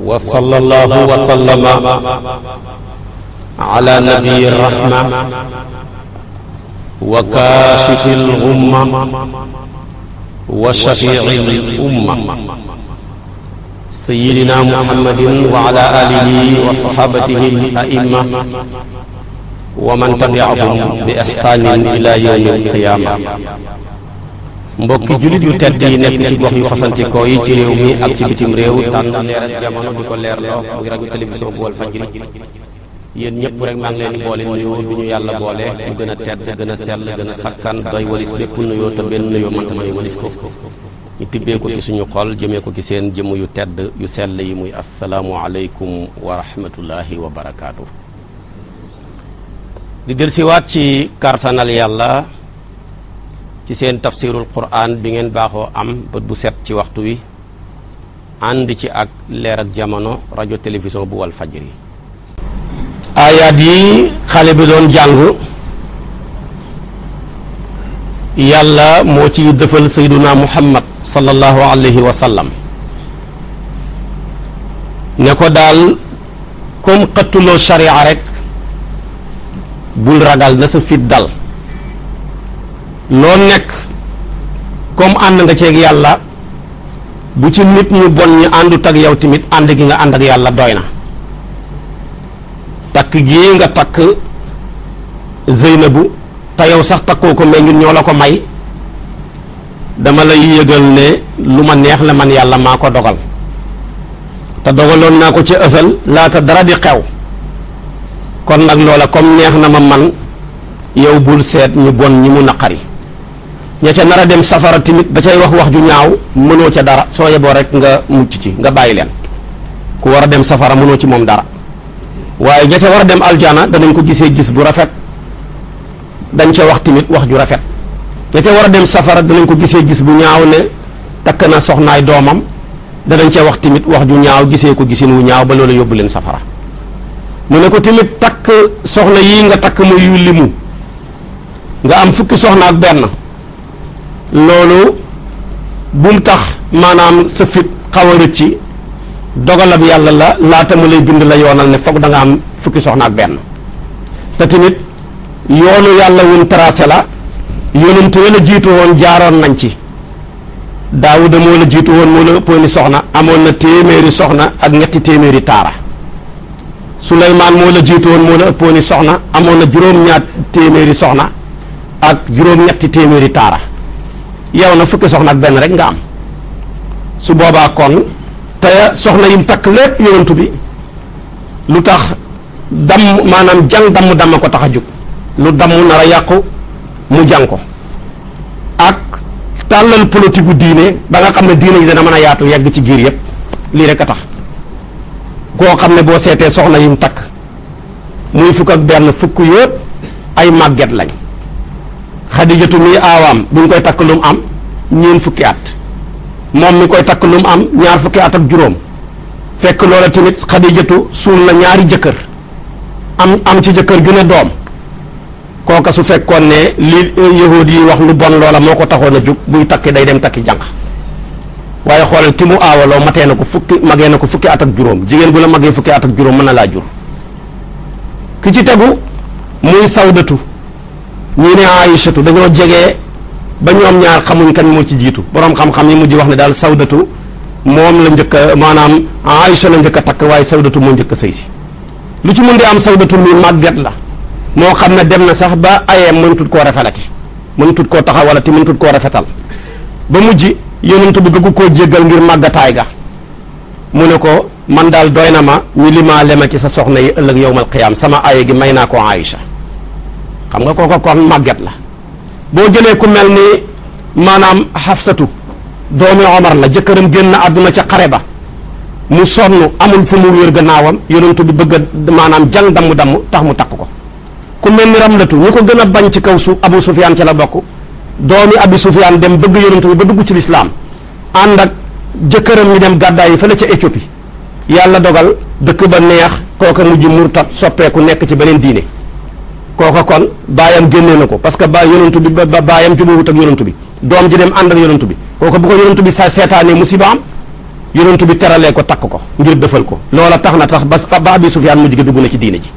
wa sallallahu wa sallama ala nabiyi rahma wa kaashifi l-ghumma wa shafii'i l-umma sayyidina muhammadin wa ala aalihi wa saxaabatihi al-a'imma wa man tabi'ahum bi ihsaanin ilaa yawmi l-qiyaama mbokki jullit yu tedd yi nekk ci gox yu fasantikoo yi ci réew mi ak ci bitim réew tànn leer jamono di ko leerloo muy rajo télévision bu Walfadjri yéen ñëpp rek maa ngi leen boole nuyoo bi ñu yàlla boole mu gën a tedd gën a sell gën a sakkan doy walis bépp nuyoo te benn nuyoo mënta doy walis ko ñu tibbee ko ci suñu xol jëmee ko ci seen jëmm yu tedd yu sell yi muy asalaamu aleykum wa rahmatullahi wa barakaatu. di dellusiwaat ci kartanal yàlla ci seen tafsirul quran bi ngeen baaxoo am bët bu set ci waxtu wi ànd ci ak leer ak jamono rajo télévision bu wal fajri aayaat yi xale bi doon jàng yàlla moo ci dëfal sayduna muhammad sallallahu alayhi wa sallam ne ko daal comme xëttuloo sharia rek bul ragal na sa fit dal loo nekk comme ànd nga ceeg yàlla bu ci nit ñu bon ñu àndut ak yow tamit ànd gi nga ànd ak yàlla doy na takk gii nga takk Zeynabu te yow sax takkoo ko mais ñun ñoo la ko may dama lay yëgal ne lu ma neex la man yàlla maa ko dogal te dogaloon naa ko ci ësal laata dara di xew kon nag loola kom neex na ma man yow bul seet ñu bon ñi mu naqari ña ca nar a dem safara tamit ba cay wax wax ju ñaaw mënoo ca dara soo yeboo rek nga mucc ci nga bàyyi leen ku war a dem safara mënoo ci moom dara waaye ña ca war a dem aljana danañ ko gisee gis bu rafet dañ ca wax tamit wax ju rafet ña ca war a dem safara danañ ko gisee gis bu ñaaw ne takk na soxnaay doomam danañ ca wax tamit wax ju ñaaw gisee ko gisin wu ñaaw ba loolu yóbbu leen safara mu ne ko tamit takk soxna yii nga takk muy yulli mu nga am fukki soxna ak benn loolu bum tax maanaam sa fit xaw a rëcci dogalab yàlla la laata mu lay bind la yoonal ne foog danga am fukki soxna ak benn te tamit yoonu yàlla wun tracé la yonent ya la jiitu woon jaaroon nañ ci daawuda moo la jiitu woon moo la ëppooni soxna amoon na téeméeri soxna ak ñetti téeméeri taara suleymaan moo la jiitu woon moo la soxna amoon na juróom ñaat téeméeri soxna ak juróom-ñetti téeméeri taara yow na fukki soxna ak benn rek nga am su boobaa kon te soxna yim takk lépp yonantu bi lu tax damm maanaam jàng damm damm ko tax a jóg lu damm nar a yàqu mu jàng ko ak tàllal politique gu diine ba nga xam ne diine ji dana mën a yaatu yegg ci giir yëpp lii rek a tax koo xam ne boo seetee soxna yim takk muy fukk ak benn fukk yëpp ay màgget lañ xadijatu muy aawaam bu ñu koy takk lu am ñeen fukki at moom mi koy takk lu am ñaar fukki at ak juróom fekk loola tamit xadijatu suul na ñaari jëkkër am am ci jëkkër ju ne doom kooka su fekkoon ne li eh, yahud yi wax lu bon loola moo ko taxoon a jóg buy takki day dem takki jànq waaye xoolal ki mu aawaloo matee na ko fukki magee na ko fukki at ak juróom jigéen bu la magee fukki at ak juróom mën na laa jur ki ci tegu muy sawdatu ñii ne Aïchatu dañoo jege ba ñoom ñaar xamuñ kan moo ci jiitu boroom xam-xam yi mujj wax ne daal sawdatu moom la njëkk a maanaam Aïcha la njëkk a takk waaye sawdatu moo njëkk a sëy si lu ci mun di am sawdatu mi màgget la moo xam ne dem na sax ba ayem mënatut koo rafetati mënatut koo taxawalati mënatut koo rafetal ba mujj yonent bi bëgg koo jéggal ngir màggataay ga mu ne ko man daal doy na ma ñu limaa lema ci sa soxna yi ëllëg yowmal qiyaam sama aye may naa ko Aïcha xam nga kooko kon màgget la boo jëlee ku mel ni maanaam xafsatu doomi omar la jëkkëram génn àdduna ca xare ba mu sonn amul fu mu wér gannaawam yonentu bi bëgg a maanaam jàng damm-damm tax mu takk ko ku mel ni ramlatu ñi ko gën a bañ ci kaw suuf abu sufyaan ci la bokk doomi abi sufyaan dem bëgg yonentu bi ba dugg ci lislaam ànd ak jëkkëram ñu dem gàddaay yi fële ca Éthiopie yàlla dogal dëkk ba neex kooka mujj murtat soppeeku nekk ci beneen diine kooka kon baayam génnee na ko parce que ba yonantu bi ba baayam jubóowut ak yonantu bi doom ji dem ànd ak yonantu bi kooka bu ko yonantu bi sa seetaanee musiba am yonantu bi teralee ko takk ko ngir defal ko loola tax na tax ba ba abi sufyaan mujj gi dugg na ci diine ji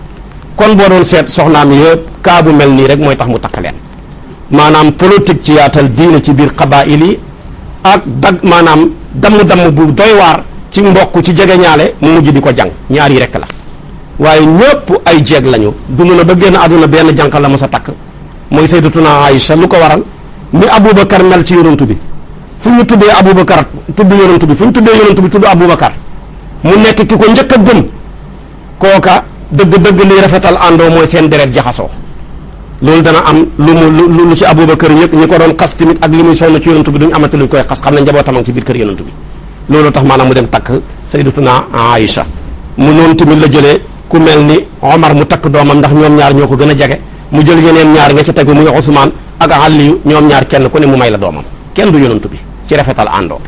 kon boo doon seet soxnaam yëpp kaa bu mel nii rek mooy tax mu takk leen maanaam politique ci yaatal diine ci biir xabaa yi ak dag maanaam damm-damm bu doy waar ci mbokk ci jege ñaale mu mujj di ko jàng ñaar yi rek la waaye ñëpp ay jeeg lañu dund na ba génn àdduna benn jànq la mos a takk mooy sayyidatuna Aïcha lu ko waral ni Aboubacar mel ci yonantu bi fu ñu tuddee Aboubacar tudd yonantu bi fu ñu tuddee yonantu bi tudd Aboubacar mu nekk ki ko njëkk a gëm kooka dëgg-dëgg liy rafetal àndoo mooy seen deret jaxasoo loolu dana am lu mu lu ci Aboubacar ñëpp ñi ko doon xas tamit ak li muy sonn ci yonantu bi duñu amati luñ koy xas xam ne njabootam ci biir kër yonantu bi loolu maanaam mu dem takk sayyidatuna Aïcha mu noonu tamit la jëlee ku mel ni Omar mu takk doomam ndax ñoom ñaar ñoo ko gën a jege mu jël yeneen ñaar nga ci tegu muy Ousmane ak Aliyu ñoom ñaar kenn ku ne mu may la doomam kenn du yonantu bi ci rafetal àndoo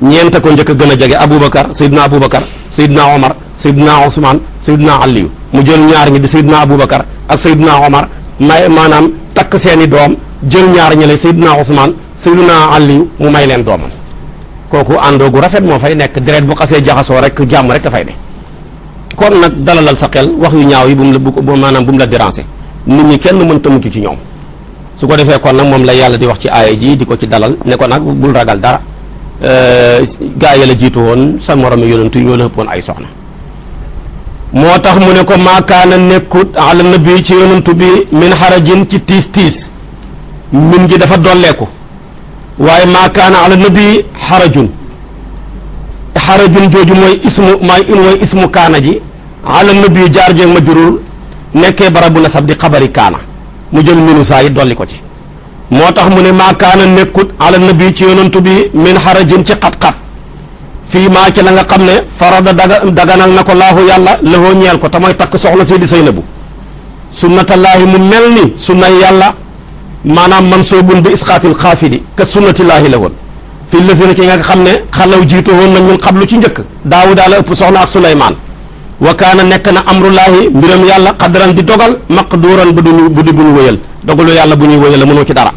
ñeent ko a gën a jege Aboubacar Seydina Aboubacar Seydina Omar Seydina Ousmane Seydina Aliyu mu jël ñaar ñi di Seydina Aboubacar ak Seydina Omar may maanaam takk seeni doom jël ñaar ñi lay Seydina Ousmane Seydina Aliyu mu may leen doomam kooku àndoo gu rafet moo fay nekk deret bu xasee jaxasoo rek jàmm rek dafay ne kon nag dalalal sa xel wax yu ñaaw yi bu mu la bu maanaam bu mu la déranger nit ñi kenn mënta mucc ci ñoom su ko defee kon nag moom la yàlla di wax ci aaya ji di ko ci dalal ne ko nag bul ragal dara euh, gaa yi la jiitu woon sa moromi yonent yi ñoo la ëpp ay soxna moo tax mu ne ko maakaana nekkut ala nabi ci yonent bi min xarajin ci tiis tiis min ji dafa dolleeku waaye maakaana ala nabi xarajun xarajun jooju mooy ismu maay mooy ismu kaana ji ala nabi jaar jeeg ma jurul nekkee barabu nasab di xabari kaana mu jël minu saa yi dolli ko ci moo tax mu ne maa kaana nekkut ala nabi ci yonantu bi min xarajin ci xat-xat fii maa ci la nga xam ne farada daga daganal na ko laahu yàlla lëhoo ñeel ko te mooy takk soxla si di Saynabu sunnatallaahi mu mel ni sunnay yàlla maanaam man soobun bi isqaatil xaafidi ka sunnatillaahi la woon fi lëfina ci nga xam ne xalaw jiitu woon na ñun xablu ci njëkk daawuda la ëpp soxna ak suleymaan wa kaana nekk na amrullaahi mbiram yàlla xadaran di dogal maqduuran bu duñu bu di bu ñu wëyal dogalu yàlla bu ñuy wëyal la mënoo ci dara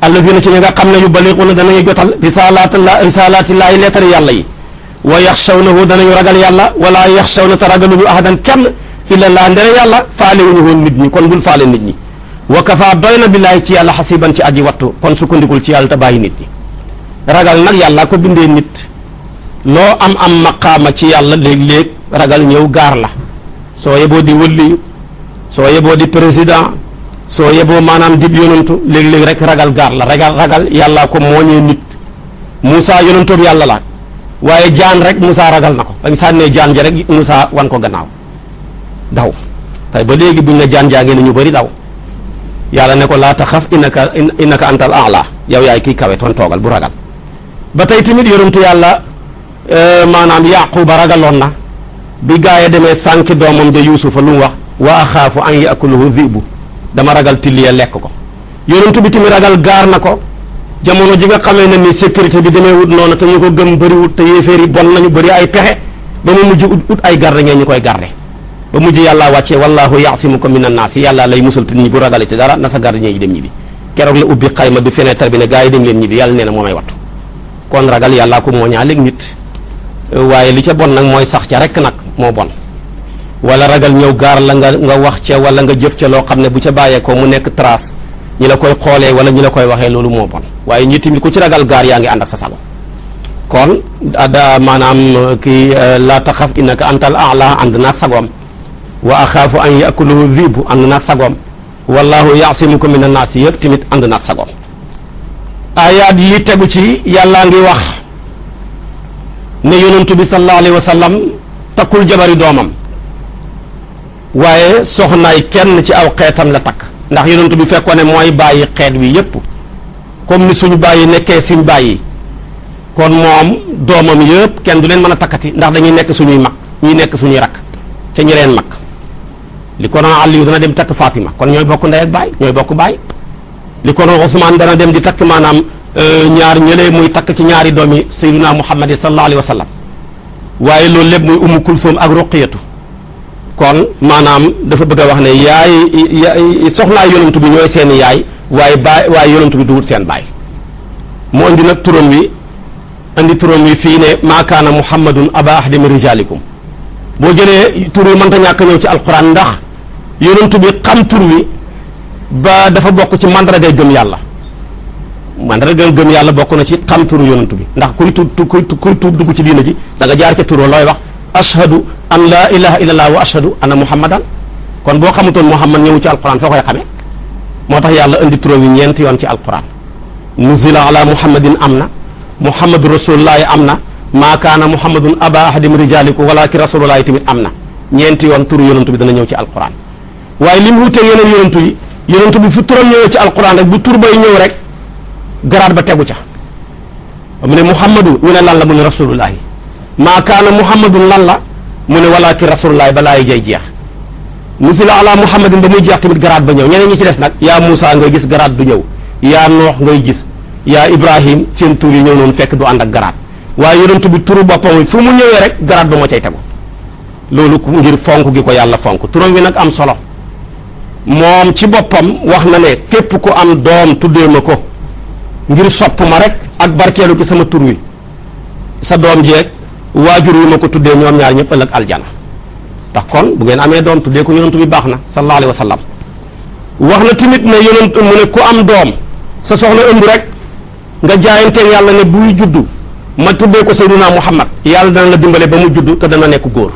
allazina ci ñi nga xam ne yu baliquna danañu jotal risalaat la risalatillaahi leetari yàlla yi wa yaxshawnahu danañu ragal yàlla wala yaxshawna te ragaluñu ahadan kenn illa laa ndere yàlla faale wuñu woon nit ñi kon bul faale nit ñi wa kafa doy na billaahi ci yàlla xasiban ci kon sukkandikul ci yàlla te bàyyi nit ñi ragal nag yàlla ko bindee nit loo am am maqaama ci yàlla léeg-léeg ragal ñëw gaar la soo yeboo di wëlli soo yeboo di président soo yeboo maanaam dib yonantu léeg rek ragal gaar la ragal ragal yàllaa ko mooñee nit Moussa yonantoob yàlla la waaye jaan rek Moussa ragal na ko bañ sànnee jaan ja rek Moussa wan ko gannaaw daw tey ba léegi buñ la jaan jaa ngeen ñu bari daw yàlla ne ko laa taxaf innaka innaka antal a'la yow yaay kii kawe toon toogal ba tey tamit yonentu yàlla euh, maanaam yaquba ragaloon na bi gaa yi demee sànki doomam ja yuusufa lu mu wax wa axaafu an yakuluhu zibu dama ragal tilli ya lekk ko yonentu bi tamit ragal gaar na ko jamono ji nga xamee ne ni sécurité bi demee wut noonu te ñu ko gëm bëriwut te yéeféer yi bon nañu bëri ay pexe ba mu mujj ut ut ay garde ngeen ñu koy garde ba mujj yàlla wàccee wallahu yaasimuka min annaas yàlla lay musal nit ñi bu ragale ci dara na la ubbi xayma bi kon ragal yàllaa ko moo ñaaleeg nit euh, waaye li ca bon nag mooy sax ca rek nag moo bon wala ragal ñëw gaar la nga wax ca wala nga jëf ca loo xam ne bu ca bàyyeekoo mu nekk trace ñi la koy xoolee wala ñi la koy waxee loolu moo bon waaye ñi tamit ko ci ragal gaar yaa ngi ànd ak sa sago kon ada maanaam euh, kii euh, laa taxaf innaka antal ala ànd naag sagoom wa axaafu an yakuluhu dhibu ànd naag sagoom wallahu yaasimuka min annaasi yëpp tamit ànd naag sagoom ayaat yi tegu ci yàllaa ngi wax ne yonentu bi sallallahu alayhi wa sallam takkul jabari doomam waaye soxnaay kenn ci aw xeetam la takk ndax yonentu bi fekkoon ne mooy bàyyi xeet wi yépp comme ni suñu bàyyi nekkee suñ bàyyi kon moom doomam yépp kenn du leen mën a takkati ndax dañuy nekk suñuy mag ñuy nekk suñuy rakk ca ñi leen mag li ko naan àll yu dana dem takk Fatima kon ñooy bokk ndey ak baay ñooy bokk baay li konoon Ousmane dana dem di takk maanaam euh, ñaar ñëlee muy takk ci ñaari doomi sayyiduna Muhammad sallallahu alayhi wa sallam waaye loolu lépp muy ummu kulsum ak ruqiyatu kon maanaam dafa bëgg wax ne yaay soxnaa yonantu bi ñooy seen yaay waaye baay waaye yonantu bi duwut seen baay mu indi nag turam wi indi turam wi fii ne maa kaana muhammadun aba ahadi min rijaalikum boo jëlee tur wi mënta ñàkk ñëw ci alquran ndax yonantu bi xam tur wi ba dafa bokk ci mandargay gëm yàlla mandargay gëm yàlla bokk na ci xam turu yonantu bi ndax kuy tuub kuy kuy tuub dugg ci diina ji da nga jaar ca turoo looy wax ashhadu an laa ilaha illallah wa ashhadu anna muhammadan kon boo xamutoon muhammad ñëwu ci alquran foo koy moo tax yàlla indi turam yi ñeenti yoon ci alquran nuzila ala muhammadin am na muhammadu rasulullahi am na maakaana muhammadun aba ahadim rijaliku walakin rasulullahi tamit am na ñeenti yoon turu yonantu bi dana ñëw ci alquran waaye li mu wutee yeneen yonantu yi yonent bi fu turam ñëwee ci alquran rek bu tur bay ñëw rek garaat ba tegu ca mu ne muhammadu ñu ne lan la mu ne rasulullahi maa kaana muhammadun lan la mu ne walakin rasulullahi balaa yi jay jeex musila ala muhammadin ba muy jeex tamit garaat ba ñëw ñeneen ñi ci des nag yaa Moussa ngay gis garaat du ñëw yaa Noox ngay gis yaa Ibrahim seen tur yi ñëw noonu fekk du ànd ak garaat waaye yonent bi turu boppam fu mu ñëwee rek garaat ba moo cay tegu loolu ngir fonk ko yàlla fonk turam wi am solo moom ci boppam wax na ne képp ku am doom tuddee ma ko ngir sopp ma rek ak barkeelu ci sama tur wi sa doom jeeg waajur wi ma ko tuddee ñoom ñaar ñëpp ëllëg aljana tax kon bu ngeen amee doom tuddee ko yonantu bi baax na sallallahu alayhi wa sallam wax na tamit ne yonantu mu ne ku am doom sa soxla ëmb rek nga jaayantee yàlla ne buy juddu ma tuddee ko Seydina Muhammad yàlla dana la dimbale ba mu juddu te dana nekk góor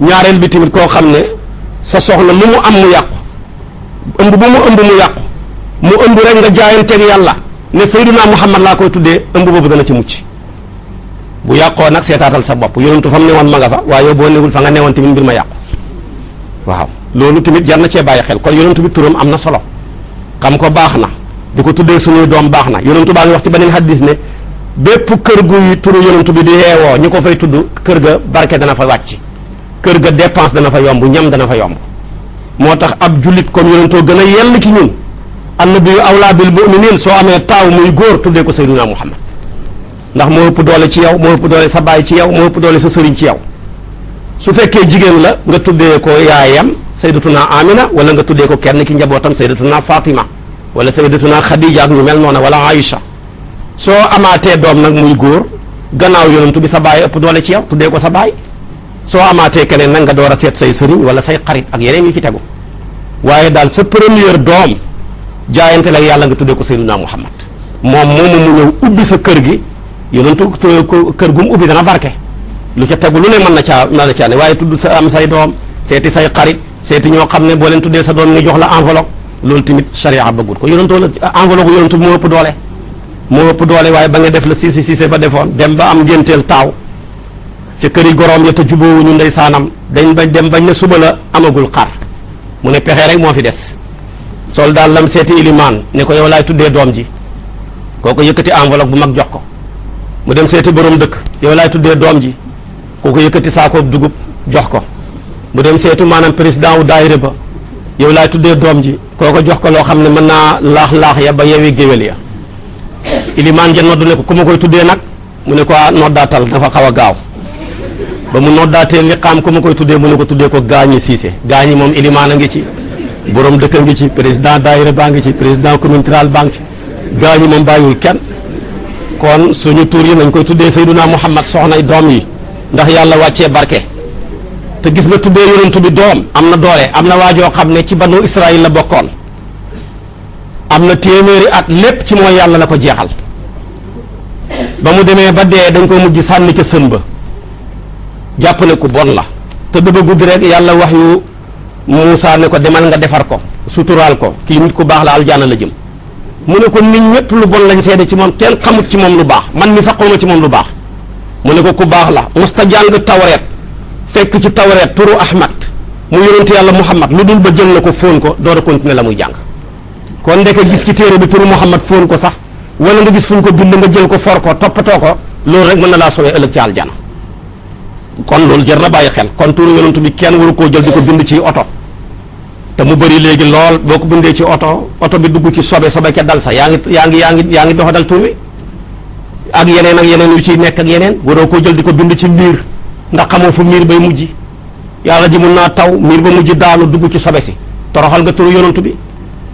ñaareel bi tamit koo xam ne sa soxna lu mu am mu yàqu ëmb bu mu ëmb mu yàqu mu ëmb rek nga jaayanteeg yàlla ne Seydina Muhammad laa koy tuddee ëmb boobu dana ci mucc bu yàqoo nag seetaatal sa bopp yonentu fa mu newoon ma nga fa waaye yow boo newul fa nga newoon tamit mbir ma yàqu waaw loolu tamit jar na cee bàyyi xel kon yonentu bi turam am na solo xam ko baax na di ko tuddee suñuy doom baax na yonentu baa ngi wax ci beneen hadis ne bépp kër guy turu yonentu bi di yeewoo ñu ko fay tudd kër ga barke dana fa wàcc kër ga dépense dana fa yomb ñam dana fa yomb moo tax ab jullit comme yonentoo gën a yell ci ñun annabiyu awlaa bil mu'minin soo amee taaw muy góor tuddee ko sayyiduna muhammad ndax moo ëpp doole ci yow moo ëpp doole sa baay ci yow moo doole sa sëriñ ci yow su fekkee jigéen la nga tuddee ko yaayam sayyidatuna amina wala nga tuddee ko kenn ki njabootam sayyidatuna fatima wala sayyidatuna xadija ak ñu mel noona wala aïcha soo amaatee doom nag muy góor gannaaw yonentu bi sa baay ëpp doole ci yow tuddee ko sa baay soo amaatee keneen nag nga door a seet say sëriñ wala say xarit ak yeneen yi ci tegu waaye daal sa première doom jaayante la yàlla nga tuddee ko Seydina Muhammad moom moomu mu ñëw ubbi sa kër gi yonentu kër gu mu ubbi dana barke lu ca tegu lu ne mën na caa mën na caa ne waaye tudd sa am say doom seeti say xarit seeti ñoo xam ne boo leen tuddee sa doom ñu jox la enveloppe loolu tamit charia bëggul ko yonentoo la enveloppe yonentu moo ëpp doole moo ëpp doole waaye ba nga def la siisi siise ba defoon dem ba am ngénteel taaw ca këri goroom ya te ndey saanam dañ bañ dem bañ na suba la amagul xar mu ne pexe rek moo fi des sol daal lam seeti ilimaan ne ko yow laay tuddee doom ji kooku yëkkati enveloppe bu mag jox ko mu dem seeti borom dëkk yow laay tuddee doom ji kooku yëkkati saakoob dugub jox ko mu dem seeti maanaam président wu daayira ba yow laay tuddee doom ji kooko jox ko loo xam ne mën naa laax-laax ya ba yewi géwél ya ilimaan ja noddu ne ko ku ma koy tuddee nag mu ne ko ah noddaatal dafa xaw a gaaw ba mu noddaatee ni xam ko ma koy tuddee mu ko tuddee ko gaañi siise gaañi moom ilimaan a ngi ci borom dëkk a ngi ci président daayira baa ngi ci président commune rural baa ngi ci gaañi moom bàyyiwul kenn kon suñu tur yi nañ koy tuddee Seydunaa Muhammad soxnay doom yi ndax yàlla wàccee barke te gis nga tuddee yonent bi doom am na doole am na waajoo xam ne ci banu Israël la bokkoon am na téeméeri at lépp ci mooy yàlla la ko jeexal ba mu demee ba de dañ ko mujj sànni ca sën ba jàpp ne ku bon la te dafa guddi rek yàlla wax ñu Moussa ne ko demal nga defar ko suturaal ko kii nit ku baax la aljaana la jëm mu ne ko nit ñëpp lu bon lañ seede ci moom kenn xamut ci moom lu baax man mi sax xawma ci moom lu baax mu ne ko ku baax la musta jàng tawreet fekk ci tawreet turu ahmad mu yonent yàlla muhammad lu dul ba jël na ko fóon ko door a la muy jàng kon ndeke gis ci téere bi turu muhammad fóon ko sax wala nga gis fuñ ko bind nga jël ko for ko toppatoo ko loolu rek mën na laa sowee ëllëg ci aljana kon loolu jar na bàyyi xel kon turu yonent bi kenn waru koo jël di ko bind ci oto te mu bëri léegi lool boo ko bindee ci oto oto bi dugg ci sobe sobe ca dal sa yaa ngi yaa ngi yaa yaa ngi doxa dal tur ak yeneen ak yeneen yu ciy nekk ak yeneen waroo koo jël di ko bind ci miir ndax xamoo fu miir bay mujj yàlla ji mun naa taw miir ba mujj daanu dugg ci sobe si toroxal nga turu yonent bi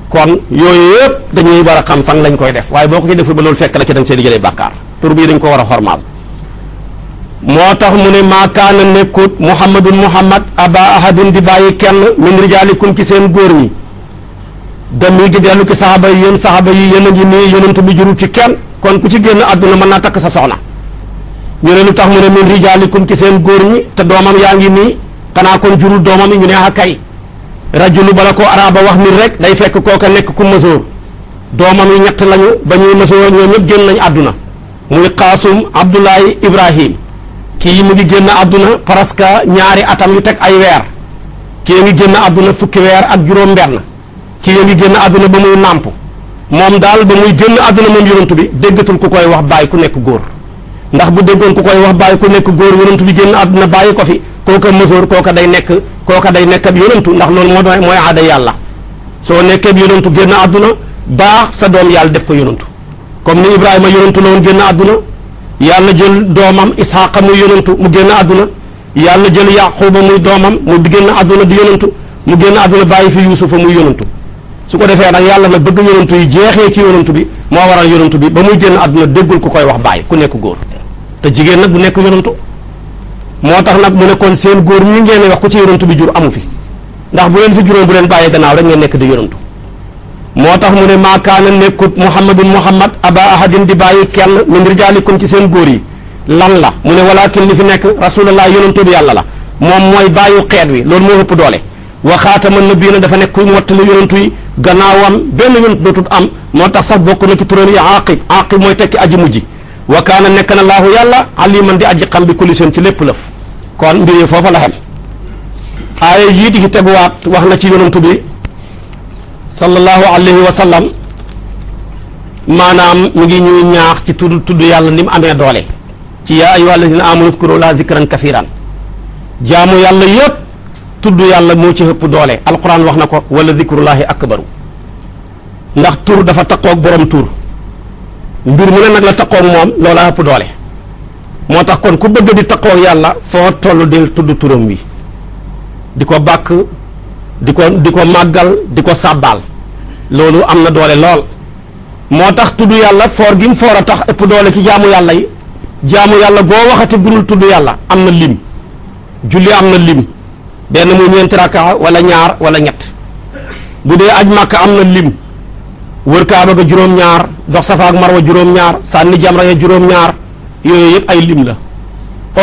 kon yooyu yëpp dañuy war a xam fan lañ koy def waaye boo ko ci deful ba loolu fekk la ci dañ see di jëlee bàkkaar tur bii dañ ko war a xormaal moo tax mu ne maa kaana nekkut muhammadun muhammad aba ahadin di bàyyi kenn min rijaalikum ci seen góor ñi demil di dellu ci saxaba yi yéen saxaba yi yéen a ngi nii yonent bi jurul ci kenn kon ku ci génn àdduna mën naa takk sa soxna ñu ne lu tax mu ne min rijaalikum ci seen góor ñi te doomam yaa ngi nii xanaa kon jurul doomam yi ñu ne akay ah rajulu bala ko araba wax nit rek day fekk kooka nekk ku mësoor doomam yi ñett lañu ba ñuy mësoor ñoom ñëpp génn nañ àdduna muy Qasum Abdullahi Ibrahim kii mu ngi génn àdduna presque ñaari atam yu teg ay weer kii ngi génn àdduna fukki weer ak juróom-benn kii ngi génn àdduna ba muy nàmp moom daal ba muy génn àdduna moom yonant bi déggatul ku koy wax bàyyi ku nekk góor ndax bu déggoon ku koy wax bàyyi ku nekk góor yonent bi génn àdduna bàyyi ko fi kooka mësoor kooka day nekk kooka day nekkat ab ndax loolu moo doon mooy aada yàlla soo nekkee ab yonentu génn àdduna baax sa doom yàlla def ko yonentu comme ni Ibrahima yàlla jël doomam isxaaqa muy yonantu mu génn àdduna yàlla jël yaquba muy doomam mu génn àdduna di yonantu mu génn àdduna bàyyi fi yuusufa muy yonantu su ko defee nag yàlla nag bëgg yonantu yi jeexee ci yonantu bi moo waral yonantu bi ba muy génn àdduna déggul ku koy wax bàyyi ku nekk góor te jigéen nag bu nekk yonantu moo tax nag mu nekkoon seen góor ñi ngeen wax ku ci yonantu bi jur amu fi ndax bu leen fi juróom bu leen bàyyee gannaaw rek ngeen nekk di yonantu moo tax mu ne maa maakaana nekkut muhammadun muhammad aba ahadin di bàyyi kenn min rijaalikum ci seen góor yi lan la mu ne walaakin li fi nekk rasulallah yonantu bi yàlla la moom mooy bàyyu xeet wi loolu moo ëpp doole wa bii na dafa nekk kuy mottali yonantu yi gannaawam benn yonant dootul am moo tax sax bokk na ci turam yi aqib aqib mooy tekki aji mujj wa kaana nekk na laahu yàlla aliman di aji xam bi kulli seen ci lépp lëf kon mbir foofa la xam aaya yii di ci teguwaat wax na ci yonantu bi sallallahu alayhi wa maanaam mu ngi ñuy ñaax ci tudd tudd yàlla ni mu amee doole ci yaa ayyuha allazina amanu uzkuru la zikran kathiran jaamu yàlla yëpp tudd yàlla moo ci ëpp doole alquran wax na ko wala zikrullahi akbaru ndax tur dafa takkoog borom tur mbir mu ne nag la takkoog moom loola ëpp doole moo tax kon ku bëgg di takkoog yàlla foo toll di tudd turam wi di ko bàkk di ko di ko màggal di ko sàbbaal loolu am na doole lool moo tax tudd yàlla foor gi mu foor a tax ëpp doole ci jaamu yàlla yi jaamu yàlla boo waxati budul tudd yàlla am na lim julli am na lim benn mu ñeenti rakka wala ñaar wala ñett bu dee aj màkka am na lim wër kaaba ga juróom-ñaar dox safa ak marwa juróom-ñaar sànni jamra ya juróom-ñaar yooyu yëpp ay lim la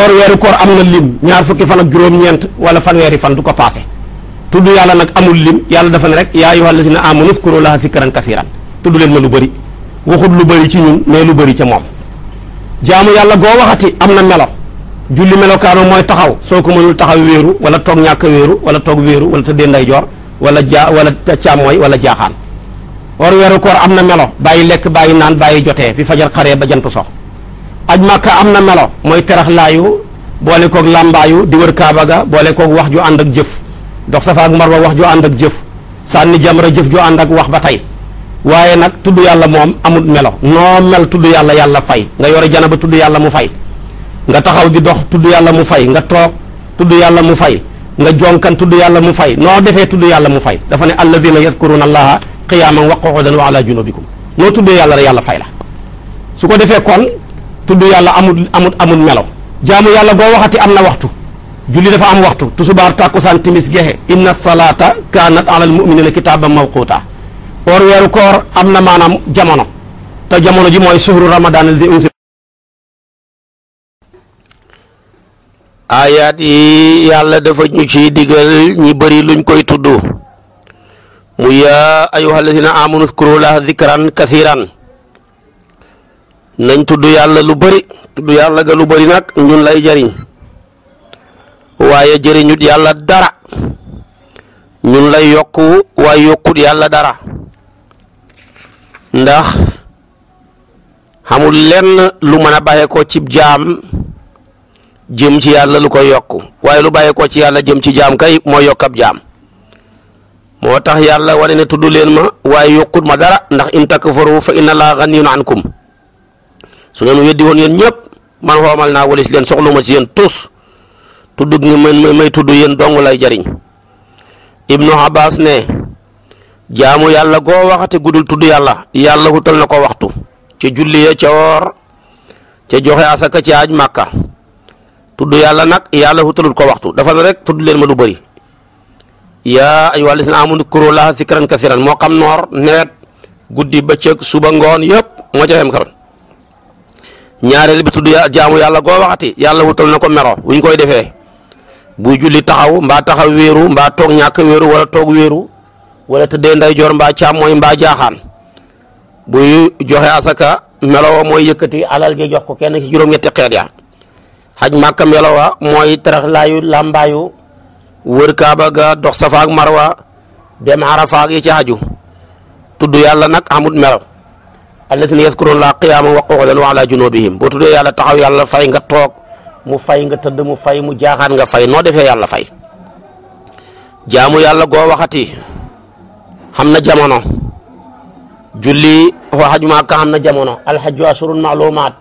or weeru koor am na lim ñaar fukki fan ak juróom-ñeent wala fanweeri fan du ko paase tudd yàlla nag amul lim yàlla dafa ne rek yaa ayyuhal lazina amanu uzkuru laaha zikran kathiran tudd leen ma lu bari waxut lu bari ci ñun mais lu bari ca moom jaamu yàlla goo waxati am na melo julli melokaanu mooy taxaw soo ko mënul taxaw wéeru wala toog ñàkk wéeru wala toog wéeru wala tëddee ndeyjoor wala jaa wala càmmooy wala jaaxaan war weeru koor am na melo bàyyi lekk bàyyi naan bàyyi jotee fi fajar xaree ba jant sox aj màkka am na melo mooy teraxlaayu boole koog làmbaayu di wër kaaba ga wax ju ànd ak jëf dox safa ak marwa wax ju ànd ak jëf sànni jamra jëf ju ànd ak wax ba tey waaye nag tudd yàlla moom amut melo noo mel tudd yàlla yàlla fay nga yore jana ba tudd yàlla mu fay nga taxaw di dox tudd yàlla mu fay nga toog tudd yàlla mu fay nga jonkan tudd yàlla mu fay noo defee tudd yàlla mu fay dafa ne alladina yadkuruna allaha qiyaman wa qu'udan wa ala junubikum noo tuddee yàlla rek yàlla fay la su ko defee kon tudd yàlla amut amut amut melo jaamu yàlla boo waxati am na waxtu julli dafa am waxtu tusubaar tàkkusaan timis gexe inna salaata kaanat alal muminina kitaaban mawquuta or weeru koor am na maanaam jamono te jamono ji mooy suhru ramadan aldi unsi aayaat yi yàlla dafa ñu ciy digal ñi bëri luñ koy tudd mu yaa ayyuhallazina amanu zkuru laaha zikran kathiran nañ tudd yàlla lu bari tudd yàlla ga lu bari nag ñun lay jariñ waaye jëriñut yàlla dara ñun lay yokku waaye yokkut yàlla dara ndax xamul lenn lu man a bàyyee ko ci jaam jëm ci yàlla lu koy yokku waaye lu bàyyee ko ci yàlla jëm ci jaam kay mooy yokk ab jaam moo tax yàlla wane ne tudd leen ma waaye yokkut ma dara ndax in takfaru fa inna laa ganiyun ankum ne ngeen weddi woon yéen ñëpp man xoomal naa walis leen soxlu ma ci yéen tus tudd gi may may tudd yéen dong lay jariñ ibnu abbas ne jaamu yàlla goo waxate guddul tudd yàlla yàlla wutal na ko waxtu ca julli ya ca woor ca joxe asaka ci aj màkka tudd yàlla nag yàlla wutalul ko waxtu dafa ne rek tudd leen ma du bëri yaa ayyuhal lazina aamanu uzkuru laaha zikran kasiiran moo xam noor nawet guddi bëccëg suba ngoon yëpp moo ca xem karon ñaareel bi tudd jaamu yàlla goo waxati yàlla wutal na ko mero wuñ koy defee buy julli taxaw mba taxaw wéeru mbaa toog ñàkk wéeru wala toog wéeru wala tëddee ndeyjoor mbaa mooy mbaa jaaxaan buy joxe asaka melowa mooy yëkkati alal ji jox ko kenn ci juróom-ñetti xeet ya xaj màkka melowa mooy taraxlaayu làmbaayu wër kaaba ga dox safaak marwa dem arafaak yi ci aju tudd yàlla nag amut melaw allazina la llaaha qiyaaman wa qu'udan wa alaa junuubihim boo tuddee yàlla taxaw yàlla fay nga toog mu fay nga tëdd mu fay mu jaaxaan nga fay noo defee yàlla fay jaamu yàlla goo waxati xam na jamono julli waxaj maaka xam na jamono alxaju asurun maalumaat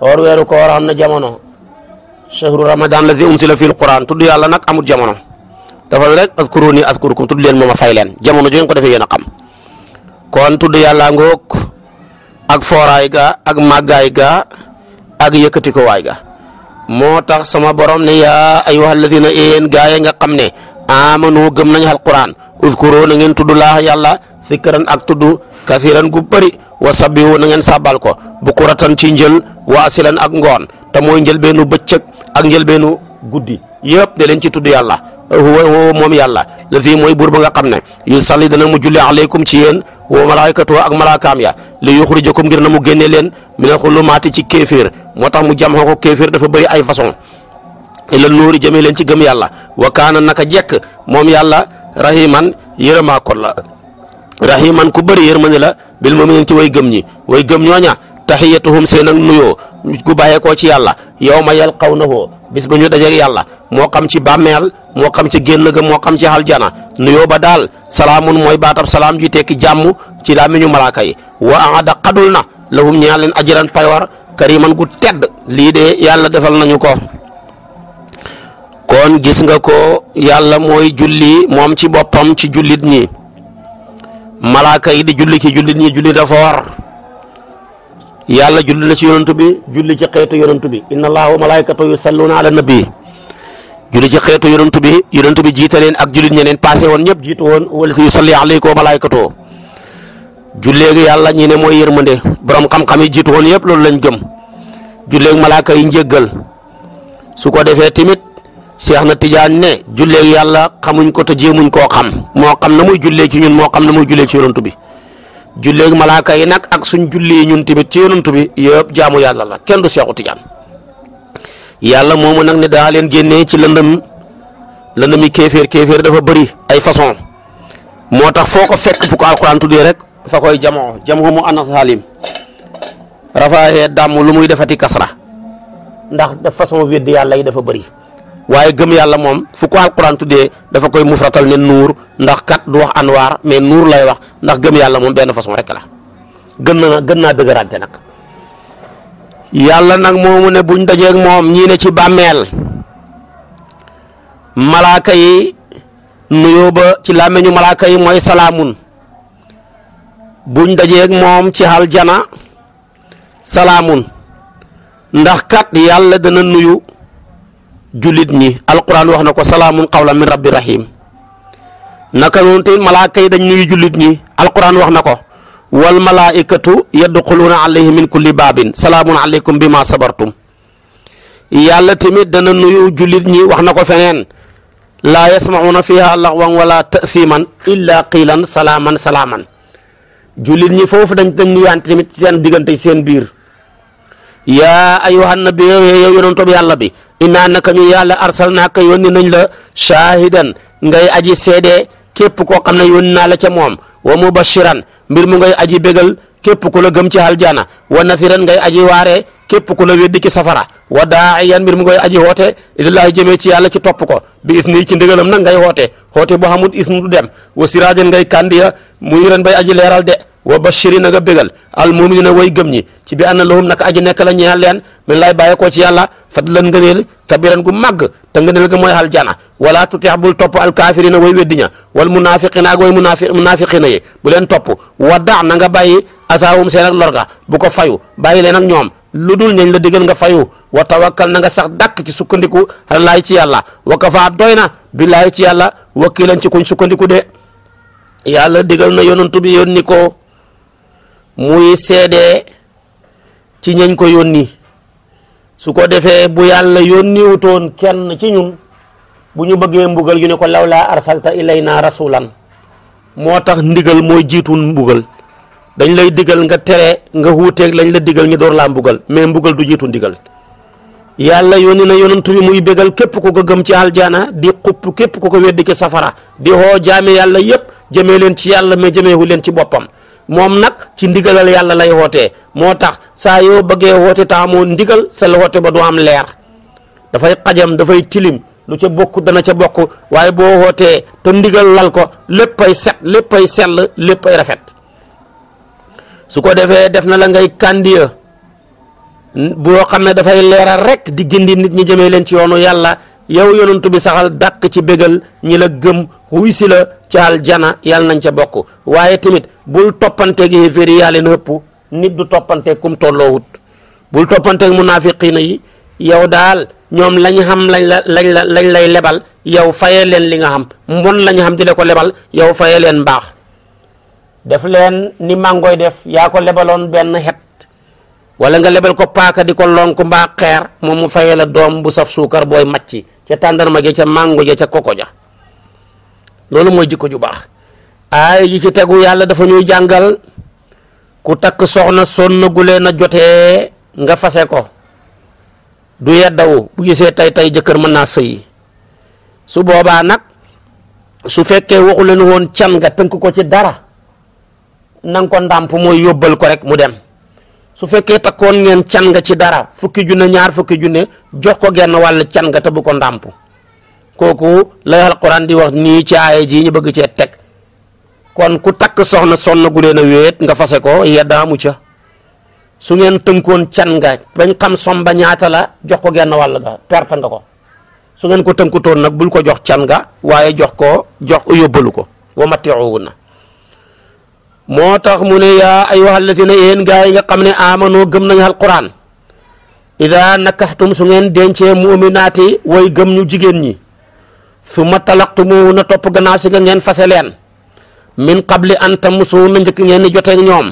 woor weeru koor xam na jamono shahru ramadan lazi unsila fil quran tudd yàlla nag amul jamono dafa rek azkuruni azkurukum tudd leen mooma fay leen jamono ju ngeen ko defee yéen a xam kon tudd yàlla ngoog ak fooraay ga ak màggaay ga ak yëkkati ga moo tax sama borom ne yaa ayyuha alladina yéen gaa yi nga xam ne amanu gëm nañ alquran uzkuru na ngeen tudd laaha yàlla sikran ak tudd kasiran gu bëri wa sabbihu na ngeen sàbbal ko bukuratan ci njël wa asilan ak ngoon te mooy njëlbeenu bëccëg ak njëlbeenu guddi yëpp de ci tudd yàlla huwa moom yàlla la fii mooy buur ba nga xam ne yu salli dana mu julli aleykum ci yéen wa malaikatu ak malaakaam ya li yuxrijakum ngir na mu génne leen mina xulumaati ci kéeféer moo tax mu jam ko kéeféer dafa bëri ay façon ila nuuri jëmee leen ci gëm yàlla wa kaana naka jekk moom yàlla rahiman yërëmaa kon la rahiman ku bëri yërmande la bil mu'minin ci way gëm ñi way gëm ñooña tahiyatuhum seen ak nuyoo gu bàyyeekoo ci yàlla na yalqawnahu bis bu ñu dajeeg yàlla moo xam ci bàmmeel moo xam ci génn ga moo xam ci aljana nuyoo ba daal salaamun mooy baatab salaam ji tekki jàmm ci làmmiñu malaaka yi wa aada na lahum ñaan leen ajiran paywar man gu tedd lii de yàlla defal nañu ko kon gis nga ko yàlla mooy julli moom ci boppam ci jullit ñi malaaka yi di julli ci jullit ñi julli dafa war yàlla julli na ci yonantu bi julli ci xeetu yonantu bi inna allaha wa malaikatahu yusalluna ala nabi julli ci xeetu yonantu bi yonantu bi jiite leen ak jullit ñeneen passé woon ñëpp jiitu woon wala yusalli alayka wa malaikatahu julleegi yàlla ñi ne mooy yërmande borom xam-xam yi jiitu woon yëpp loolu lañ gëm julleegi malaaka yi njéggal su ko defee tamit seex na tijaan ne julleegi yàlla xamuñ ko te jéemuñ koo xam moo xam na mooy jullee ci ñun moo xam na muy jullee ci yonantu bi julleeg malaakaay yi nag ak suñ jullee ñun tamit ci yonantu bi yëpp jaamu yàlla la kenn du seexu tijaan yàlla moomu nag ne daa leen génnee ci lëndëm lëndëmi kéeféer kéeféer dafa bëri ay façon moo tax foo ko fekk fu ko tuddee rek fa koy jamoo jamoo mu anas halim rafaahee dàmm lu muy defati kasra ndax da façon wedd yàlla yi dafa bëri waaye gëm yàlla moom fu ko alquran tuddee dafa koy mufratal ne nuur ndax kat du wax anwaar mais nuur lay wax ndax gëm yàlla moom benn façon rek la gën na gën naa dëgërante nag yàlla nag moomu ne buñ dajeeg moom ñii ne ci bàmmeel malaaka yi nuyoo ba ci làmmeñu malaaka yi mooy salaamun buñ dajeeg moom ci aljana salaamun ndax kat yàlla dana nuyu jullit ñi alquran wax na ko salaamun qawlan min rabbi rahim naka noonu tamit dañ nuyu julit ñi alquran wax na ko wal malaaikatu yadxuluuna alayhim min kulli baabin salaamun aleykum bima sabartum yàlla tamit dana ñi wax na ko feneen laa yasmauna fiha laxwan wala tasiman illa qiilan salaaman salaaman jullit ñi foofu dañ dañ nuyaante tamit seen diggante seen biir yaa ayyuhan nabiyyu yow yonent bi yàlla bi innaa naka ñu yàlla arsalnaaka yónni nañ la shaahidan ngay aji seede képp koo xam ne yónni naa la ca moom wa mubashiran mbir mu ngay aji bégal képp ku la gëm ci aljana wa nathiran ngay aji waare képp ku la weddi ci safara wa daa daa'iyan mbir mu ngay aji hoote ilallaahi jëmee ci yàlla ci topp ko bi isni ci ndëgalam nag ngay hoote hoote boo xamul isnu du dem wa siraajan ngay kàndiya mu yiran bay aji leeral de wa bashiri na nga bégal al muminina way gëm ñi ci bi anna lahum naka aji nekk la ñeel leen min lay bàyyi koo ci yàlla fadlan ngëneel kabiran gu màgg te ngëneel ga mooy aljana wala tutix bul topp al kaafirina way weddi ña wal munafiqina ak way munafi munafiqina yi bu leen topp wadda na nga bàyyi asaawum seen ak lorga bu ko fayu bàyyi leen ak ñoom lu dul ñañ la digal nga fayu wa tawakkal na nga sax dàkk ci sukkandiku a alaay ci yàlla wa kafa doy na billaay ci yàlla wakkilan ci kuñ sukkandiku de yàlla digal na yonantu bi yónni ko muy seede ci ñañ ko yónni su ko defee bu yàlla yónniwutoon kenn ci ñun bu ñu bëggee mbugal ñu ne ko lawlaa arsalta ilayna rasulan moo tax ndigal mooy jiitu mbugal dañ lay digal nga tere nga wuuteeg lañ la digal ñu door laa mbugal mais mbugal du jiitu ndigal yàlla yónni na yonantu bi muy bégal képp ku ko gëm ci aljaana di xupp képp ku ko weddi ci safara di xoo yàlla yépp jëmee leen ci yàlla mais jëmeewu leen ci boppam moom nag ci ndigalal yàlla lay wootee moo tax saa yoo bëggee woote te ndigal sa woote ba du am leer dafay xajam dafay tilim lu ca bokk dana ca bokk waaye boo wootee te ndigal lal ko léppay set léppay sell léppay rafet su ko defee def na la ngay kàndiya boo xam ne dafay leeral rekk di gindi nit ñi jëmee leen ci yoonu yàlla yow yonantu bi saxal dàq ci bégal ñi la gëm wuy si la ca aljana yàlla nañ ca bokk waaye tamit bul toppanteeg yéeféer yi yàlla na ëpp nit du toppanteeg kum tolloowut bul toppanteeg munaafiqiina yi yow daal ñoom lañ xam lañ la lañ la lañ lay lebal yow fayee leen li nga xam mbon lañ xam di la ko lebal yow fayee leen mbaax def leen ni màngooy def yaa ko lebaloon benn xet wala nga lebal ko paaka di ko lonk mbaa xeer moom mu fayee la doom bu saf suukar booy màcc ca tàndarma ja ca màngo ja ca koko ja loolu mooy jikko ju baax aaya yi ci tegu yàlla dafa ñuy jàngal ku takk soxna sonn gu leen a jotee nga fase ko du yeddawu bu gisee tey tey jëkkër mën naa sëyi su boobaa nag su fekkee waxu leen woon can nga tënk ko ci dara nan ko ndàmp mooy yóbbal ko rek mu dem su fekkee takkoon ngeen can nga ci dara fukki junne ñaar fukki junne jox ko genn wàll can nga te bu ko ndàmp kooku lay alquran di wax nii ci aaya ji ñu bëgg cee teg kon ku takk soxna sonn gu leen a wéet nga fase ko yeddaamu ca su ngeen tënkoon can nga bañ xam somba ñaata la jox ko genn wàll ga perte nga ko su ngeen ko tënkutoon nag bul ko jox can nga waaye jox ko jox yóbbalu ko wa matiuuna moo tax mu ne yaa ayyuha allazina yéen gaa yi nga xam ne amano gëm nañu alquran na nakaxtum su ngeen dencee muminaati way gëm ñu jigéen ñi summa talaqtumuhunna topp gannaaw si nga ngeen fase leen min qabli an tamassuhunna njëkk ngeen di joteeg ñoom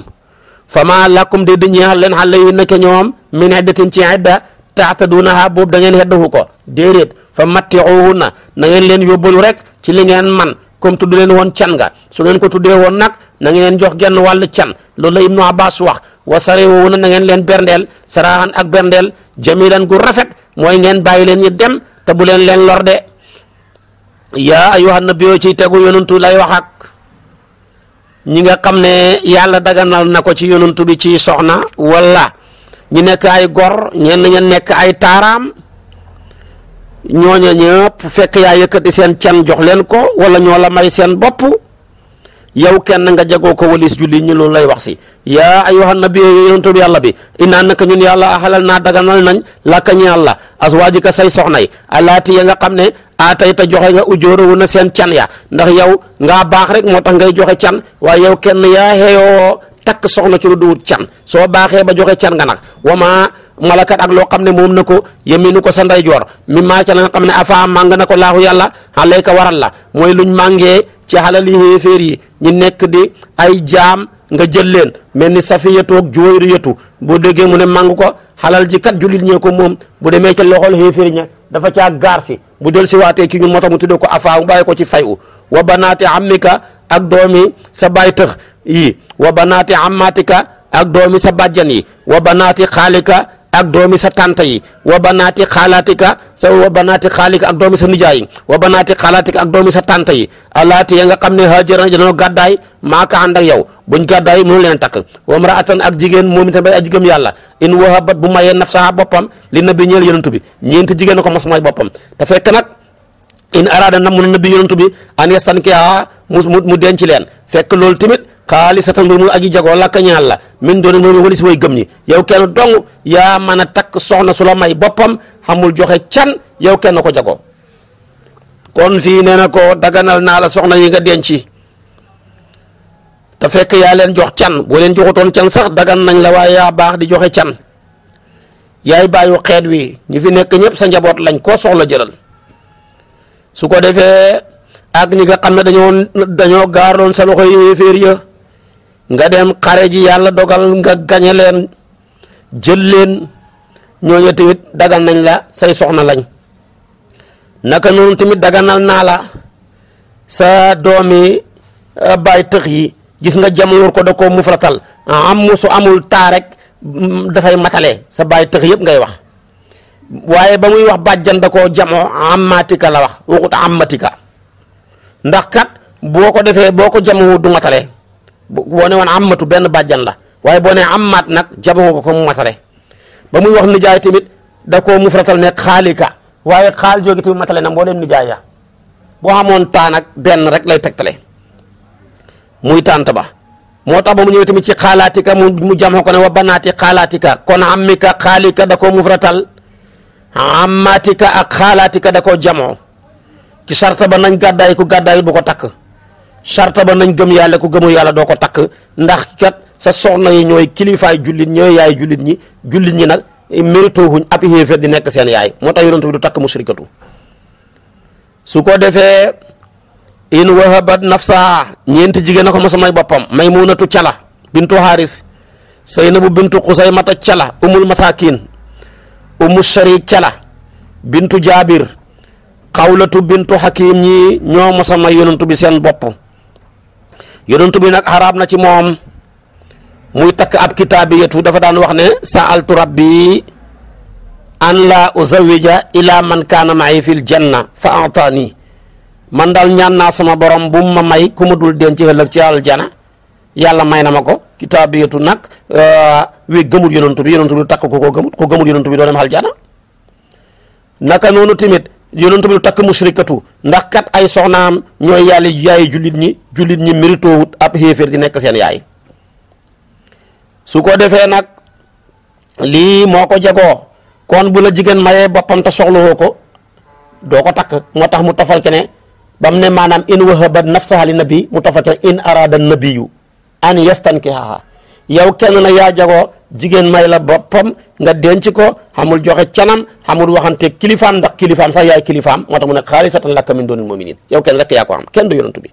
fama lakum de di ñeexal leen xale yi nekk ñoom min xeddatin ci xedda taatadunaha boobu da ngeen xeddahu ko déedéet fa mattiuhunna na ngeen leen yóbbalu rek ci li ngeen man comme tudd leen woon can ga su ngeen ko tuddee woon nag na ngeen jox genn wàllu can loolu la Ibnu Abbas wax wa sarihunna na ngeen leen berndeel saraahan ak berndeel jamilan gu rafet mooy ngeen bàyyi leen ñu dem te bu leen leen lor yaa ayyuhan nabiyyu ci tegu yonantu lay wax ak ñi nga xam ne yàlla daganal na ko ci yonantu bi ci soxna walla ñi nekk ay gor ñenn ña nekk ay taaraam ñooña ñëpp fekk yaa yëkkati seen can jox leen ko wala ñoo la may seen bopp yow kenn nga jagoo ko walis julli ñu loolu lay wax si yaa ayyuhan nabiyyu yonantu bi yàlla bi innaa naka ñun yàlla ahalal naa daganal nañ laka ñu yàlla aswaajika say soxna yi alaati ya nga xam ne aatay ah, te joxe nga ujóorawu na seen can ya ndax yow ngaa baax rek moo tax ngay joxe can waaye yow kenn yaa xeeyoo takk soxna ci lu duwut can soo baaxee ba joxe can nga nag wama malakat ak loo xam ne moom na ko yeminu ko sa ndeyjoor mi maa ca la nga xam ne afa màng na ko laahu yàlla xale ka waral la mooy luñ màngee ci xalali xéeféer yi ñu nekk di ay jaam nga jël leen mel ni safiyatu ak juwayru yatu boo déggee mu ne màng ko xalal ji kat jullit ñee ko moom bu demee ca loxol xéeféer ña dafa caa gaar si bu del si waatee ci ñu moo tax mu tuddee ko afaa mu bàyyi ko ci fay u wa banaati ammika ak doomi sa baay tëx yi wa banaati ammatika ak doomi sa bàjjan yi wa banaati xaalika ak doomi sa tànta yi wa banaati xaalaatika sa wa banaati xaalika ak doomi sa nijaay yi wa banaati xaalaatika ak doomi sa tànta yi alaati ya nga xam ne haajara danoo gàddaay maa ka ànd ak yow buñ gàddaay mënu leen takk wa mraatan ak jigéen moom itam ay jigéen yàlla in wahabat bu mayee nafsaha boppam li nabi ñeel yonent bi ñeenti jigéen a ko mos may boppam te fekk nag in araada na mun nabi yonent bi an yastan ki mu denc leen fekk loolu xaalisatan loolu muy aji jagoo lakka ñaal la min doone loolu walis way gëm ñi yow kenn dong yaa mën a takk soxna su la may boppam xamul joxe can yow kenn ko jagoo kon fi nee na ko daganal naa la soxna yi denc te fekk yaa leen jox can boo leen joxutoon sax dagan nañ la waaye yaa baax di joxe can yaay bàyyu xeet wi ñu fi nekk ñëpp sa njaboot lañ koo soxla jëlal su ko defee ak ñi nga xam ne dañoo dañoo gaar doon sa loxoy ya nga dem xare ji yàlla dogal nga gañe leen jël leen ñooñu tamit dagal nañ la say soxna lañ naka noonu tamit daganal naa la sa doomi euh, baay tëx yi gis nga jamuur ko da koo mufratal am su amul taa rek mm, dafay matale sa baay tëx yëpp ngay wax waaye ba muy wax bàjjan da koo jamoo amatika la wax waxut amatika ndax kat boo ko defee boo ko jamoo du matale boo ne am ammatu benn bàjjan la waaye boo ne ammaat nag jamoo ko mu matale ba muy wax nijaay tamit da mu mufratal ne xaalika waaye xaal joogi tamit matale na mbooleem nijaay ya boo xamoon taa nag benn rek lay tegtale muy tànt ba moo tax ba mu ñëwee tamit ci xaalaatika mu mu jamoo ko ne wa banaati xaalaatika kon ammika xaalika da koo mufratal ammaatika ak xaalaatika da koo jamoo ci sarta ba nañ gàddaay ku gàddaay bu ko takk charta ba nañ gëm yàlla ko gëmu yàlla doo ko takk ndax kat sa soxna yi ñooy kilifaay jullit ñooy yaay jullit ñi jullit ñi nag mérito wuñ ab yéeféer di nekk seen yaay moo tax yonent bi du takk musrikatu su ko defee in wahabat nafsaha ñeenti jigéen a ko mosa may boppam maymunatu cala bintu xaaris saynabu bintu xusaymata cala umul masakin umu shari cala bintu jaabir xawlatu bintu ñoo mosa may yonent bi seen bopp yonent bi nag xaraam na ci moom muy takk ab kitaabiyatu dafa daan wax ne sa'altu rabbi an la uzawija ila man kaana ma'i fil janna fa ataani man daal ñaan naa sama borom bu ma may ku dul denc ëllëg ci aljana yàlla may na ma ko kitaabiyatu nag euh, wi gëmul yonent bi yonent bi takk ko ko ko gëmul yonent bi doo dem aljana naka noonu tamit yonent bi takk mushrikatu ndax kat ay soxnaam ñoo yàlla yaayu jullit ñi jullit ñi méritoowut ab xéeféer di nekk seen yaay su ko defee nag lii moo ko jagoo kon bu la jigéen mayee boppam te soxlawoo ko doo ko takk moo tax mu tofal ci ne ba ne maanaam in wahaba nafsaha li nabi mu tofal ci ne in arada nabiyu an yastankihaha yow kenn na yaa jagoo jigéen may la boppam nga denc ko xamul joxe cenam xamul waxante kilifaam ndax kilifaam sax yaay kilifaam moo tax mu ne xaalisatan laka min doonil muminin yow kenn rek yaa ko xam kenn du yonantu bi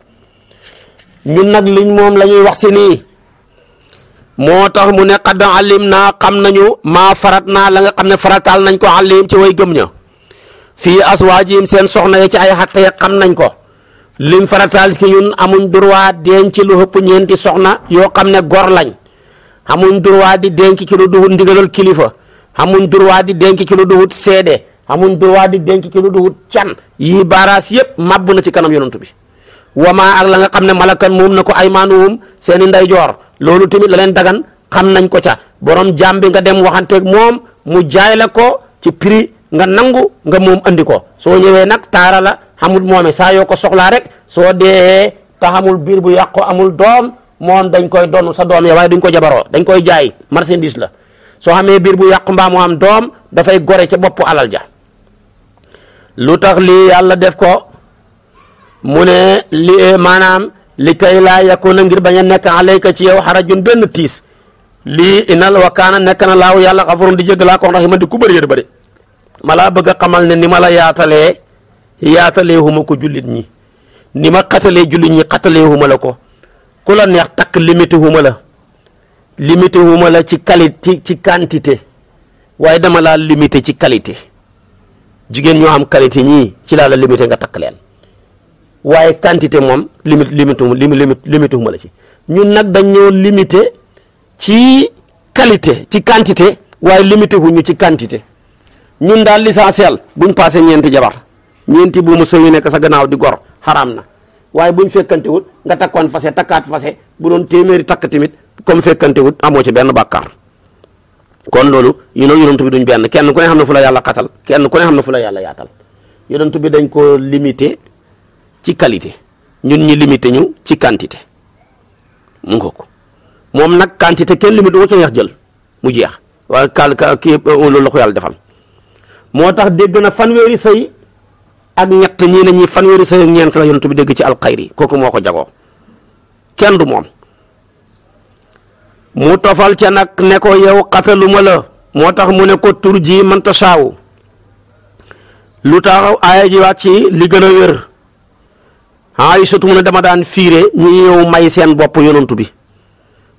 ñun nag liñ moom lañuy ñuy wax si nii moo tax mu nekk qad alim naa xam nañu maa farat naa la nga xam ne farataal nañ ko alim ci way gëm ña fii aswaajim seen soxna ya ci ay xam nañ ko lim farataal ki ñun denc lu ëpp soxna yoo xam ne gor lañ amuñ droit di denc ci lu duhut ndigalal kilifa amuñ droit di denc ci lu duhut amuñ droit di denc ci lu can yii baaraas yëpp mabbu na ci kanam yonantu bi wamaa ak la nga xam ne malakan moom na ko ay maanuwum seen i ndeyjoor loolu tamit la leen dagan xam nañ ko ca borom jaam bi nga dem waxanteek moom mu jaay la ko ci prix nga nangu nga moom andi ko soo ñëwee nag taara la xamul moome saa yoo ko soxlaa rek soo dee ta xamul biir bu yàqu amul doom moom dañ koy donn sa doom ya waaye duñ ko jabaroo dañ koy jaay marchandise la soo xamee biir bu yàqu mbaa mu am doom dafay gore ca boppu alal ja lu tax lii yàlla def ko mu ne li maanaam li kay laa na ngir bañ a nekk alayka ci yow xarajun benn tiis lii inal wa kaana nekk na laaw yàlla xafurun di jégg laa kon raxima di ku bëri yër bëri ma laa bëgg a xamal ne ni ma la yaatalee yaatalee huma ko jullit ñi ni ma xatalee jullit ñi xatalee huma la ko ku la neex takk limité huma la limité huma la ci qualité ci quantité waaye dama laa limité ci qualité jigéen ñu am qualité ñii ci laa la limité nga takk leen waaye quantité moom limite limité limité huma la ci ñun nag dañoo limité ci qualité ci quantité waaye limité ñu ci quantité ñun daal l'essentiel buñ passé ñeenti jabar ñeenti bu mu sëy nekk sa gannaaw di gor xaraam na waaye buñ fekkante wut nga takkoon fase takkaat fase bu doon téeméeri takk tamit comme fekkante wut amoo ci benn bàkkaar kon loolu yu noonu yonent bi duñ benn kenn ku ne xam ne fu la yàlla xatal kenn ku ne xam ne fu la yàlla yaatal yonent bi dañ ko limité ci qualité ñun ñi limité ñu ci quantité mu nga ko moom nag quantité kenn limité wu ko neex jël mu jeex waaye kaal kii loolu la ko yàlla defal moo tax dégg na fanweeri sëy ak ñett ñii nañuy fanweeri sëy ak ñeent la yonent bi dégg ci alxayri kooku moo ko kenn du moom mu tofal ca nag ne ko yow xataluma la moo tax mu ne ko tur ji mënta saawu lu tax aaya ji wàcc ci li gën a wér ay surtout mu dama daan fiire ñu ñëw may seen bopp yonent bi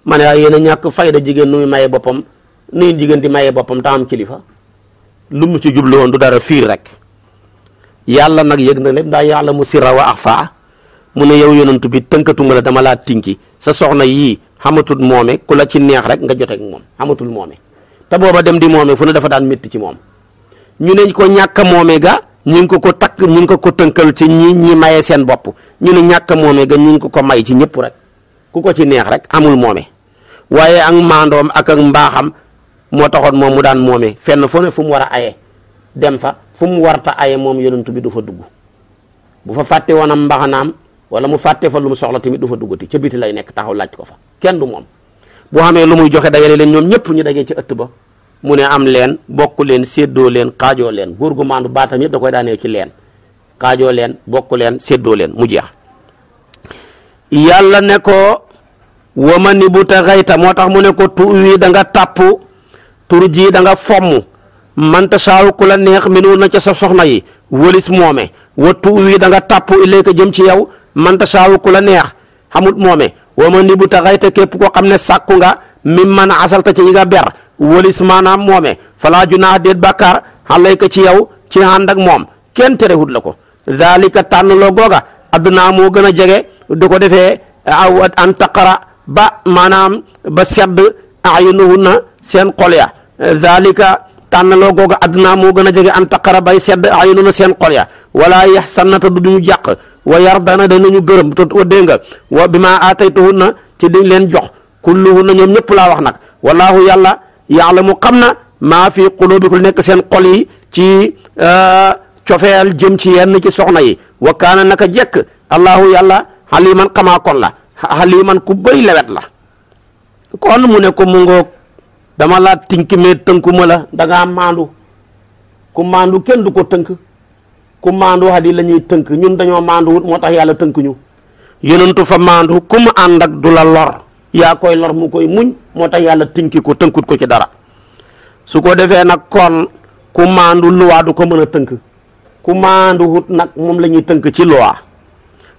ma ne waaye yéen a fayda jigéen nu muy maye boppam nuy jigéen di maye boppam te kilifa lu mu ci jublu woon du dara fiir rek yàlla nag yëg na lépp daa yàlla mu sirra a axfaa mu ne yow yonantu bi tënkatuma la dama laa tinki sa soxna yii xamatul moome ku la ci neex rek nga joteeg moom xamatul moome te booba dem di moome fu ne dafa daan métti ci moom ñu neñ ko ñàkk moome ga ñu ngi ko ko takk ñu ngi ko ko tënkal ci ñi ñi maye seen bopp ñu ne ñàkk a moome ga ñu ngi ko ko may ci ñëpp rek ku ko ci neex rek amul moome waaye ak maandoom ak ak mbaaxam moo taxoon moom mu daan moome fenn fu fu mu war a aye dem fa fu mu warta aye moom yonent bi du fa dugg bu fa fàtte woon am mbaxanaam wala mu fàtte fa lu mu soxla tamit du fa duggati ca biti lay nekk taxaw laaj ko fa kenn du moom boo xamee lu muy joxe dajale leen ñoom ñëpp ñu dajee ci ëtt ba mu ne am leen bokk leen séddoo leen xaajoo leen góor gu maandu baatam koy daanee ci leen xaajoo leen bokk leen séddoo leen mu jeex yàlla ne ko wama ni bu te xayta moo tax mu ne ko tu wi danga nga tàpp tur ji danga nga manta saaw ku la neex minu na ca sa soxna yi wëlis moome wattu wi da nga tàpp ilayka jëm ci yow manta saaw ku la neex xamut moome wa ma ni bu taxay te képp koo xam ne sàkku nga mi man asalta ci ñi ga ber wëlis maanaam moome na junaax déet bàkkaar alayka ci yow ci ànd ak moom kenn terewut la ko zalika tànn loo googa addunaa moo gën a jege du ko defee aw an taqara ba maanaam ba sedd na seen xol ya tànnaloo googa addunaa moo gën a jege an taqara bay sedd ayununa seen xol ya wala yaxsannata du duñu jàq wa na danañu gërëm to wa dégg nga wa bi maa aataytuhunna ci diñ leen jox kulluhunna ñoom ñëpp laa wax nag wallahu yàlla yaalamu xam na maa fi qulubikum nekk seen xol yi ci euh, cofeel jëm ci yenn ci soxna yi wa kaana naka jekk allahu yàlla xaliman xamaa kon la xaliman ku bëri lewet la kon mu ne ko mu dama laa tinki mais tënkuma la da ngaa maandu ku maandu kenn du ko tënk ku maandu hadi la ñuy tënk ñun dañoo maandu wut moo tax yàlla tënk ñu yenentu fa maandu ku mu du la lor yaa koy lor mu koy muñ moo tax yàlla tinki ko tënkut ko ci dara su ko defee nag kon ku maandu luwaa du ko mën a tënk ku maandu wut nag moom la ñuy tënk ci luwaa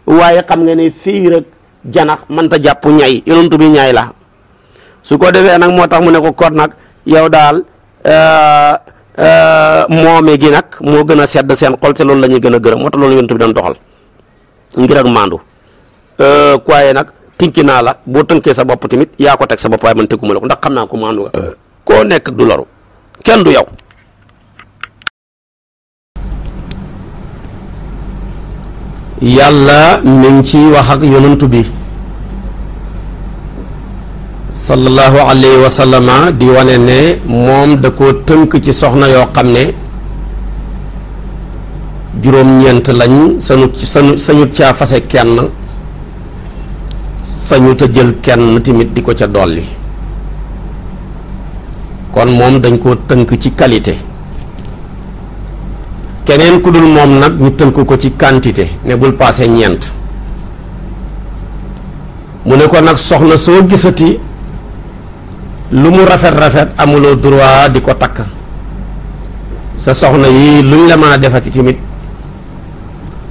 waaye xam nga ne fii rek janax mënta jàpp ñay yenentu bi ñay la su ko defee nag moo tax mu ne ko kon nag yow daal euh, euh, moome gi nag moo gën a sedd seen xol te loolu la ñuy gën a gërëm moo tax loolu yonent bi doon doxal ngir maandu euh, waaye nag tinki naa la boo tënkee sa bopp tamit yaa ko teg sa bopp waaye man tëgguma la ko ndax naa ko maandu nekk du loru kenn du yow yàlla mi ci waxak ak yonent bi sallallahu alayhi wa sallama di wane ne moom da koo tënk ci soxna yoo xam ne juróom-ñeent lañ sañu sañu sañu caa fase kenn sañu ta jël kenn tamit di ko ca dolli kon moom dañ ko tënk ci qualité keneen ku dul moom nag ñu tënk ko ci quantité ne bul passé ñeent mu ne ko nag soxna soo gisati lu mu rafet-rafet amuloo droit di ko takk sa soxna yi luñ la mën a defati tamit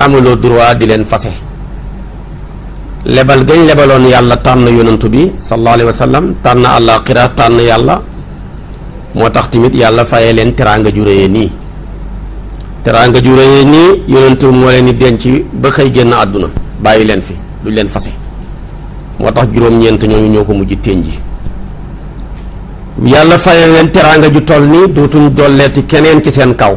amuloo droit di leen fase lebal gañ lebaloon yàlla tànn yonantu bi sallallahu alayhi wa tànn tànn àllaaxira tànn yàlla moo tax tamit yàlla fayee leen teraanga ju réyee nii teraanga ju réyee nii yonantu moo leen di denc ba xëy génn àdduna bàyyi leen fi duñ leen fase moo tax juróom-ñeent ñooñu ñoo ko mujj ténj ji yàlla faye leen teraanga ju toll nii dootuñ dolleeti keneen ci seen kaw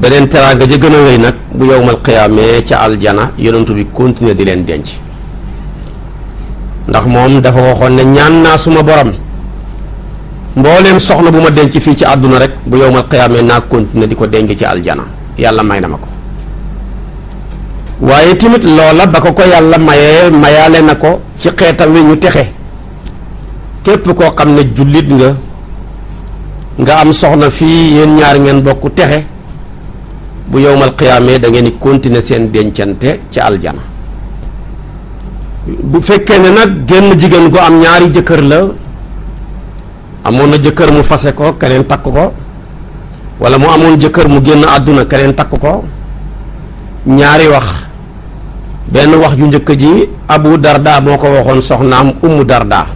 beneen teraanga ja gën a wéy nag bu yowmal qiyaamee ca aljana yonentu bi continuer di leen denc ndax moom dafa waxoon ne ñaan naa suma boroom mbooleem soxna bu ma denc fii ci àdduna rek bu yowmal qiyaamee naa continuer di ko denc ci aljana yàlla may na ma ko waaye tamit loola ba ko ko yàlla mayee mayaale na ko ci xeetam wi ñu texe képp koo xam ne jullit nga nga am soxna fii yéen ñaar ngeen bokk texe bu yowmal qiyaamee da ngeen di continuer seen dencante ci aljana bu fekkee ne nag genn jigéen ko am ñaari jëkkër la amoon na jëkkër mu fase ko keneen takk ko wala mu amoon jëkkër mu génn àdduna keneen takk ko ñaari wax benn wax ju njëkk ji Abu dardaa moo ko waxoon soxnaam Ummu dardaa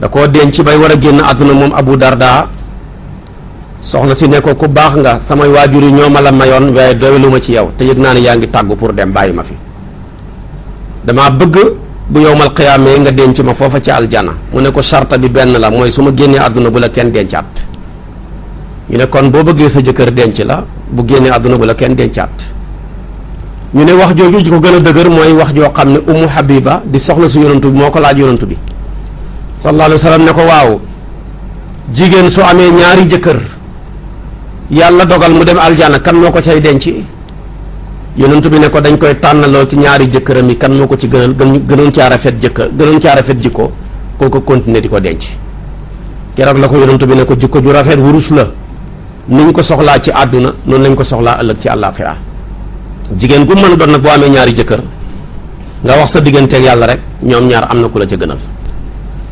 da koo denc bay war a génn àdduna moom Abu Darda soxna si ne ko ku baax nga samay waajur yi ñoo ma la mayoon waaye doylu ma ci yow te yëg naa ne yaa ngi tàggu pour dem bàyyi ma fi damaa bëgg bu yowmal qiyaamee nga denc ma foofa ci aljana mu ne ko charte bi benn la mooy su ma génnee àdduna bu la kenn dencaat ñu ne kon boo bëggee sa jëkkër denc la bu génnee àdduna bu la kenn dencaat ñu ne wax jooju ji ko gën a dëgër mooy wax joo xam ne Ummu Habiba di soxna su yonantu moo ko laaj yonantu bi sallallahu alayhi ne ko waaw jigéen su amee ñaari jëkkër yàlla dogal mu dem aljana kan moo ko cay denc yonent bi ne ko dañ koy tànnaloo ci ñaari jëkkëram yi kan moo ko ci gënal gën gënoon caa rafet jëkkër gënoon caa rafet jikko kooku continuer di ko denc keroog la ko yonent bi ne ko jikko ju rafet wurus la ni ñu ko soxlaa ci àdduna noonu lañ ko soxlaa ëllëg ci àllaaxira jigéen gu mën a doon nag boo amee ñaari jëkkër nga wax sa digganteek yàlla rek ñoom ñaar am na ku la ca gënal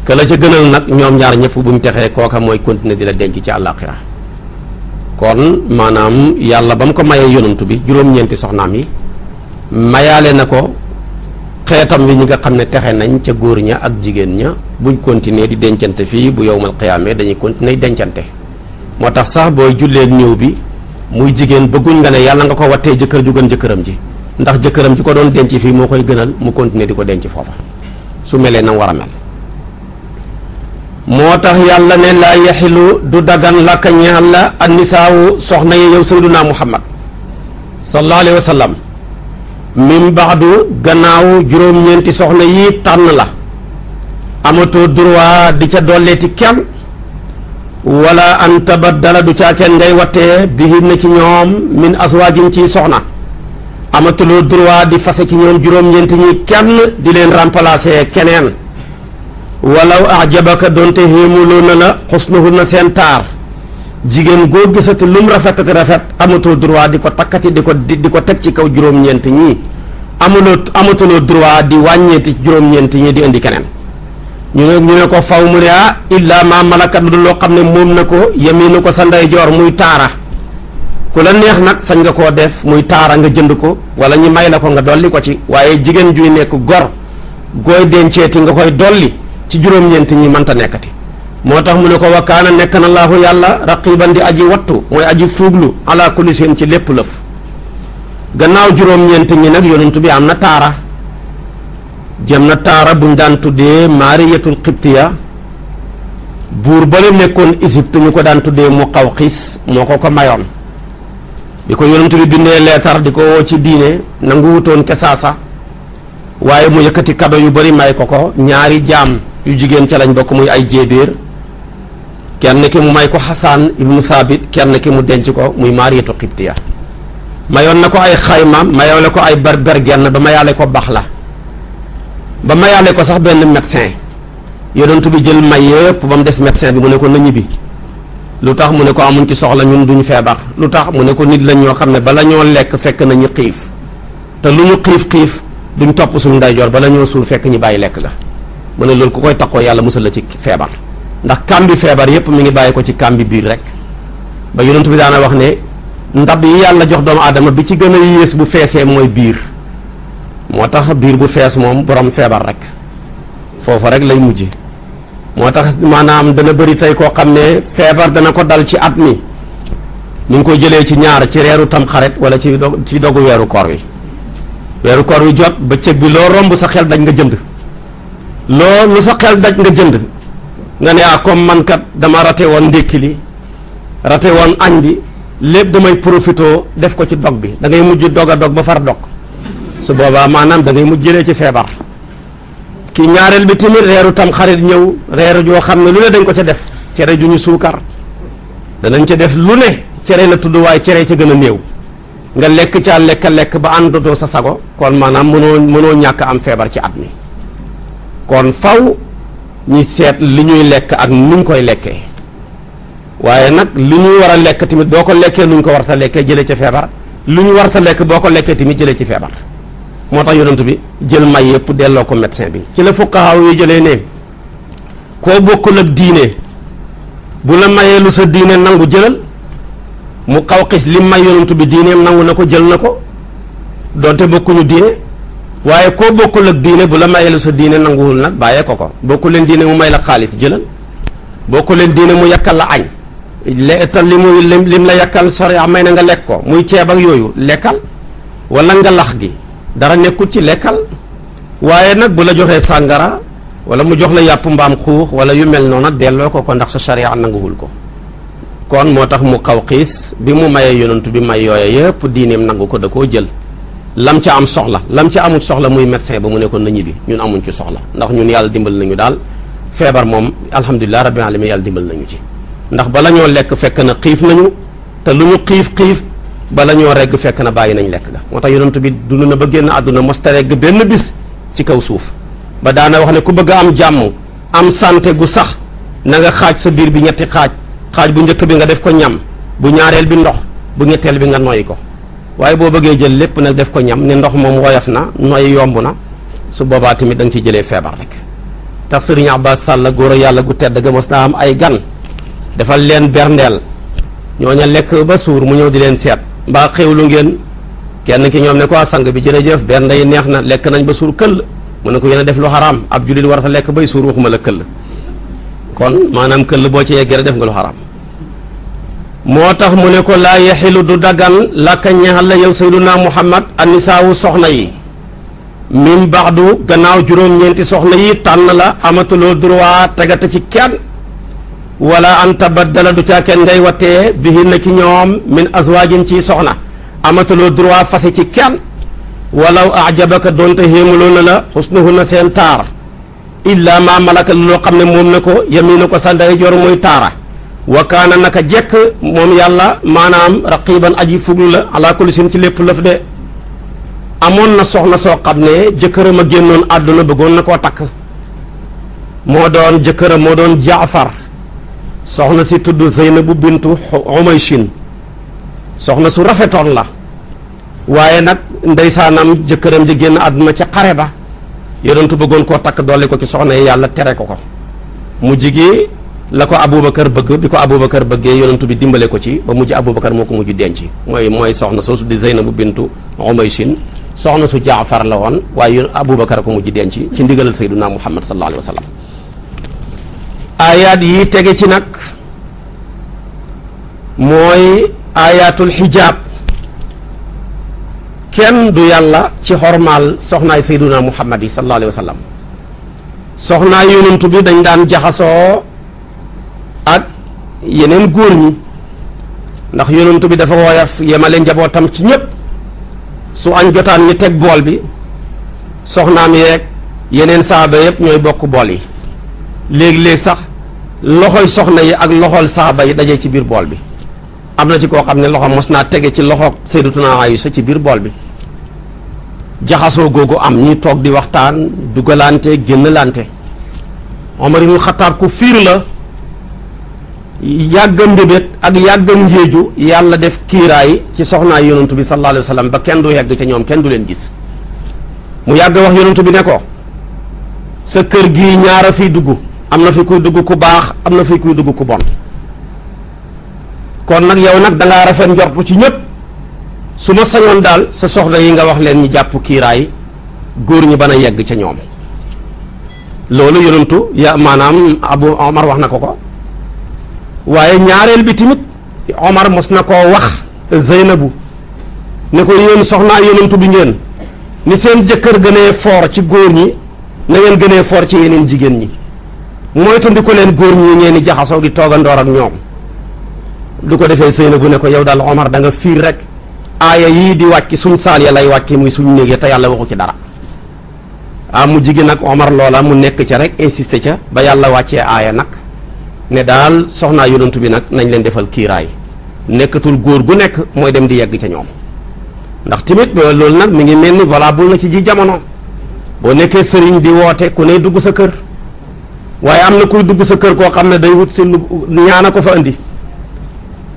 que la ca gënal nag ñoom ñaar ñëpp bu ñu texee kooka mooy continuer di la denc ci àllaaxira kon maanaam yàlla ba mu ko mayee yonantu bi juróom-ñeenti soxnaam yi mayaale na ko xeetam bi ñu nga xam ne texe nañ ca góor ña ak jigéen ña buñ continuer di dencante fii bu yowmal xiyaamee dañuy continuer dencante moo tax sax booy jullee néew bi muy jigéen bëgguñ nga ne yàlla nga ko wattee jëkkër ju gën jëkkëram ji ndax jëkkëram ji ko doon denc fii moo koy gënal mu continuer di ko denc foofa su melee na war moo tax yàlla ne laa yaxilu du dagan lakka ñeel la an nisaawu soxna yi yow sayduna muhammad sallallahu alayhi wa sallam min baxdu gannaaw juróom-ñeenti soxna yi tànn la amatoo droit di ca dolleeti kenn walla an dala du caa ngay wattee bihin na ci ñoom min aswaajin ci soxna amatuloo droit di fase ci ñoom juróom-ñeenti ñi kenn di leen remplacer keneen walaw ajabaka donte xéemuloo na la na seen taar jigéen goo gisati lum rafetati rafet amatoo droit di ko takkati di ko di ko teg ci kaw juróom-ñeent ñii amuloo amatuloo droit di wàññeeti juróom-ñeent ñii di indi keneen ñu ne ñu ne ko faw mu ne ah illa ma malakat lu loo xam ne moom na ko yeminu ko sa ndeyjoor muy taara ku la neex nag sañ nga ko def muy taara nga jënd ko wala ñu may la ko nga dolli ko ci waaye jigéen juy nekk gor gooy denceeti nga koy dolli ci juróom-ñeent ñi mënta nekkati moo tax mu ne ko wakkaana nekk na laahu yàlla raqiban di aji wattu mooy aji fuuglu ala kulli ci lépp lëf gannaaw juróom-ñeent ñi nag yonent bi am na taara jëm na taara buñ daan tuddee maariyatul xibtiya buur ba nekkoon Égypte ñu ko daan tuddee mu xaw xiis moo ko ko mayoon bi ko yonent bi bindee leetar di ko woo ci diine nangu wutoon kesaasa waaye mu yëkkati kado yu bari may ko ko ñaari jaam yu jigéen ca lañ bokk muy ay jéebéer kenn ki mu may ko xasaan ibnu thabit kenn ki mu denc ko muy maariyatu xibtiya mayoon na ko ay xayma mayoole ko ay berbergenn ba mayaale ko bax la ba mayaale ko sax benn médecin yonent bi jël may yëpp ba mu des médecin bi mu ne ko na ñibbi lu tax mu ne ko amuñ ci soxla ñun duñ feebar lu tax mu ne ko nit lañ ñoo xam ne bala ñoo lekk fekk nañu xiif te lu ñu xiif xiif duñ topp suñu ndeyjoor bala ñoo suul fekk ñi bàyyi lekk ga mu ne loolu ku koy takkoo yàlla musal la ci feebar ndax kàmbi feebar yépp mu ngi bàyyi ko ci kàmbi biir rek ba yonent bi daana wax ne ndab yi yàlla jox doomu aadama bi ci gën a yées bu feesee mooy biir moo tax biir bu fees moom borom feebar rek foofa rek lay mujj moo tax maanaam dana bëri tey koo xam ne feebar dana ko dal ci at mi ñu ngi koy jëlee ci ñaar ci reeru tamxarit wala ci dog ci dogu weeru koor wi weeru koor wi jot ba bëccëg bi loo romb sa xel dañ nga jënd loo lu sa xel daj nga jënd nga ne ah comme man dama rate woon ndékki li rate woon añ bi lépp damay profitoo def ko ci dog bi da ngay mujj dog a dog ba far dog su boobaa maanaam da ngay mujj jëlee ci feebar ki ñaareel bi tamit reeru tam xarit ñëw reeru joo xam ne lu ne dañ ko ca def cere ju ñu suukar danañ ca def lu ne cere la tudd waaye cere ca gën a néew nga lekk caa lekk lekk ba àndatoo sa sago kon maanaam mënoo mënoo ñàkk am feebar ci at mi kon faw ñi seet li ñuy lekk ak nuñ koy lekkee waaye nag li ñuy war lekk tamit boo ko lekkee nuñ ko war ta lekkee jëlee ci feebar lu ñu war lekk boo ko lekkee tamit jëlee ci feebar moo tax yonent bi jël may yëpp delloo ko médecin bi ci la fuqahaa yi jëlee ne koo bokkul ak diine bu la mayee lu sa diine nangu jëlal mu xaw xis li may yonent bi diineem nangu na ko jël na ko doonte bokkuñu diine waaye koo bokkul ak diine bu la la sa diine nanguwul nag bàyyee ko ko bokkul leen diine mu may la xaalis jëlal bokkul leen diine mu yàkkal la añ le te li mu lim la yàkkal sori may na nga lekk ko muy ceeb ak yooyu lekkal wala nga lax gi dara nekkul ci lekkal waaye nag bu la joxee sàngara wala mu jox la yàpp mbaam xuux wala yu mel noona delloo ko ko ndax sa sharia nanguwul ko kon moo tax mu xaw xiis bi mu mayee yonantu bi may yooye yëpp diineem nangu ko da koo jël lam ca am soxla lam ca amul soxla muy médecin ba mu nekkoon na bi ñun amuñ ci soxla ndax ñun yàlla dimbal nañu daal feebar moom alhamdulilah rabbil alamin yàlla dimbal nañu ci ndax bala ñoo lekk fekk na xiif nañu te lu ñu xiif xiif bala ñoo regg fekk na bàyyi nañu lekk ga moo tax yonent bi dund na ba génn àdduna mosta regg benn bis ci kaw suuf ba daana wax ne ku bëgg a am jàmm am santé gu sax na nga xaaj sa biir bi ñetti xaaj xaaj bu njëkk bi nga def ko ñam bu ñaareel bi ndox bu ñetteel bi nga noyyi ko waaye boo bëggee jël lépp nag def ko ñam ne ndox moom woyof na noy yomb na su boobaa tamit danga nga ci jëlee feebar rek tax sëriñ ba sàll góor a yàlla gu tedd ga mos naa am ay gan defal leen berndeel ñooña lekk ba suur mu ñëw di leen seet mbaa xéwlu ngeen kenn ki ñoom ne ko ah, sang bi jërëjëf bernde yi neex na lekk nañ ba suur këll mu ne ko yéen def lu xaraam ab jullit war a lekk bay suur waxuma la këll kon maanaam këll boo ci yeggee def nga lu moo tax mu ne ko laa yaxilu du daggan làkka ñeexal la yow sayduna muhammad anisaawu soxna yi min baxdu gannaaw juróom-ñeenti soxna yi tànn la amatuloo droit tegata ci kenn wala an tabaddala du caa kenn ngay wattee bihin ci ñoom min azwaajin ci soxna amatuloo droit fase ci kenn walaw ajabaka doonte xéemuloo na la xusnuhunna seen taar illa ma malaka loo xam ne moom na ko yamina ko sa ndeyjoor muy taara wa kaana a jekk moom yàlla maanaam raqiban aji fuglu la ala kulli ci lépp lëf de amoon na soxna soo xam ne jëkkëram a génnoon àdduna bëggoon na koo takk moo doon jëkkëram moo doon jaafar soxna si tudd Zeynabu bintu Umayshin soxna su rafetoon la waaye nag ndeysaanam jëkkëram ji génn àdduna ca xare ba yonentu bëggoon koo takk doole ko ci soxna yi yàlla tere ko ko mujj gi la ko Aboubacar bëgg bi ko Aboubacar bëggee yonantu bi dimbale ko ci ba mujj Aboubacar moo ko mujj denc mooy mooy soxna soosu di Zeynabu bintu Umaysin soxna su Jaafar la woon waaye Aboubacar ko mujj denc ci ndigalal sayduna Muhammad sallallahu alayhi wa sallam ayaat yi tege ci nag mooy ayatul xijaab kenn du yàlla ci xormaal soxnaay sayduna Muhammad yi sallallahu alayhi wa sallam soxnaay yonantu bi dañ daan jaxasoo ak yeneen góor ñi ndax yonent bi dafa woyaf yemale njabootam ci ñépp su añ jotaan ñi teg bool bi soxnaam yeeg yeneen saaba yëpp ñooy bokk bool yi léegi-léeg sax loxoy soxna yi ak loxol saaba yi daje ci biir bool bi am na ci koo xam ne loxo mos naa tege ci loxo Sayyidatuna Aïsa ci biir bool bi jaxasoo googu am ñi toog di waxtaan dugalante génnalante Omar ibn Xattaab ku fiir la yàgga mbébét ak yàgga njéeju yàlla def kiiraay ci soxnaay yonantu bi sallallahu alayhi wa sallam ba kenn du yegg ca ñoom kenn du leen gis mu yàgg wax yonantu bi ne ko sa kër gi ñaara fi dugg am na fi kuy dugg ku baax am na fi kuy dugg ku bon kon nag yow nag dangaa rafet njort ci ñëpp su ma sañoon daal sa soxna yi nga wax leen ñi jàpp kiiraay góor ñi ban a yegg ca ñoom loolu yonantu ya maanaam Abu Omar wax na ko ko waaye ñaareel bi tamit Omar mos na koo wax Zeynabu ne ko yéen soxnaa yonent bi ngeen ni seen jëkkër gënee foor ci góor ñi na ngeen gënee foor ci yeneen jigéen ñi moytundi ko leen góor ñi ngeen di jaxasoo di toogandoor ak ñoom lu ko defee Zeynabu ne ko yow daal Omar da nga fiir rek aaya yii di wàcc suñ saal ya lay wàcc muy suñ néeg ya te yàlla waxu ci dara ah mu jigéen ak Omar loola mu nekk ca rek insisté ca ba yàlla wàccee aaya nag ne daal soxnaa yonantu bi nag nañ leen defal kiiraay nekkatul góor gu nekk mooy dem di yegg ca ñoom ndax tamit loolu nag mu ngi mel ni valable na ci ji jamono boo nekkee sëriñ bi woote ku ne dugg sa kër waaye am na kuy dugg sa kër koo xam ne day wut si lu ñaana ko fa indi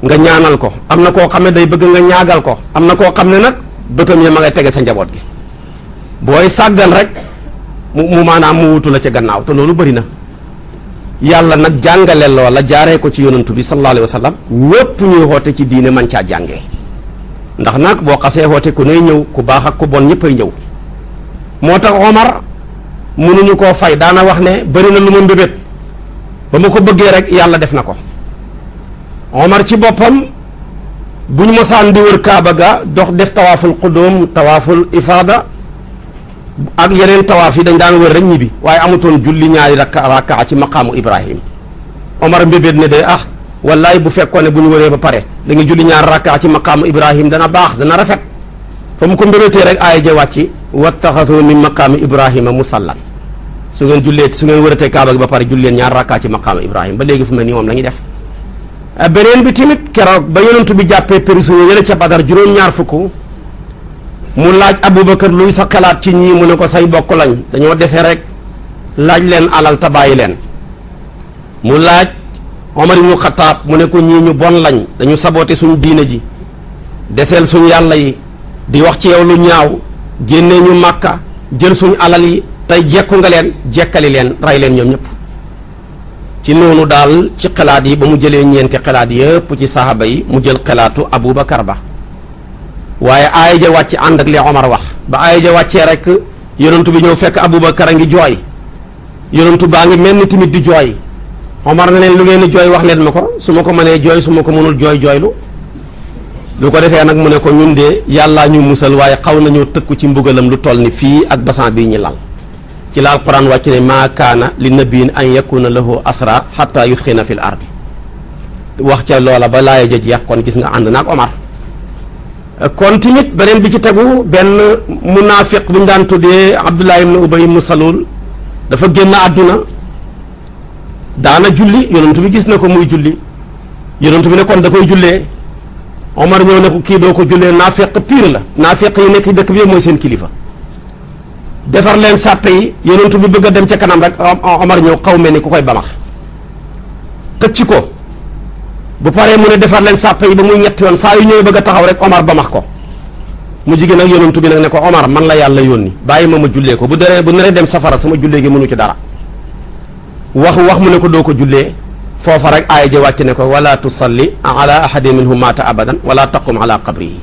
nga ñaanal ko am na koo xam ne day bëgg nga ñaagal ko am na koo xam ne nag bëtam ya ma ngay tege sa njaboot gi booy sàggan rek mu mu maanaam mu wutu la ca gannaaw te loolu bëri na yàlla nag jàngale loola jaaree ko ci yonantu bi sallallahu alayhi wa sallam ñëpp ñuy xoote ci diine man caa jàngee ndax nag boo xasee xoote ku ney ñëw ku baax ak ku bon ñëppay ñëw moo tax Omar mënuñu koo fay daana wax ne bëri na lu ma mbébét ba ma ko bëggee rek yàlla def na ko Omar ci boppam bu ñu mosaan di Kaaba ga dox def tawaaful qudum tawaaful ifaada ak yeneen tawaaf yi dañ daan wër rek ñibbi waaye amutoon julli ñaari rakka rakka ci maqaamu Ibrahim Omar mbébét ne de ah wallaay bu fekkoon ne bu ñu wëree ba pare dañuy julli ñaari rakka ci maqaamu Ibrahim dana baax dana rafet fa mu ko mbébétee rek aaya ja wàcci wattaxasu min maqaamu Ibrahima musallan su ngeen jullee su ngeen wëratee kaaba gi ba pare julleen ñaar rakka ci maqaamu Ibrahima ba léegi fu mel ni moom la ñuy def beneen bi tamit keroog ba yonentu bi jàppee périsio yële ca Badar juróom-ñaar fukk mu laaj Aboubacar luy sa xalaat ci ñii mu ne ko say bokk lañ dañoo dese rek laaj leen alal te leen mu laaj Omar ibnu Xataab mu ne ko ñii ñu bon lañ dañu sabote suñ diine ji deseel suñ yàlla yi di wax ci yow lu ñaaw génnee ñu màkka jël suñu alal yi tey jekku nga leen jekkali leen rey leen ñoom ñëpp ci noonu daal ci xalaat yi ba mu jëlee ñeenti xalaat yëpp ci saxaaba yi mu jël xalaatu Aboubacar ba waaye aaya ja wàcc ànd ak li Omar wax ba aaya ja wàccee rek yonentu bi ñëw fekk Aboubacar a ngi jooy yonentu baa ngi mel ni tamit di jooy Omar na leen lu ngeen di jooy wax leen ma ko su ma ko mënee jooy su ma ko mënul jooy jooylu lu ko defee nag mu ne ko ñun de yàlla ñu musal waaye xaw nañoo tëkku ci mbugalam lu toll ni fii ak basan bii ñi lal ci la alquran wàcc ne maa kaana li nabiin an yakuna lahu asra xatta yutxina fil ardi wax ca loola ba laaya ja jeex kon gis nga ànd naak Omar Euh, kon timit beneen bi ci tegu benn munaafiq bu ñu daan tuddee Abdullah ibn Ubay ibn Salul dafa génn àdduna daana julli yonent bi gis na ko muy julli yonent bi ne kon da koy jullee Omar ñëw nekk kii doo ko jullee naafeq piir la naafeq yi nekk dëkk bi mooy seen kilifa defar leen sàppe yi yonent bi bëgg a dem ca kanam rek Omar ñëw xaw mel ni ku koy bamax xëcc ko bu paree mu ne defar leen sàpp yi ba muy ñetti yoon saa yu ñëwee bëgg a taxaw rek Omar ba max ko mu jigéen ak yonantu bi nag ne ko Omar man la yàlla yónni bàyyi ma ma jullee ko bu deree bu neree dem safara sama jullee gi mënu ci dara wax wax mu ne ko doo ko jullee foofa rek aaya ji wàcc ne ko wala tusalli ala ahadin minhum maata abadan wala taqum ala qabrihi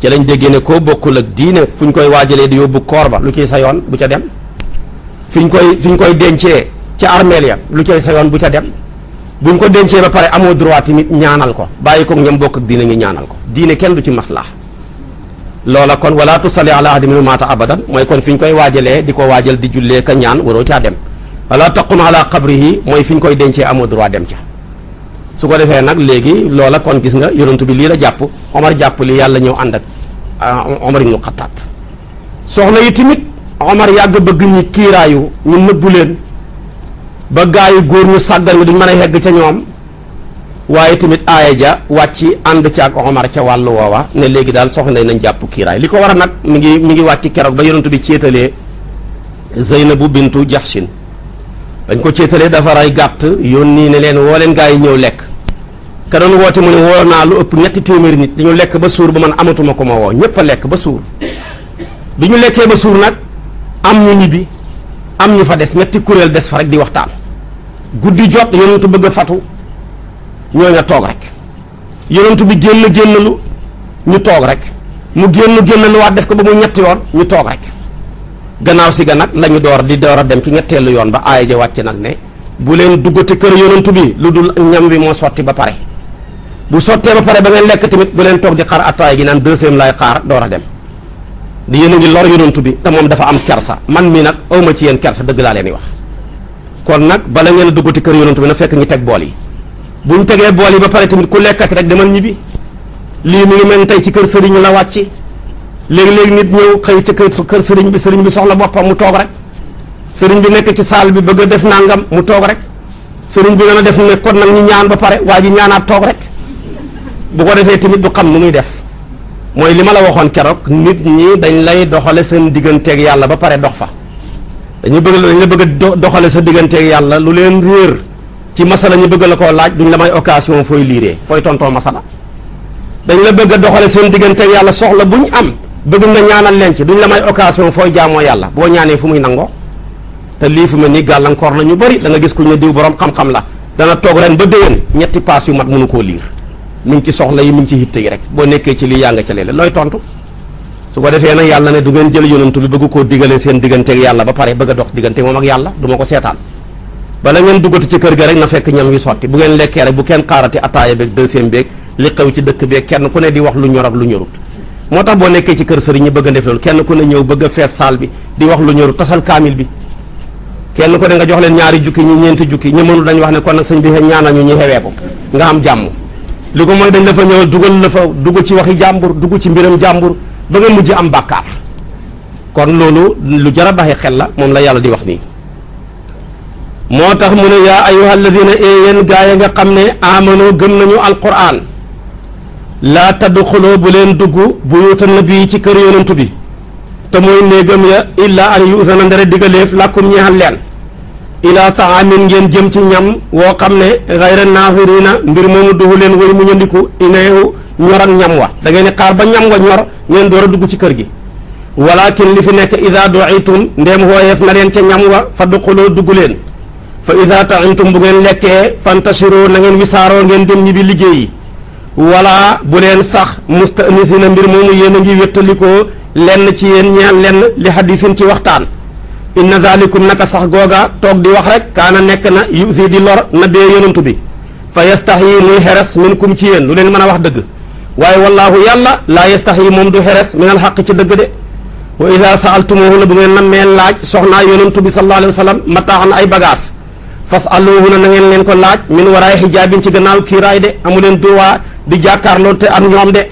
ci lañ déggee ne koo bokkul ak diine fu ñu koy waajalee di yóbbu koor ba lu ciy sa yoon bu ca dem fi koy fi koy dencee ca armeel ya lu ciy sa yoon bu ca dem bu ñu ko dencee ba pare amoo droit tamit ñaanal ko bàyyi ko ñam bokk ak diine ngi ñaanal ko diine kenn du ci maslaa loola kon wala tusalli ala ahadin minhum maata abadan mooy kon fi ñu koy waajalee di ko waajal di jullee ka ñaan waroo caa dem wala taqum ala yi mooy fi ñu koy dencee amoo droit dem ca su ko defee nag léegi loola kon gis nga yonent bi lii la jàpp Omar jàpp li yàlla ñëw ànd ak ah, Omar ibnu Xattaab soxna yi tamit Omar yàgg bëgg ñi kiiraayu ñu ba gaa yu góor ñu sàggan nga duñ man a yegg ca ñoom waaye tamit aaya ja wàcc ànd ca ak Omar ca wàllu woowa ne léegi daal soxna nañ jàpp kiiraay li ko war a nag mi ngi mi ngi wàcc keroog ba yonent bi ceetalee Zeynabu bintu Jaxsin dañ ko céetalee dafa ay gàtt yoon nii ne leen woo leen gaa yi ñëw lekk ka woote mu ne woo naa lu ëpp ñetti téeméeri nit dañu lekk ba suur ba man amatuma ko ma woo ñëpp a lekk ba suur bi ñu lekkee ba suur nag am am ñu fa des ñetti kuréel des fa rek di waxtaan guddi jot yonentu bëgg a fatu ñooña toog rek yonentu bi génn génnalu ñu toog rek mu génn génnalu waat def ko ba mu ñetti yoon ñu toog rek gannaaw si ga nag lañu door di door a dem ci ñettee ñetteelu yoon ba aaya ja wàcc nag ne bu leen duggati kër yonentu bi lu dul ñam wi moo sotti ba pare bu sottee ba pare ba ngeen lekk tamit bu leen toog di xaar attaay gi naan deuxième lay xaar door a dem di yéen a ngi lor yonantu bi te moom dafa am kersa man mii nag awma ci yéen kersa dëgg laa leen di wax kon nag bala ngeen a kër yonantu bi na fekk ñu teg bool yi bu ñu tegee bool yi ba pare tamit ku lekkati rek demal ñibbi lii mi ngi mel tey ci kër sëriñ la wàcci léegi-léegi nit ñëw xëy ci kër sëriñ bi sëriñ bi soxla boppam mu toog rek sëriñ bi nekk ci saal bi bëgg a def nàngam mu toog rek sëriñ bi dana def ne kon nag ñu ñaan ba pare waa ji ñaanaat toog rek bu ko defee tamit du xam nu muy def mooy li ma la waxoon keroog nit ñi dañ lay doxale seen digganteeg yàlla ba pare dox fa dañu bëgg dañ la bëgg a doxale sa digganteeg yàlla lu leen réer ci masala ñu bëgg la koo laaj duñ la may occasion fooy liiree fooy tontoo masala dañ la bëgg a doxale seen digganteeg yàlla soxla bu ñu am bëgg nga ñaanal leen ci duñ la may occasion fooy jaamoo yàlla boo ñaanee fu muy nangoo te lii fu ma ni gàllankoor la ñu bari da nga gis kuñ ñu diw borom xam-xam la dana toog ren ba déwén ñetti paas yu mat mënu koo liir mi ngi ci soxla yi mi ngi ci hitte yi rek boo nekkee ci lii yaa nga ca lee looy tontu su ko defee nag yàlla ne du ngeen jël yonantu bi bëgg koo digale seen digganteeg yàlla ba pare bëgg a dox diggante moom ak yàlla du ma ko seetaan bala ngeen duggati ci kër gi rek na fekk ñam wi sotti bu ngeen lekkee rek bu kenn xaarati ataaya beeg deuxième beeg li xew kenn ku ne di wax lu ñor ak lu ñorut moo tax boo nekkee ci kër sëriñ ñi bëgg a kenn ku ne ñëw bëgg a fees saal bi di wax lu ñorut tasal kaamil bi kenn ko ne nga jox leen ñaari jukki ñi ñeenti jukki mënu dañ wax ne kon nag sëñ bi ñaanal ñu ñu xewee ko nga am li ko mooy dañ dafa fa ñëw dugal la fa dugg ci waxi jàmbur dugg ci mbiram jàmbur ba nga mujj am bàkkaar kon loolu lu jar a baxi xel la moom la yàlla di wax nii moo tax mu ne yaa ayuha alladina e yéen gaa yi nga xam ne amano gëm nañu alquran laa tadxuloo bu leen dugg buyuuta nabi ci kër yonantu bi te mooy néegam ya illa an yuusana ndere digaleef làkkum ñeexal leen ilaa taamin ngeen jëm ci ñam woo xam ne xayra naasirina mbir moomu duhu leen wëy mu ñëndiku ineewu ñor ak ñam wa da ngeen di xaar ba ñam wa ñor ngeen door a dugg ci kër gi walakin li fi nekk ida duitum ndeem wooyeef na leen ca ñam wa fa duxuloo dugg leen fa ida taimtum bu ngeen lekkee fantasiro nangeen ngeen wisaaroo ngeen dem ñibbi liggéey yi wala bu leen sax mustanisina mbir moomu yéen ngi wéttalikoo lenn ci yéen ñaan lenn li hadisin ci waxtaan inna zalikum naka sax googa toog di wax rek kaana nekk na yusi di lor na bee yonantu bi fa yastaxi muy xeres minkum ci yéen lu leen mën a wax dëgg waaye wallaahu yàlla laa yastaxi moom du xeres minal xaq ci dëgg de wa ida saaltumuhuna bu ngeen nammee laaj soxnaa yonantu bi sallallahu alayhi wa sallam mataaxan ay bagage fas aluhuna na ngeen leen ko laaj min waraay xijaabin ci gannaaw kiiraay de amu leen droit di jàkkaarloo te am ñoom de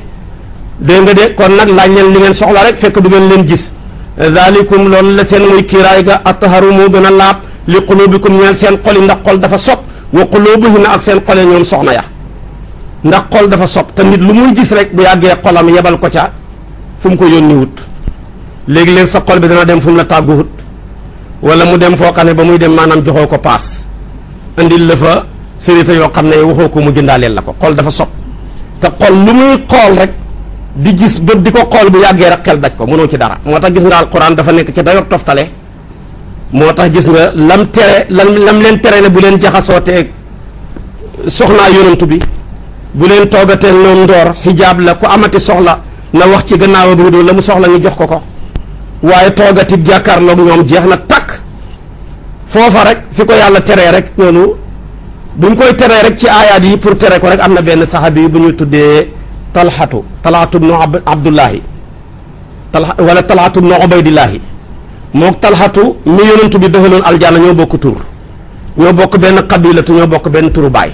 dégg de kon nag laaj leen li ngeen soxla rek fekk du ngeen leen gis dalikum loolu la seen muy kiiraay ga ataharu moo gën a laab li qulubikum ñeel seen xol yi ndax xol dafa sob wa qulubuhunna ak seen xol yi ñoom soxna ya ndax xol dafa sob te lu muy gis rek bu yàggee xolam yebal ko ca fu mu ko yónniwut léegi-léeg sa xol bi dana dem fu la tàgguwut wala mu dem foo xam ba muy dem maanaam joxoo ko paas indil la fa sérita yoo xam ne waxoo ko mu jëndaaleel la ko xol dafa sob te xol lu muy xool rek di gis bët di ko xool bu yàggee rek xel daj ko mënoo ci dara moo tax gis nga alquran dafa nekk ci dayob toftale moo tax gis nga lam tere lam lam leen tere ne bu leen jaxasoo teeg soxnaa yonantu bi bu leen toogateel noonu ndoor xijaab la ku amati soxla na wax ci gannaawam rido la mu soxla ñu jox ko ko waaye toogati jàkkaarloog ñoom jeex na takk foofa rek fi ko yàlla teree rek noonu buñ koy teree rek ci aayaat yi pour tere ko rek am na benn saxaabi bu ñu tuddee talxatu talxatu bnu abdullahi talxa wala talxatu bnu ubaydillahi mook talxatu mi yonent bi dëxaloon aljaana ñoo bokk tur ñoo bokk benn qabilatu ñoo bokk benn turu baay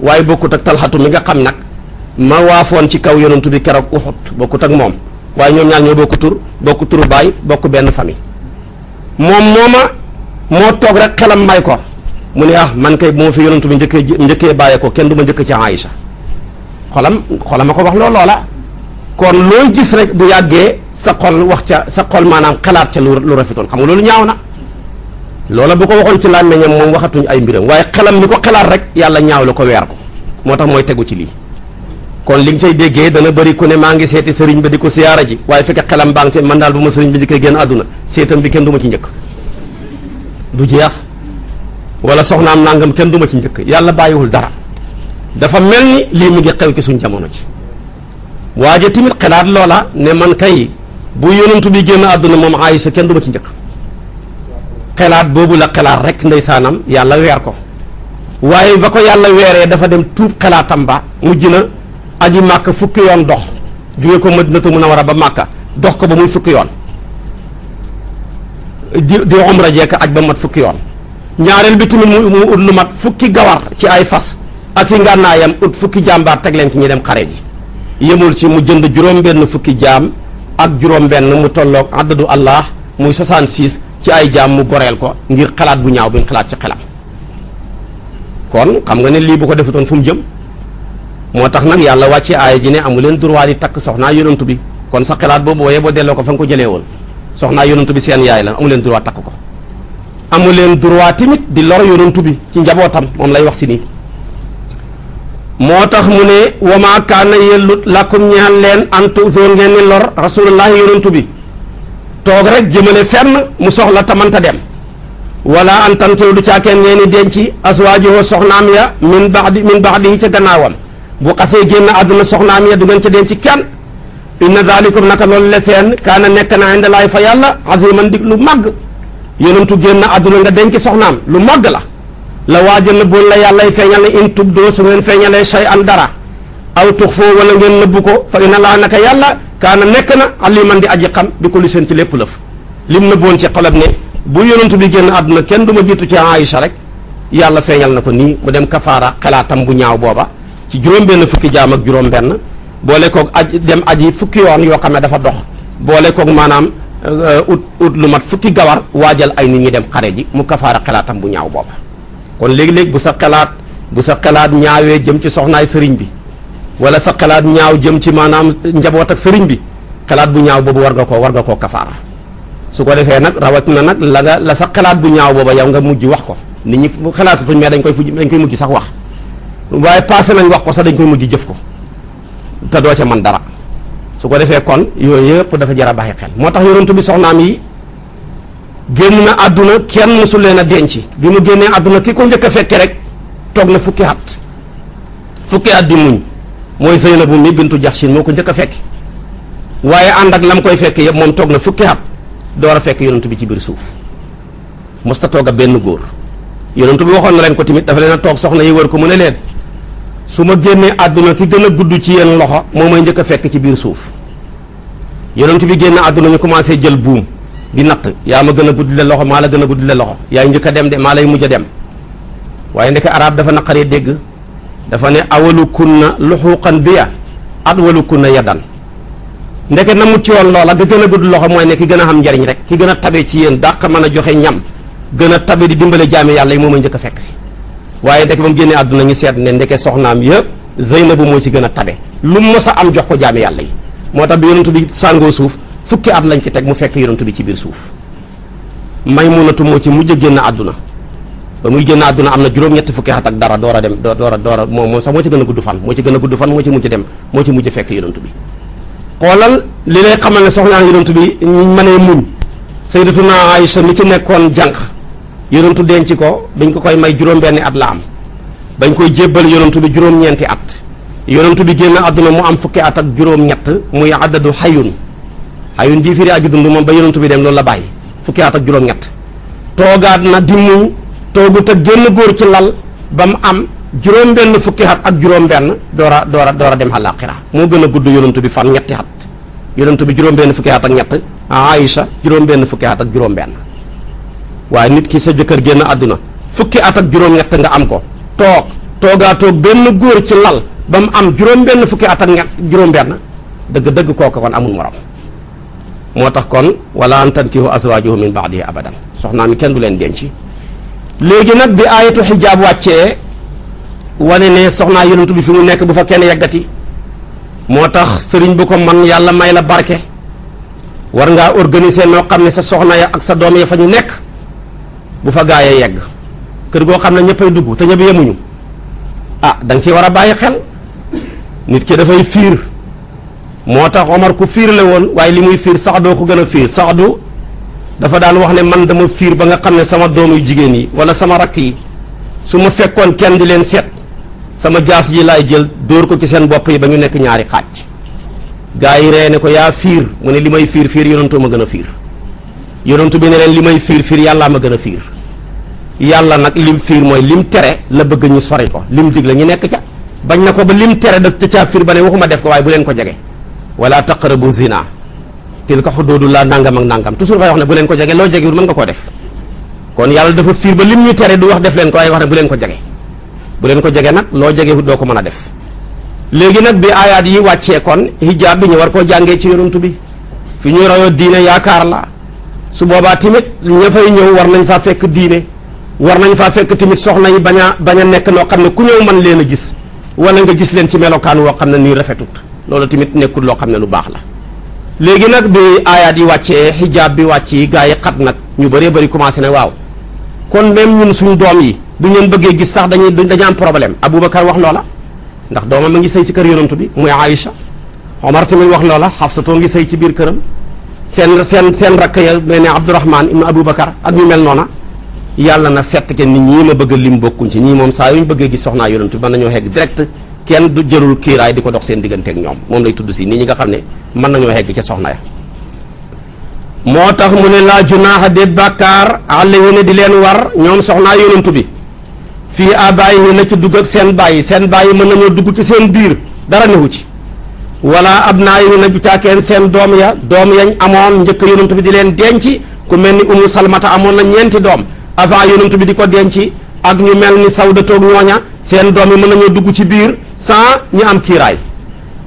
waaye bokkut ak talxatu mi nga xam nag ma waafoon ci kaw yonent bi keroog uxut bokkut ak moom waaye ñoom ñaar ñoo bokk tur bokk turu baay bokk benn famille moom mooma moo toog rek xelam may ko mu ne ah man kay bu ma fi yonent bi njëkkee njëkkee bàyyee ko kenn du ma njëkk ci Aïcha xolam xolam a ko wax loo loola kon loo gis rek bu yàggee sa xol wax ca sa xol maanaam xalaat ca lu rafetoon xam nga loolu ñaaw na loola bu ko waxoon ci làmmiñam moom waxatuñ ay mbiram waaye xelam mi ko xalaat rek yàlla ñaaw la ko weer ko moo tax mooy tegu ci lii kon li nga say déggee dana bari ku ne maa ngi seeti sëriñ ba di ko siyaara ji waaye fekk xelam baa ngi seen man daal bu ma sëriñ bi njëkkee génn àdduna seetam bi kenn du ma ci njëkk du jeex wala soxnaam nangam kenn du ma ci njëkk yàlla bàyyiwul dara dafa mel ni lii mu ngi xew ci suñ jamono ci waaje tamit xalaat loola ne man kay bu yonentu bi génn àdduna moom Aysa kenn du ci njëkk xelaat boobu la xelaat rek ndeysaanam yàlla weer ko waaye ba ko yàlla weeree dafa dem tuub xelaatam ba mujj na aji màkk fukki yoon dox jóge ko Madinatu Munawara ba màkka dox ko ba muy fukki yoon di di umra jeeka aj ba mat fukki yoon ñaareel bi tamit mu mu mat fukki gawar ci ay fas ak i ngànnaayam ut fukki jàmbaar teg leen ci ñu dem xare ji yemul ci mu jënd juróom-benn fukki jaam ak juróom-benn mu tolloog addadu allah muy 66 ci ay jaam mu goreel ko ngir xalaat bu ñaaw bi mu ci xelam. kon xam nga ne lii bu ko defutoon fu mu jëm moo tax nag yàlla wàcce aaya ji ne amu leen droit di takk soxnaa yonantu bi kon sa xalaat boobu booyee boo delloo ko fa nga ko jëlee woon soxnaa yonantu bi seen yaay la amu leen droit takk ko. amu leen droit tamit di lor yonantu bi ci njabootam moom lay wax si nii. moo tax mu ne wa maa kaana yellut lakum ñaan leen an tuusoo ngeen ni lor rasulullahi yonantu bi toog rek jëmale fenn mu soxla tamanta dem wala an lu du caakeen ngeen ni denci aswaajuhu soxnaam ya min baxdi min baxdi ca gannaawam bu xasee génn àdduna soxnaam ya du ngeen ca denci kenn inna dalikum naka loolu le seen kaana nekk na indalaay fa yàlla aziman dig lu màgg yonantu génn àdduna nga denci soxnaam lu màgg la la waaja nëbboon la yàllay feeñale in tubdoo su ngeen feeñalee shay an dara aw tux foo wala ngeen nëbbu ko fa inna laa naka yàlla kaana nekk na aliman di aji xam bi ko li seen ci lépp lëf lim nëbboon ci xolam ne bu yonent bi génn àdduna kenn du ma jiitu ci Aïcha rek yàlla feeñal na ko nii mu dem kafaara xalaatam bu ñaaw booba ci juróom-benn fukki jaam ak juróom-benn boole koog aj dem aji fukki yoon yoo xam ne dafa dox boole koog maanaam euh, ut ut lu mat fukki gawar waajal ay nit ñi dem xare ji mu kafaara xalaatam bu ñaaw booba kon léegi léeg bu sa xalaat bu sa xalaat ñaawee jëm ci soxnaay sëriñ bi wala sa xalaat ñaaw jëm ci maanaam njaboot ak sëriñ bi xalaat bu ñaaw boobu war nga ko war nga koo kafaara su ko defee nag na nag la nga la sa xalaat bu ñaaw booba yow nga mujj wax ko nit ñi xalaatu fuñ mee dañ koy fuñ dañ koy mujj sax wax waaye passé nañ wax ko sax dañ koy mujj jëf ko te doo ca mën dara su ko defee kon yooyu yëpp dafa jar a bàyyi xel moo tax yonent bi soxnaam yi génn na àdduna kenn mësu leen a denc bi mu génnee àdduna ki ko njëkk a rek toog na fukki at fukki at di muñ mooy Zeynabu mi bintu Jaxsin moo ko njëkk a fekk waaye ànd ak lam koy fekk yëpp moom toog na fukki at door a fekk yonent bi ci biir suuf mësta toog a benn góor yonent bi waxoon na leen ko tamit dafa leen a toog soxna yi wër ko mu ne leen su ma génnee àdduna ki gën a gudd ci yéen loxo moo may njëkk a fekk ci biir suuf yonent bi génn àdduna ñu commencé jël buum di natt yaa ma gën a la loxo maa la gën a guddi guddile loxo yaay njëkk a dem de maa lay mujj dem waaye ndeke arab dafa naqaree dégg dafa ne awalu kunna luxuuqan biya atwalu kunna yadan ndeke na mu ci woon loola nga gën a gudd loxo mooy ne gën a am njariñ rek ki gën a tabe ci yéen dàq mën a joxe ñam gën a tabe di dimbale jaami yàlla yi moom a njëkk a fekk si waaye ndeke ba mu génnee àdduna ñu seet ne ndeke soxnaam yëpp Zeynabu moo ci gën a tabe lu mu am jox ko jaami yàlla yi moo tax sàngoo suuf fukki at lañ ci teg mu fekk yonent bi ci biir suuf may Maymunatu moo ci mujj génn àdduna ba muy génn àdduna am na juróom-ñetti fukki at ak dara door a dem door a door a moom moom sax moo ci gën a gudd fan moo ci gën a gudd fan moo ci mujj dem moo ci mujj fekk yonent bi xoolal li lay xamal ne soxnaa yonent bi ñu mënee muñ sayyidatuna Aïcha mi ci nekkoon jànq yonentu denc ko dañ ko koy may juróom-benni at la am bañ koy jébbal yonentu bi juróom-ñeenti at yonentu bi génn àdduna mu am fukki at ak juróom-ñett muy adadu xayun ayun jii aju dund moom ba yonent bi dem loolu la bàyyi fukki at ak juróom-ñett toogaat na di muñ toogut génn góor ci lal ba mu am juróom-benn fukki at ak juróom-benn doora doora doora dem àllaaxira moo gën a gudd yonent bi fan ñetti at yonent bi juróom-benn fukki at ak ñett Aïcha juróom-benn fukki at ak juróom-benn nit ki sa jëkkër génn àdduna fukki at ak ñett nga am ko toog toogaatoog benn góor ci lal ba mu am juróom-benn fukki at ak ñett juróom-benn dëgg-dëgg kooku kon amul morom. moo tax kon wala an tankihu azwaajahu min baadihi abadan soxnaam yi kenn du leen denc léegi nag bi aayatu xijaab wàccee wane ne soxnaa yonent bi fi mu nekk bu fa kenn yeggati moo tax sëriñ bu ko man yàlla may la barke war ngaa organiser noo xam ne sa soxna ya ak sa doom ya fa ñu nekk bu fa gaa yee yegg kër goo xam ne ñëppay dugg te ñëpp yemuñu ah da nga ciy war a bàyyi xel nit ki dafay fiir moo tax Omar ku fiir la woon waaye li muy fiir saxdoo ko gën a fiir saxdu dafa daan wax ne man dama fiir ba nga xam ne sama doom yu jigéen yi wala sama rakk yi su ma fekkoon kenn di leen seet sama jaas ji laay jël dóor ko ci seen bopp yi ba ñu nekk ñaari xaaj gaa yi ree ne ko yaa fiir mu ne li may fiir fiir yonentu ma gën a fiir yonentu bi ne leen li may fiir fiir yàllaa ma gën a fiir yàlla nag mu fiir mooy lim tere la bëgg ñu sori ko lim digle ñu nekk ca bañ na ko ba lim tere da caa fiir ba ne waxuma def ko waaye bu leen ko jege wala taqrabu zina tilka laa nangam ak nangam toujours fay wax ne bu leen ko jege loo jegewul mën nga koo def kon yàlla dafa fiir ba lim ñu tere du wax def leen ko waaye wax ne bu leen ko jege bu leen ko jege nag loo jegewul doo ko mën a def léegi nag bi aayaat yi wàccee kon hijab bi ñu war koo jàngee ci yonent bi fi ñuy royoo diine yaakaar la su boobaa timit ña fay ñëw war nañ faa fekk diine war nañ faa fekk tamit soxna yi bañ a bañ a nekk noo xam ne ku ñëw mën leen a gis wala nga gis leen ci melokaan woo xam ne nii rafetut loolu tamit nekkul loo xam ne lu baax la léegi nag bi aayaat yi wàccee xijaab bi wàcc yi gaa yi xat nag ñu bëree bari commencé na waaw kon même ñun suñu doom yi du leen bëggee gis sax dañuy dañu am problème Aboubacar wax loola ndax doomam a ngi sëy ci kër yonantu bi muy Aïcha Omar tamit wax loola Xafsatoo ngi sëy ci biir këram seen seen seen rakk ya mel ne Abdourahman ibn Aboubacar ak ñu mel noona yàlla na fett ke nit ñii ma bëgg lim bokkuñ ci ñii moom saa yuñ bëggee gis direct kenn du jërul kiiraay di ko dox seen diggante ak ñoom moom lay tudd si nit ñi nga xam ne mën nañoo hegg ca soxna ya moo tax mu ne laa junaaxa de bàkkaar alayhinna di leen war ñoom soxnaa yonantu bi fii abayihina ci dugg ak seen bàyyi seen bàyyi mën nañoo dugg ci seen biir dara newu ci wala abnaayihina bu kenn seen doom ya doom yañ amoon njëkk yonantu bi di leen denc ku mel ni umu salmata amoon na ñeenti doom avant yonantu bi di ko denc ak ñu mel ni sawdatoog ñooña seen doom yi mën nañoo dugg ci biir sans ñu am kiiraay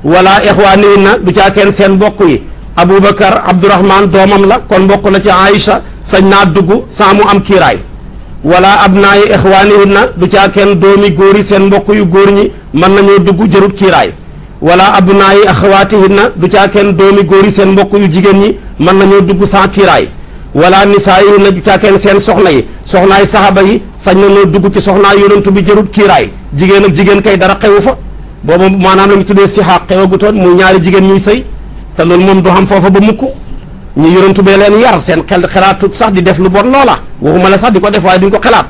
wala ixwaanihinna du caa kenn seen mbokk yi Aboubacar Abdourahman doomam la kon mbokk la ci Aïcha sañ naa dugg sans mu am kiiraay wala abnaayi ixwaanihinna du caa kenn doomi góor yi seen mbokk yu góor ñi mën nañoo dugg jarut kiiraay wala abnaayi axawaatihinna du caa kenn doomi góor yi seen mbokk yu jigéen ñi mën nañoo dugg sans kiiraay wala nisaa yi na jucaaken seen soxna yi soxnaay saxaba yi sañ na noo dugg ci soxnaa yonentu bi jërut kiiraay jigéen ak jigéen kay dara xewu fa boobu maanaam la ñu tuddee sixaaq xewagutoon muy ñaari jigéen ñuy sëy te loolu moom du xam foofa ba mukk ñi yonentu bee leen yar seen xel xelaatut sax di def lu bon loola waxuma la sax di ko def waaye duñ ko xelaat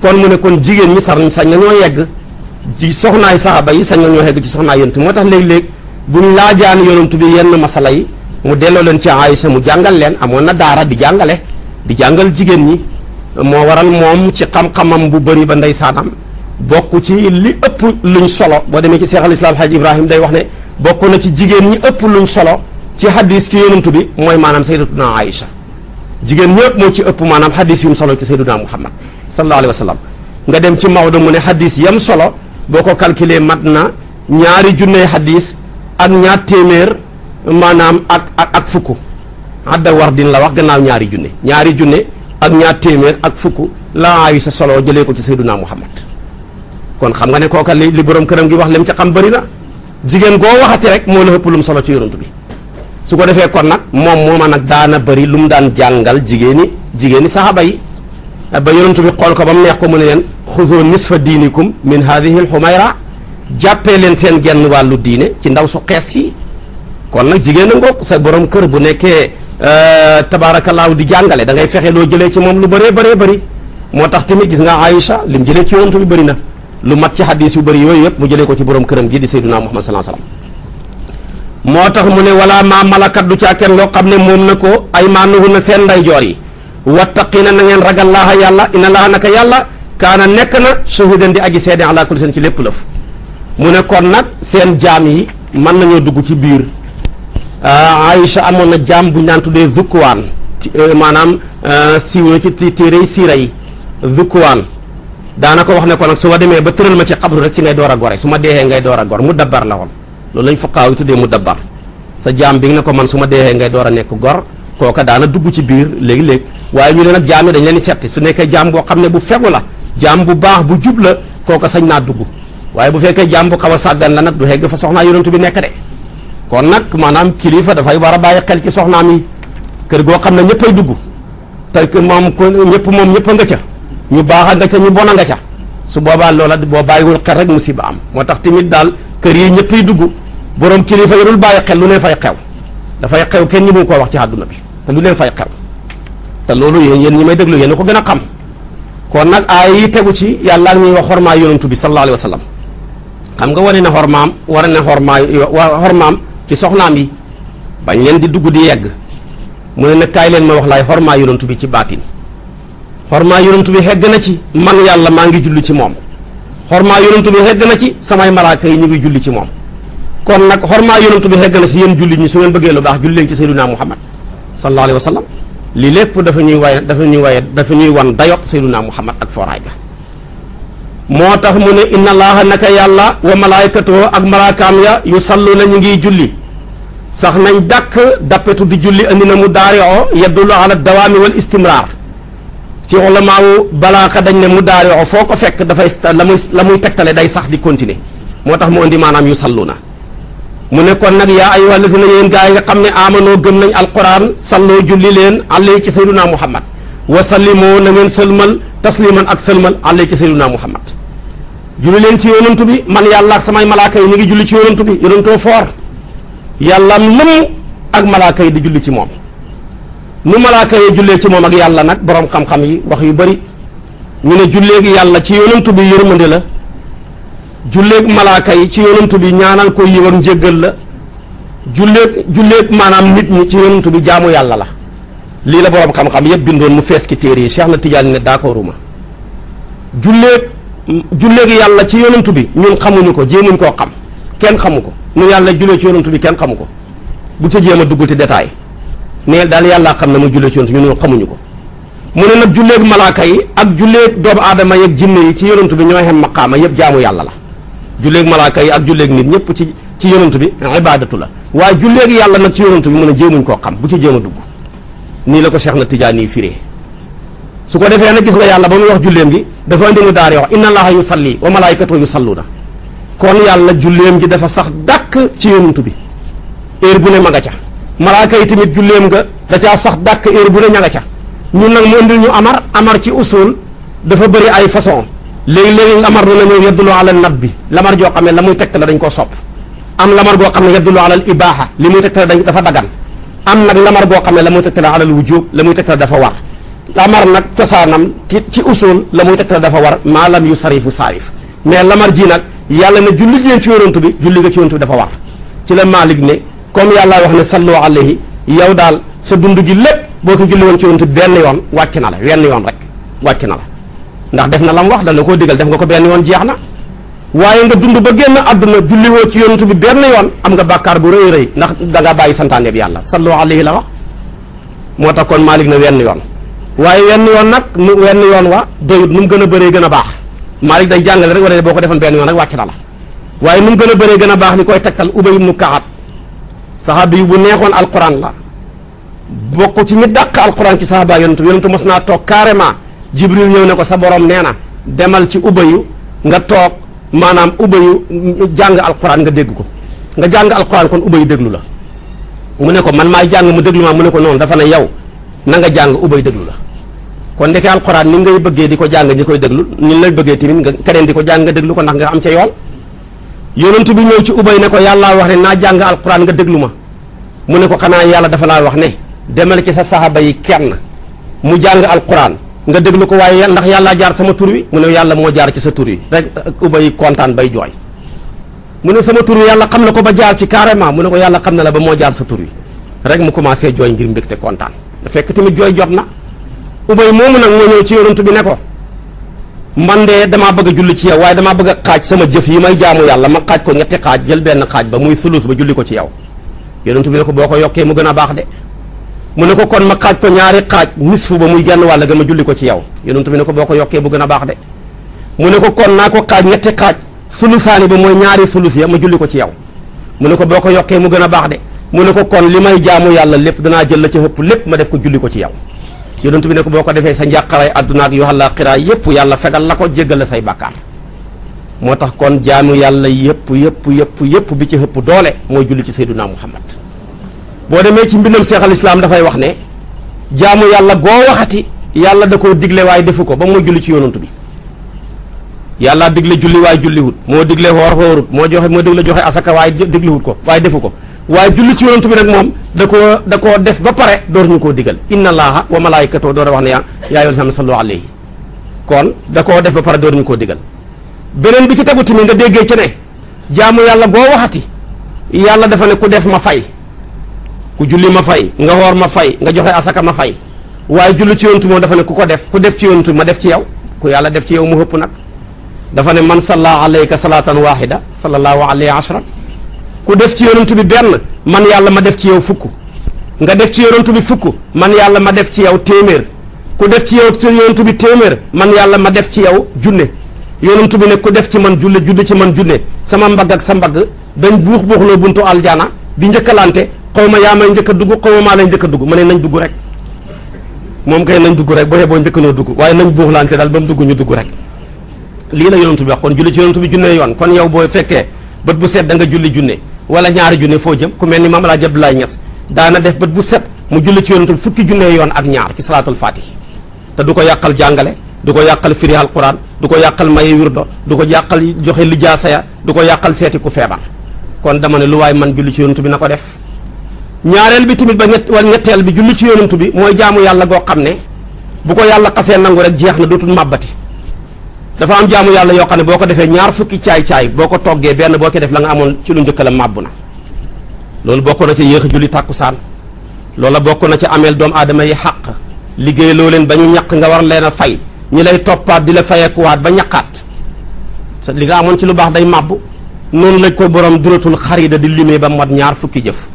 kon mu ne kon jigéen ñi sar sañ na ñoo yegg ci soxnaay saxaba yi sañ na ñoo yegg ci soxnaay yonentu moo tax léeg-léeg buñ laajaan yonentu bi yenn masala yi mu delloo leen ci Aïssa mu jàngal leen amoon na daara di jàngale di jàngal jigéen ñi moo waral moom ci xam-xamam bu bëri ba ndeysaanam bokk ci li ëpp luñ solo boo demee ci Seex al Islaam Ibrahim day wax ne bokk na ci jigéen ñi ëpp luñ solo ci hadis ki yonantu bi mooy maanaam sayyidatuna Aïcha jigéen ñëpp moo ci ëpp maanaam xaddis yum solo ci sayyiduna Muhammad sallallahu alayhi wa sallam nga dem ci Maodo mu ne hadis yam solo boo ko calculé mat na ñaari junney hadis ak ñaar téeméer maanaam ak ak ak fukk adda war din la wax gannaaw ñaari junne ñaari junne ak ñaar téeméer ak fukk laa la sa solo jëlee ko ci Seydunaa Muhammad kon xam nga ne kooka li li borom këram gi wax lim ci xam bari na jigéen goo waxati rek moo la ëpp lum solo ci yonent bi su ko defee kon nag moom mooma nag daana bari lu mu daan jàngal jigéeni jigéeni saxaaba yi ba yonent bi xool ko ba mu neex ko mu ne leen xuzoo nisfa diinikum min haadihi l xumayra jàppee leen seen genn wàllu diine ci ndaw su xees yi kon nag jigéen a ngoog sa borom kër bu nekkee euh, tabaarakallaahu di jàngale da ngay fexe loo jëlee ci moom lu bëree bëree bari moo tax tamit gis nga Aïcha li mu jëlee ci yonent bi bëri na lu mat ci xadis yu bëri yooyu yëpp mu jëlee ko ci borom këram gi di Seydina Muhammad sallallahu alayhi moo tax mu ne wala maa malakat du caa kenn loo xam ne moom na ko ay maanuhu na seen ndeyjoor yi wattaqina na ngeen ragal laaha yàlla ina laaha naka yàlla kaana nekk na shahidan di aji seede ala kulli seen ci lépp lëf mu ne nag seen jaam yi mën nañoo dugg ci biir Euh, Aïcha amoon na jaam bu ñu daan tuddee Zukkwaan euh, maanaam euh, siiw na ci téere siira yi Zukkwaan ko wax ne ko nag su ma demee ba tëral ma ci xabru rek ci ngay door a su ma deexee ngay door a gor mu dabbar la woon loolu lañ fuqaaw yi tuddee mu dabbar sa jaam bi nga ko man su ma deexee ngay door a nekk gor kooka daana dugg ci biir léegi léeg waaye ñu ne nag jaam yi dañ leen ni setti su nekkee jaam boo xam ne bu fegu la jaam bu baax bu jub la kooka sañ naa dugg waaye bu fekkee jaam bu xaw a sàggan la nag du hegg fa soxnaa yonentu bi nekk de kon nag maanaam kilifa dafay war a bàyyi xel ci soxnaam yi kër goo xam ne ñëppay dugg te kër moom ko ñëpp moom ñëpp a nga ca ñu baax a nga ca ñu bon a nga ca su boobaa loola boo bàyyiwul xel rek musiba am moo tax tamit daal kër yi ñëppay dugg borom kilifa yi dul bàyyi xel lu ne fay xew dafay xew kenn ñi mu ko wax ci àdduna bi te lu leen fay xew te loolu yéen yéen ñi may déglu yéen ko gën a xam kon nag ay yi tegu ci yàlla ñuy wax xormaa yonantu bi sallallahu alayhi wa sallam xam nga wane na xormaam war na xormaa xormaam ci soxnaam yi bañ leen di dugg di yegg mu ne nag kaay leen ma wax laay xormaa yonantu bi ci baatin xormaa yonantu bi xegg na ci man yàlla maa ngi julli ci moom xormaa yonantu bi xegg na ci samay malaaka yi ñu ngi julli ci moom kon nag xormaa yonantu bi xegg na si yéen julli ñi su ngeen bëggee lu baax julli leen ci sayyidina Muhammad sallallahu alayhi wa sallam lii lépp dafa ñuy waye dafa ñuy waye dafa ñuy wan dayob sayyidina Muhammad ak fooraay ga moo tax mu ne inna allaaha yàlla wa malaayikatuhu ak malaakaam ya yu sallu na ñu ngiy julli sax nañ dàkk dappetu di julli andi na mu daari o yadullu ala dawaami wal istimraar ci ulamaawu dañ ne mu daari foo ko fekk dafay la muy la muy tegtale day sax di continuer moo tax mu indi maanaam yu sallu na mu ne kon nag yaa ayyuhaa lazina yéen gaa yi nga xam ne amanoo gën nañ alquran salloo julli leen alayhi ci sayyiduna muhammad wa sallimoo na ngeen sëlmal tasliman ak sëlmal àllee ci sayyidina Muhammad julli leen ci yonantu bi man yàlla ak samay malaaka yi ñu ngi julli ci yonantu bi yonantoo foor yàlla lëmm ak malaaka yi di julli ci moom nu malaaka ci moom ak yàlla nag boroom xam-xam yi wax yu bari ñu ne julleegi yàlla ci yonantu bi yërmande la julleeg malaaka yi ci yonantu bi ñaanal ko yiw ak njéggal la julleeg julleeg maanaam nit ñi ci yonantu bi jaamu yàlla la lii la borom xam-xam yëpp bindoon mu fees ki téer yi Cheikh na Tidiane ne d'accorduma julleeg julleegi yàlla ci yonantu bi ñun xamuñu ko jéemuñ koo xam kenn xamu ko yàlla jullee ci yonantu bi kenn xamu ko bu ca a dugg ci détail neel daal yàllaa xam ne mu jullee ci yonantu bi xamuñu ko mu ne nag julleeg malaaka yi ak julleeg doomu aadama yeeg jinne yi ci yonantu bi ñoo xem maqaama yëpp jaamu yàlla la julleeg malaaka yi ak julleeg nit ñëpp ci ci yonantu bi ibadatu la waaye julleegi yàlla nag ci yonantu bi mu ne jéemuñ koo xam bu ci jéem a dugg nii la ko Cheikh na Tidiane yi firee su ko defee nag gis nga yàlla ba muy wax julleem gi dafa andi mu daari wax inna allaha yusalli wa malaikatu yusalluna kon yàlla julleem ji dafa sax dàkk ci yonent bi heure bu ne ma nga ca malaaka yi tamit julleem nga da caa sax dàkk heure bu ne ña nga ca ñun nag mu indil ñu amar amar ci usul dafa bari ay façon léegi-léegi amar dana ñëw yeddulu ala nat bi lamar joo xam ne la muy tegtale dañ koo sopp am lamar goo xam ne yeddulu ala al ibaha li muy tegtale dañ dafa dagan am nag lamar boo xam ne la muy tegtale alal wujub la muy tegtale dafa war lamar nag cosaanam ci ci usul la muy tegtale dafa war maalam yu sarifu sarif mais lamar ji nag yàlla na julli leen ci yonantu bi julli nga ci yonantu dafa war ci la Maalik ne comme yàlla wax ne sallu alayhi yow daal sa dund gi lépp boo ko julli woon ci yonantu benn yoon wàcc na la wenn yoon rek wàcc na la ndax def na lam wax dana koo digal def nga ko benn yoon jeex na waaye nga dund ba génn àdduna julliwoo ci yonent bi benn yoon am nga bàkkaar bu rëy rëy ndax dangaa bàyyi santaane bi yàlla sallu alayhi la wax moo tax kon Malick na wenn yoon waaye wenn yoon nag mu wenn yoon wa doyut nu gën a bëree gën a baax Malick day jàngale rek wala ne boo ko defoon benn yoon rek wàcc na la waaye nu mu gën a bëree gën a baax li koy tegtal Ubay ibnu Kaab saxaabi yu bu neexoon alxuraan la bokk ci ñu daq alquran ci saxaaba yonentu yonentu mos naa toog carrément Jibril ñëw ne ko sa borom nee na demal ci Ubayu nga toog maanaam ubayu jàng alquran nga dégg ko nga jàng alquran kon ubayu déglu la mu ne ko man maay jàng mu déglu ma mu ne ko noonu dafa ne yow na nga jàng ubay déglu la kon ndeke alquran ni ngay bëggee di ko jàng ñi koy déglu ni lay bëggee tamit nga keneen di ko jàng déglu ko ndax nga am ca yoon yonent bi ñëw ci ubay ne ko yàlla wax ne naa jàng alquran nga déglu ma mu ne ko xanaa yàlla dafa laa wax ne demal ci sa saxaaba yi kenn mu jàng alxuraan nga déglu ko waaye ndax yàllaa jaar sama tur wi mu ne yàlla moo jaar ci sa tur wi rek uh, ubay kontaan bay jooy mu ne sama tur wi yàlla xam ne ko ba jaar ci carrément mu ne ko yàlla xam na la ba moo jaar sa tur wi rek mu commencé jooy ngir mbégte kontaan fekk tamit jooy jot na ubay moomu nag moo ñëw ci yonent bi ne ko man de damaa bëgg julli ci yow waaye damaa bëgg xaaj sama jëf yi may jaamu yàlla ma xaaj ko ñetti xaaj jël benn xaaj ba muy sulus ba julli ko ci yow yonent bi ko boo ko yokkee mu gën a baax de mu ne ko kon ma xaaj ko ñaari xaaj nisfu ba muy genn wàll ga ma julli ko ci yow yonent bi ne ko boo ko yokkee bu a baax de mu ne ko kon naa ko xaaj ñetti xaaj sulusaani ba mooy ñaari sulus ma julli ko ci yow mu ne ko boo ko yokkee mu gën a baax de mu ne ko kon li may jaamu yàlla lépp danaa jël la ci hëpp lépp ma def ko julli ko ci yow yonent bi ne ko boo ko defee sa njàqaraay àdduna ak yoo xalla yëpp yàlla fegal la ko jéggal say bàkkaar moo tax kon jaamu yàlla yëpp yëpp yëpp yëpp bi ci hëpp doole mooy julli ci sayduna muhammad boo demee ci mbindam seex al islaam dafay wax ne jaamu yàlla goo waxati yàlla da koo digle waaye defu ko ba mooy julli ci yonantu bi yàlla digle julli waaye moo digle xoor moo joxe moo digle joxe asaka waaye diglewut ko waaye defu ko waaye julli ci yonantu bi nag moom da koo da koo def ba pare door ñu koo digal inna allaha wa malaayikatoo door a wax ne yaa yaa yoon sama sallu alayhi kon da koo def ba pare door koo digal beneen bi ci tegu tamit nga déggee ci ne jaamu yàlla goo waxati yàlla dafa ne ku def ma fay ku julli ma fay nga woor ma fay nga joxe asaka ma fay waaye julli ci yontu moom dafa ne ku ko def ku def ci yontu ma def ci yow ku def ci yow mu hëpp nag dafa ne man salla alayka salatan wahida sallallahu alayhi ashra ku def ci yonent bi benn man yàlla ma def ci yow fukk nga def ci yonent bi fukk man yàlla ma def ci yow téeméer ku def ci yow yonent bi téeméer man yàlla ma def ci yow junne yonent bi ne ku def ci man julle julle ci man junne sama mbagg ak sa mbagg dañ buux buuxloo buntu aljana di njëkkalante xaw ma yaa may njëkk a dugg xaw maa lay njëkk a dugg ma ne nañ dugg rek moom kay nañ dugg rek boo yeboo njëkk noo dugg waaye nañ buuxlaante daal ba mu dugg rek lii la yonent bi wax kon julli ci yonent bi junne yoon kon yow boo fekkee bët bu set nga julli junne wala ñaari junne foo jëm ku ni maam El Hadj Abdoulaye Niass daana def bët bu set mu julli ci yonent bi fukki junne yoon ak ñaar ci salaatul faatihi te du ko yàqal jàngale du ko yàqal firi alquran du ko yàqal maye wirdo du ko yàqal joxe lijaasa ya du ko yàqal seeti ku feebar kon dama ne lu waaye man julli ci yonent bi na ko def ñaareel bi tamit ba ñett wala ñetteel bi julli ci yonent bi mooy jaamu yàlla goo xam ne bu ko yàlla xasee nangu rek jeex na dootul màbbati dafa am jaamu yàlla yoo xam ne boo ko defee ñaar fukki caay-caay boo ko toggee benn boo ci def la nga amoon ci lu njëkk la loolu bokk na ca yéex a julli tàkkusaan loola bokk na ca ameel doomu aadama yi xàq liggéey leen ba ñu ñaq nga war leen a fay ñi lay toppaat di la fayekuwaat ba ñaqaat sa li nga amoon ci lu baax day màbbu noonu lañ ko borom duratul xarida di limee ba mat ñaar fukki jëf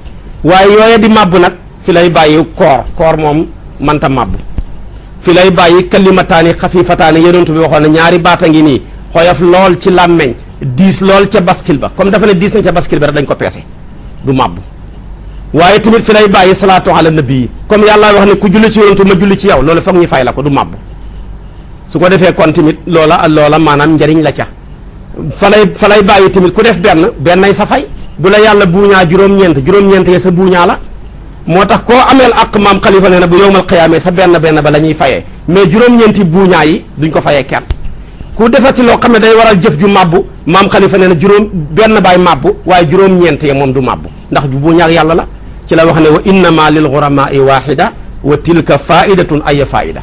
waaye yooya di màbb nag fi lay bàyyi koor koor moom manta màbb fi lay bàyyi kalimataani xafifataani yonent bi waxoon na ñaari baata ngi nii xoyof lool ci làmmeñ diis lool ca baskil ba comme dafa ne diis nañ ca baskil ba dañ ko peese du màbb waaye tamit fi lay bàyyi salaatu ala nabi yi comme yàlla wax ne ku julli ci yonent ma julli ci yow loolu foog ñu fay la ko du màbb su ko defee kon tamit loola loola maanaam njariñ la ca fa lay bàyyi tamit ku def benn bennay sa fay bu la yàlla buuñaa juróom-ñeent juróom-ñeent ya sa buuñaa la moo tax koo amee ak maam xalifa nee na bu yowmal xiyaamee sa benn benn ba la ñuy fayee mais juróom-ñeenti buuñaa yi duñ ko fayee kenn ku ci loo xam ne day waral jëf ju màbbu maam xalifa na juróom benn baay màbbu waaye juróom-ñeent ya moom du màbbu ndax ju buuñaa yàlla la ci la wax ne wa innama lil xuramaa'i waahida wa tilka faidatun ay faida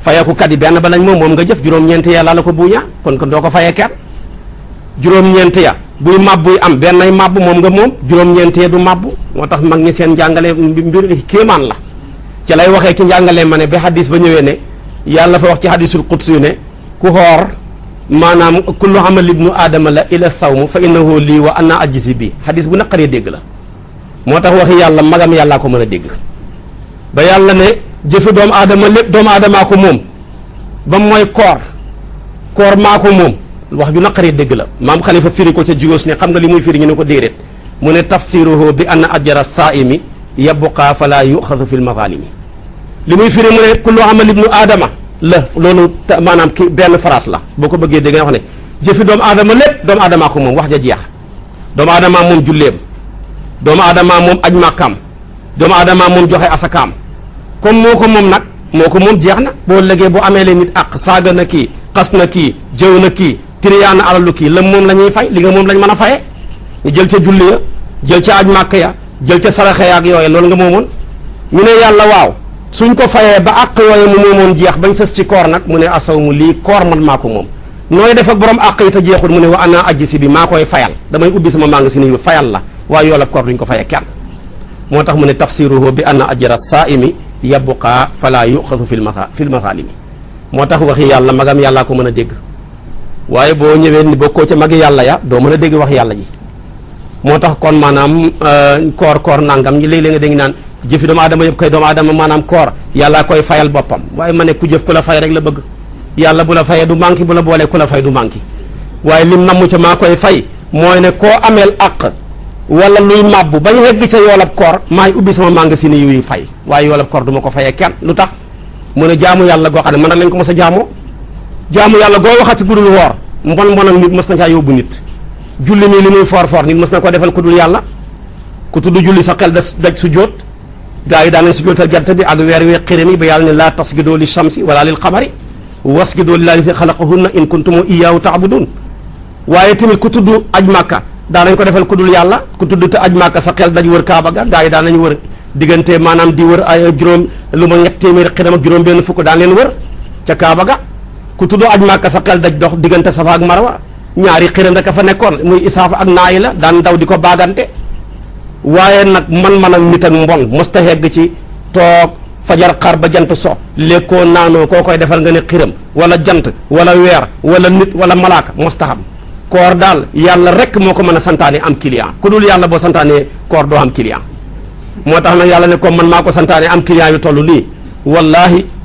fayeeku kat yi benn ba lañ moom moom nga jëf juróom-ñeent ya la la ko buuñaa kon kon doo ko fayee kenn juróom-ñeent buy mabbuy am bennay mabbu moom nga moom juróom-ñeentee du mabbu moo tax mag ñi seen njàngale mbir kéemaan la ci lay waxee ci njàngale ma ne ba xadis ba ñëwee ne yàlla fa wax ci xadisul quds yu ne ku xoor maanaam kullu amal ibnu aadama la ila mu fa innahu lii wa ana ajisi bi xadis bu naqaree dégg la moo tax waxi yàlla magam yàllaa ko mën a dégg ba yàlla ne jëfi doomu aadama lépp doomu aadamaa ko moom ba mooy koor koor maa ko moom wax ju naqaree dégg la maam xalifa firi ko ca jigóos ne xam nga li muy firi ñu ne ko déedéet mu ne tafsiruhu bi anna ajara saaimi yabqa fala yuxasu fi lmazalimi li muy firi mu ne kullu amal ibnu aadama la loolu maanaam ki benn phrase la boo ko bëggee dégg nga wax ne jëfi doomu aadama lépp doomu aadamaa ko moom wax ja jeex doomu aadamaa moom julleem doomu aadamaa moom aj màkkaam doomu aadamaa moom joxe asakaam comme moo ko moom nag moo ko moom jeex na boo leggee boo amee leen nit ak saaga na kii xas na kii jëw na kii triyaan alalu kii la moom la ñuy fay li nga moom lañ mën a faye jël ca julli ya jël ca aj màkk ya jël ca saraxe ya ak yooye loolu nga moomoon mu ne yàlla waaw suñ ko fayee ba àq yooye mu moomoon jeex bañ sës ci koor nag mu ne asaw mu lii koor man maa ko moom nooy def ak borom àq yi te jeexul mu ne wa ana ajji si bi maa koy fayal damay ubbi sama màng si niyu fayal la waaye yoolab koor duñ ko faye kenn moo tax mu ne tafsiruhu bi anna ajra saaimi yabqa fala yuxasu fil maxaalimi moo tax waxi yàlla magam yàllaa ko mën a dégg waaye boo ñëwee ni bokkoo ca mag yàlla ya doo mën a dégg wax yàlla ji moo tax kon maanaam euh, koor koor nangam ñi léeg-léeg nga dégg naan jëfi doomu aadama yëpp koy doomu aadama maanaam koor yàllaa koy fayal boppam waaye ma ne ku jëf ku la fay rek la bëgg yàlla bu la fayee du manqué bu la boolee ku la fay du manqué waaye lim namm ca maa koy fay mooy ne koo ameel àq wala luy màbbu ba yegg ca yoolab koor maay ubbi sama màng si ni yuy fay waaye yoolab koor ko fayee kenn lu tax mën a jaamu yàlla goo xam ne mën na lañ ko mos a jaamoo jaamu yàlla goo waxati ku dul woor mbon mbonam nit mës na caa yóbbu nit julli mii li muy foor foor nit mës na ko defal ku yàlla ku tudd julli sa kel daj su jóot gaa yi daan nañ su jóotal jant bi ak weer wi xiram yi ba yàlla ne laa tasgidoo li shamsi wala lil xamari wasgidoo lillaahi si xalaqahunna in kuntum iyaahu taabudun waaye tamit ku tudd aj màkka daa nañ ko defal ku yàlla ku tudd te aj màkka sa xel daj wër kaaba ga gaa yi daan nañ wër diggante maanaam di wër ay juróom lu ma ñett téeméeri xiram ak juróom benn fukk daan leen wër ca ga ku tuddoo aj màkka sa xel daj dox diggante safa ak marwa ñaari xiram rek a fa nekkoon muy isaaf ak naay la daan daw di ko baagante waaye nag man-man ak nit ak mbon mos ci toog fajar xar ba jant so lekkoo naanoo koo koy defal nga ne xiram wala jant wala weer walla nit wala malaaka mos ta xam koor daal yàlla rekk moo ko mën a santaane am client ku dul yàlla boo santaanee koor doo am client moo tax nag yàlla ne comme man maa ko santaan am client yu toll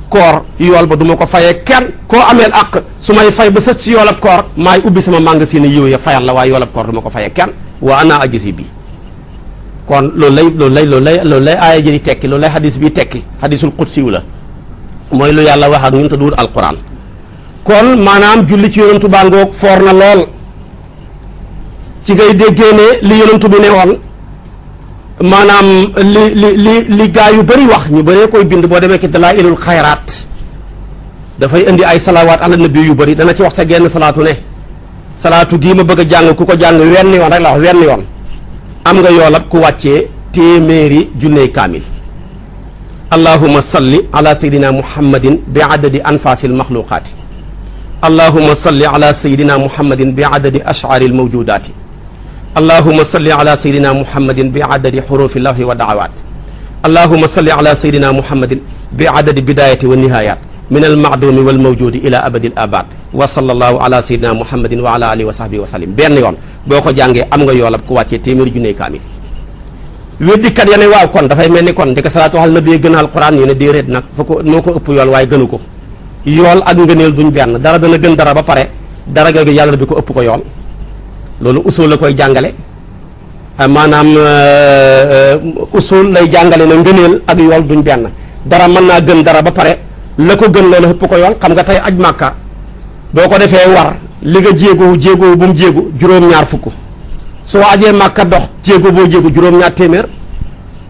koor yool ba du ma ko fayee kenn koo amee ak su may fay ba sës ci yoolab koor maay ubbi sama magasin yiw ya fayal la waaye yoolab koor du ma ko fayee kenn waa ana ajisi bi kon loolu lay loolu lay loolu lay loolu lay aaya ji tekki loolu lay hadis bi tekki hadisul qudsiw la mooy lu yàlla wax ak ñun te duwut alquran kon maanaam julli ci yonantu baa ngoog foor na lool ci ngay déggee ne li yonantu bi ne woon maanaam li li li li gaa yu bari wax ñu bëree koy bind boo demee ci dalaa ilul xayraat dafay indi ay salawaat ala nabi yu bari dana ci wax sa genn salaatu ne salaatu gii ma bëgg a jàng ku ko jàng wenn yoon rek la wax wenn yoon am nga yoolab ku wàccee téeméeri junney kaamil allahuma salli ala sayidina muhammadin bi adadi anfasil maxluqaati allahuma salli ala sayidina muhammadin bi adadi ashaari almawjudaati allahuma salli ala sayidina muhammadin bi adadi xurufi lawhi wa daawaat allahuma salli ala sayidina muhammadin bi adadi bidayati wa nihayat min almaadumi walmawjudi ila abadil abad wa sallallahu ala sayidina muhammadin wa ala alihi wa sahbihi wa sallim benn yoon boo ko jàngee am nga yoolab ku wàccee téeméeri junni ya ne waaw kon dafay mel ni kon di ko salaatu ala nabi gën a alquran ñu ne déedéet nag fa ko moo ko ëpp yool waaye gënu ko yool ak ngëneel duñ benn dara dana gën dara ba par dara ga yàlla bi ko ëpp ko yool loolu usul la koy jàngale ah, maanaam euh, euh, usul lay jàngale na ngëneel ak yool duñ benn dara mën naa gën dara ba pare la ko gën loolu xëpp ko yool xam nga tey aj màkka boo ko defee war li jéegoo jéegoo bu jéegu juróom-ñaar fukk soo ajee màkka dox jéego boo jéegu juróom-ñaar téeméer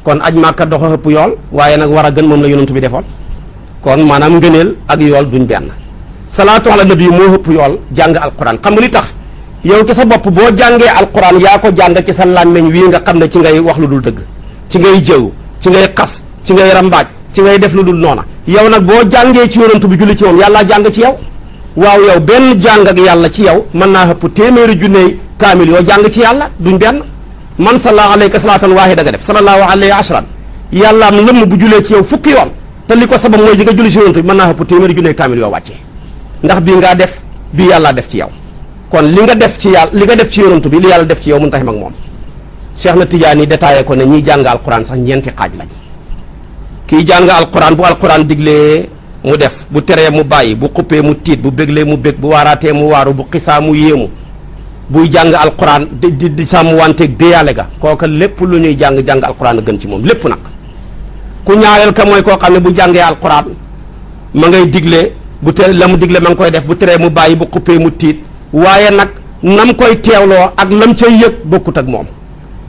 kon aj màkka dox a xëpp yool waaye nag war a gën moom la yonent bi defoon kon maanaam ngëneel ak yool duñ benn salaatu ala nabi moo xëpp yool jàng alquran xam nga li tax yow ci sa bopp boo jàngee alquran yaa ko jàng ci sa làmmiñ wii nga xam ne ci ngay wax lu dul dëgg ci ngay jëw ci ngay xas ci ngay rambaaj ci ngay def lu dul noona yow nag boo jàngee ci yonantu bi julli ci moom yàllaa jàng ci yow waaw benn jàng yàlla ci yow mën naa xëpp téeméeri junney kaamil yoo jàng ci yàlla duñ benn man salla alayka salaatan waahida nga def sallallahu alayhi ashran yàllaam lëmm bu julee ci yow fukki yoon te li ko sabab mooy ji nga julli ci yonantu bi mën naa xëpp téeméeri junney kaamil yoo wàccee ndax bii ngaa def bii yàllaa def ci yow kon li nga def ci yàlla li nga def ci yonantu bi li yàlla def ci yow mënut a xam ak moom Cheikh na Tidiane yi détaillé ko ne ñiy jàng alquran sax ñeenti xaaj lañ kiy jàng alquran bu alquran diglee mu def bu teree mu bàyyi bu xuppee mu tiit bu béglee mu bég bu waaraatee mu waaru bu xisaa mu yéemu buy jàng alquran di di sàmm wanteeg déyaale ga lépp lu ñuy jàng jàng alquran gën ci moom lépp nag ku ñaareel ka mooy koo xam ne bu jàngee alquran ma ngay digle bu teree la mu digle ma nga koy def bu teree mu bàyyi bu xuppee mu tiit waaye nag nam koy teewloo ak lam cay yëg bokkut ak moom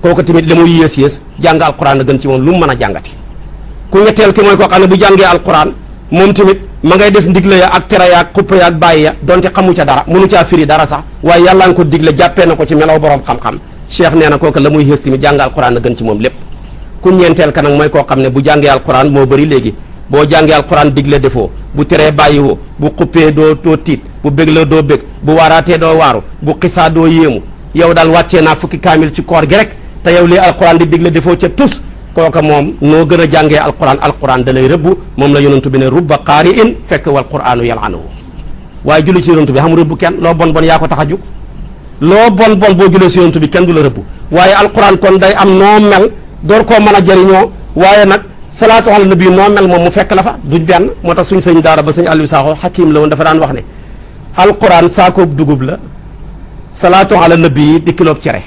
kooku tamit li muy yées yées jàng alquran a gën ci moom lu mu mën a jàngati ku ñetteel ki mooy koo xam ne bu jàngee alquran moom tamit ma ngay def ndigle ak tere ya ak ak bàyyi ya xamu ca dara mënu caa firi dara sax waaye yàlla nga ko digle jàppee na ko ci melaw borom xam-xam cheikh na kooku la muy yées tamit jàng alquran a gën ci moom lépp ku ñeenteel ka nag mooy koo xam ne bu jàngee alquran moo bari léegi boo jàngee alquran digle defoo bu teree bàyyi bàyyiwoo bu xuppee doo doo tiit bu bég la doo bëgg bu waaraatee doo waaru bu xisaa doo yéemu yow daal wàccee naa fukki kaamil ci koor gi rek te yow lii alquran di digle defoo ca tus kooka moom noo gën a jàngee alquran alquran da lay rëbb moom la yonentu bi ne rubba qaari in fekk wal quranu yal'anuhu waaye julli si yonentu bi xam rëbb kenn loo bon bon yaa ko tax a jug loo bon bon boo jullee si yonentu bi kenn du la rëbb waaye alquran kon day am noo mel door koo mën a jëriñoo waaye nag salaatu ala nabi noo mel moom mu fekk la fa duñ moo tax suñ sëñ ba sëñ Aliou Sakho xakim la woon dafa wax ne alquran saakoob dugub la salaatu ala nabi yi di kiloob cere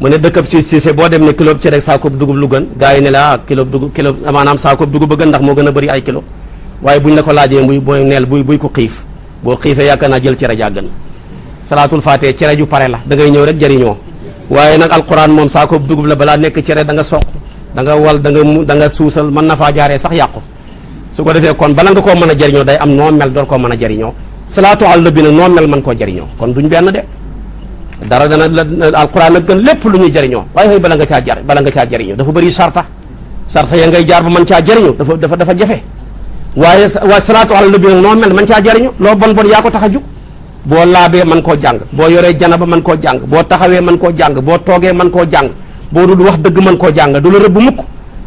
mu ne dëkkab siis siise boo dem ne kiloob cere saakoob dugub lu gën gaa yi ne la ah kiloob dugub kiloob maanaam saakoob dugub ba gën ndax moo gën a bari ay kilo waaye buñ la ko laajee muy booy neel buy buy ko xiif boo xiifee yaakaar naa jël cere jàggan salaatul faatee cere ju pare la dangay ñëw rek jariñoo waaye nag alquran moom saakoob dugub la balaa nekk cere da nga soq da nga wal da nga mu da nga suusal mën na faa jaaree sax yàqu su ko defee kon bala nga koo mën a jëriñoo day am noo mel door koo mën a jëriñoo salaatu àla bi nag noo mel mën koo jëriñoo kon duñ benn de dara dana alquran ak gën lépp lu ñuy jariñoo waaye xëy bala nga caa jar bala nga caa jëriñoo dafa bëri sarta sarta ya ngay jaar ba mën caa jariñoo dafa dafa dafa jafe waaye waaye salaatu àla bi nag noo mel mën caa jëriñoo loo bon bon yaa ko taxa a jug boo laabee mën koo jàng boo yoree janaba mën koo jàng boo taxawee mën koo jàng boo toogee mën koo jàng boo dul wax dëgg mën koo jàng du la rëbb mukk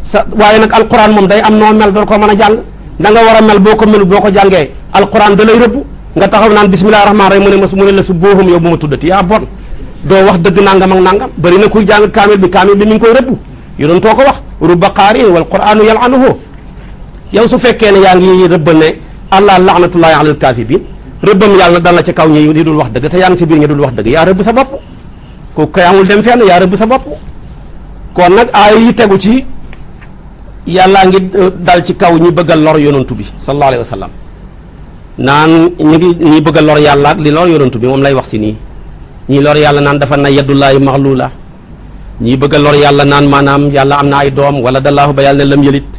sa waaye nag alquran moom day am noo mel doo ko mën a jàng da nga war a mel boo ko mel boo ko jàngee alquran da lay rëbb nga taxaw naan bisimilah rahmaan rahim mu ne ma mu la su booxam yow bu ma tuddati yaa bon doo wax dëgg nangam ak nangam bari na kuy jàng kaamil bi kaamil bi mi ngi koy rëbb yu too ko wax rubba qaariin wal quranu yalanuhu yow su fekkee ne yaa ngi rëbbal ne allah laanatullahi alal kaafiriin rëbbam yàlla dal na ci kaw ñi dul wax dëgg te yaa ngi ci biir ñi dul wax dëgg yaa rëbb sa bopp ku kay amul dem fenn yaa rëbb sa bopp kon nag aaya yi tegu ci yàllaa ngi euh, dal ci kaw ñi bëggal lor yonantu bi sallallahu alayhi wa sallam naan ñu ngi ñi bëgg a lor yàlla ak li lor yonantu bi moom lay wax si nii ñii lor yàlla naan dafa na yaddullaahi maxluula ñuy bëgg a lor yàlla naan maanaam yàlla am na ay doom wala dalaahu ba yàlla ne lam yëlit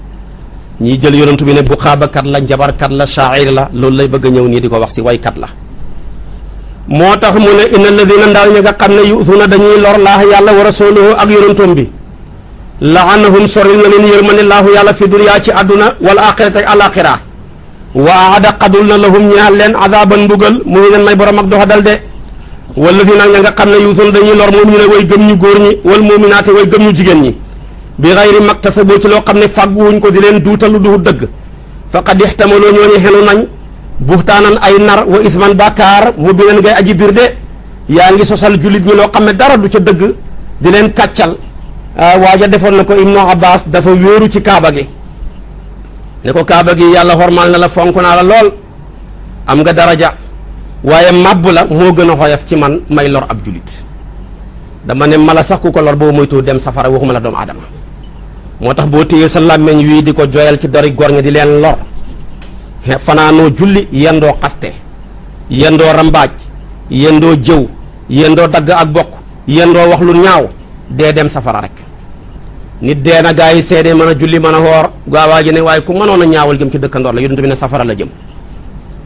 ñii jël yonantu bi ne bu xaabakat la njabarkat la shaa'ir la loolu lay bëgg ñëw nii di ko wax si waykat la moo tax mu ne inna alladina ndaal ñi nga xam ne yu'tuuna dañuy lor laaha yàlla wa rasuuluhu ak yonantoom bi laanahum soril na leen yërmande laahu yàlla fi duniyaa ci àdduna wal axirati wa aada xadul na lahum ñaal leen azaban mbugal mu ngi leen may borom mag doxa dal de wala fi nag ña nga xam ne yuusoon dañuy lor moom ñu ne way gëm ñu góor ñi wal muminaate way gëm ñu jigéen ñi bi xayri maktasaboo ci loo xam ne fàgguwuñ ko di leen duutalu duhu dëgg faqad ixtamaloo ñoo ñu xelu nañ buxtaanan ay nar wa isman bàkkaar mu bi leen ngay aji biir de yaa ngi sosal jullit ñi loo xam ne dara du ca dëgg di leen kàccal waaja defoon na ko Ibnu Abbas dafa wéeru ci kaaba gi ne ko kaaba gi yàlla xormal na la fonk naa la lool am nga daraja waaye màbb la moo gën a xoyof ci man may lor ab julit dama ne mala sax ku ko lor boo moytu dem safara waxuma la doomu aadama moo tax boo téyee sa làmmeñ wii di ko joyal ci dori gor ñi di leen lor fanaanoo julli yendoo xaste yendoo rambaaj yendoo jëw yendoo dagg ak bokk yendoo wax lu ñaaw dee dem safara rek nit dee na gaa yi seede mën a julli mën a woor gaawaa ji ne waaye ku mënoon a ñaawal jëm ci dëkkandoor la yonent bi ne safara la jëm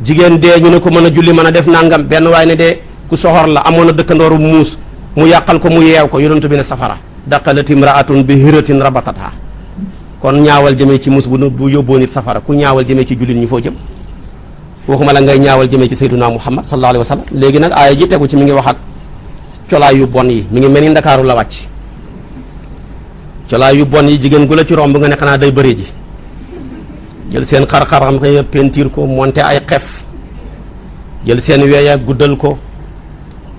jigéen dee ñu ne ko mën a julli mën a def nangam benn waaye ne dee ku soxor la amoon a dëkkandooru muus mu yàqal ko mu yeew ko yonent bi ne safara daqalat imraatun bi hiratin rabatata kon ñaawal jëmee ci muus bu bu yóbboo nit safara ku ñaawal jëme ci jullit ñi foo jëm ma la ngay ñaawal jëmee ci sayyiduna muhammad sallallahu alayhi wa sallam léegi nag aaya tegu ci mi ngi wax ak colaay yu bon yi mi ngi mel ni ndakaaru la wàcc colaa yu bon yi jigéen gu la ci romb nga ne xanaa day bëri ji jël seen xar-xaram xëy pentiir ko monte ay xef jël seen weeya guddal ko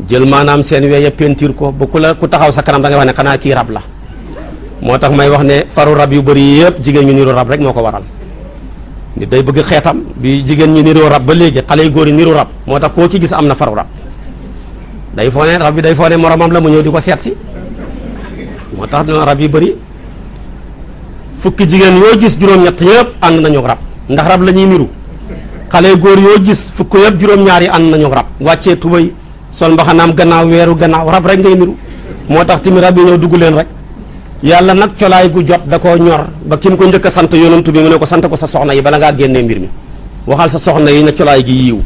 jël maanaam seen weeya pentiir ko ba ku la ku taxaw sa kanam da ngay wax ne xanaa kii rab la moo tax may wax ne faru rab yu bari yëpp jigéen ñu niru rab rek moo ko waral nit day bëgg xeetam bi jigéen ñi niroo rab ba léegi xale yu góor yi niru rab moo tax koo ci gis am na faru rab day foone rab bi day foone moromam la mu ñëw di ko seet si tax rab yi bëri fukki jigéen yoo gis juróom-ñett yëpp ànd nañu rab ndax rab la ñuy niru xale góor yoo gis fukk yëpp juróom-ñaar yi ànd nañu rab wàccee tubay sol mbaxanaam gannaaw weeru gannaaw rab rek ngay niru moo tax tamit rab yi ñëw dugg leen rek yàlla nag colaay gu jot da koo ñor ba kim ko njëkk sant yonantu bi mu ne ko sant ko sa soxna yi bala ngaa génnee mbir mi waxal sa soxna yi ne colaay gi yiiw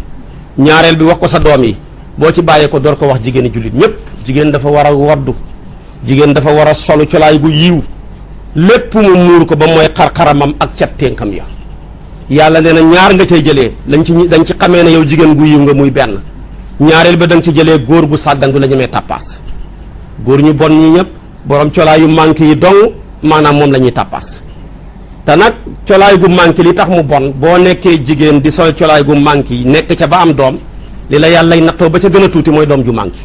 ñaareel bi wax ko sa doom yi boo ci bàyyee ko door ko wax jigéeni jullit ñëpp jigéen dafa war a jigéen dafa war a solu colaay gu yiiw lépp mu muur ko ba mooy xar-xaramam ak cat ténkam ya yàlla nee na ñaar nga cay jëlee lañ ci dañ ci xamee ne yow jigéen gu yiw nga muy benn ñaareel ba da nga ci jëlee góor gu sàggan du la ñemee tàppaas góor ñu bon ñi ñëpp borom colaa yu manqué yi dong maanaam moom la ñuy tàppaas te nag colaay gu manqué li tax mu bon boo nekkee jigéen di sol colaay gu manqué yi nekk ca ba am doom li la yàlla nattoo ba ca gën tuuti mooy doom ju manqué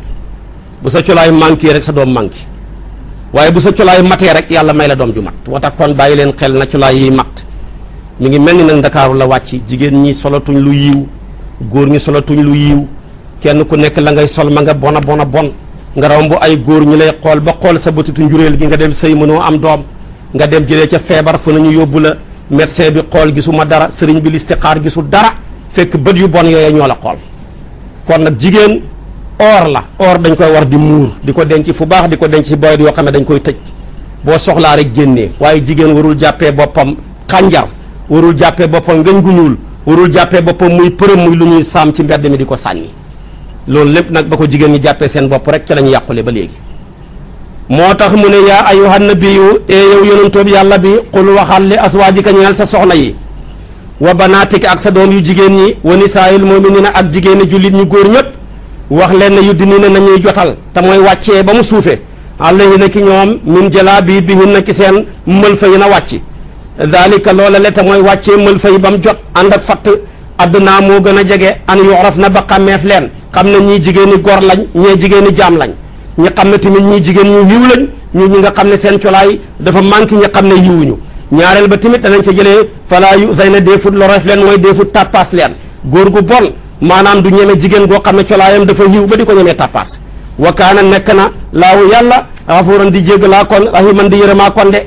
bu sa colaay manqué rek sa doom manqué waaye bu sa colaay matee rek yàlla may la doom ju mat woo kon bàyyi leen xel na colaay yi mat mu ngi mel ni nag ndakaaru la wàcc jigéen ñi solatuñ lu yiw góor ñi solatuñ lu yiw kenn ku nekk la ngay sol ma nga bona a bon nga romb ay góor ñi lay xool ba xool sa bëtitu njuréel gi nga dem sëy mënoo am doom nga dem jële ca feebar fu nañu yóbbu la médecin bi xool gisuma dara sëriñ bi listixaar gisul dara fekk bët yu bon yooyu ñoo la xool kon nag or la or dañ koy war di muur di ko denc fu baax di ko denc ci boyot yoo xam ne dañ koy tëj boo soxlaa rek génnee waaye jigéen warul jàppee boppam xànjar warul jàppee boppam weñ gu ñuul warul jàppee boppam muy përëm muy lu ñuy saam ci mbedd mi di ko sànni loolu lépp nag ba ko jigéen ñi jàppee seen bopp rek ca la ñu yàqule ba léegi moo tax mu ne yaa ayyuhan nabiyyu e yow yonentoob yàlla bi qul waxal li aswaajika ñeel sa soxna yi wa banaatika ak sa doom yu jigéen ñi wa nisaa'il mu'miniina ak jigéeni jullit ñu góor ñëpp wax leen ne di dini ne nañuy jotal te mooy wàccee ba mu suufee àllahi na ki ñoom min jëlaa bii bi bihin na ki seen mël fa yi na wàcc daalika loola le te mooy wàccee mël fa yi ba mu jot ànd ak fatt addunaa moo gën a jege an yoxraf na ba xàmmeef leen xam ne ñii jigéeni gor lañ ñee jigéeni jaam lañ ñi xam na tamit ñii jigéen ñu yiw lañ ñu ñi nga xam ne seen colaay dafa manqué ñi xam ne yiwuñu ñaareel ba timit danañ ca jëlee falaa yu zay na deefut loref leen mooy deefut tappaas leen góor gu bon maanaam du ñeme jigéen goo xam ne colaayam dafa yiw ba di ko ñemee tàppaas wa kaana nekk na laahu yàlla xafuuran di jéggalaa kon rahiman di yërëmaa kon de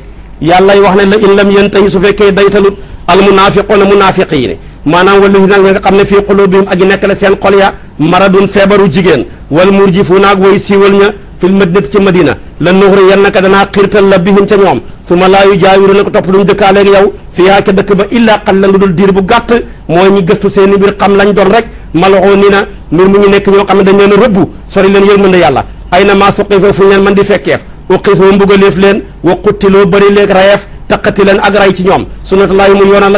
yàllay wax ne la in lam yantahi su fekkee daytalut al munaafiquuna munaafiqi yi ne maanaam wallaahi nag nga xam ne fii quluubihim ak yi nekk la seen xol ya maradun feebaru jigéen wal murjifuuna ak way wal ña fil madinati ci madina la nuxuri yannaka danaa xiirtal la bihim ca ñoom suma laa yu jaawiru na ko topp duñ dëkkaaleeg yow fiyaa ca dëkk ba illaa xallan lu dul diir bu gàtt mooy ñi gëstu seen mbir xam lañ doon rek maloo nii na mbir mu ñu nekk ñoo xam ne dañ leen a rëbb sori leen yërmande yàlla ay na maa suqiifoo fu ñu leen mën di fekkeef uqiifoo mbugaleef leen wa quttiloo bëri léeg rayeef taqati leen ak ray ci ñoom sunnatallaahi mu yoonam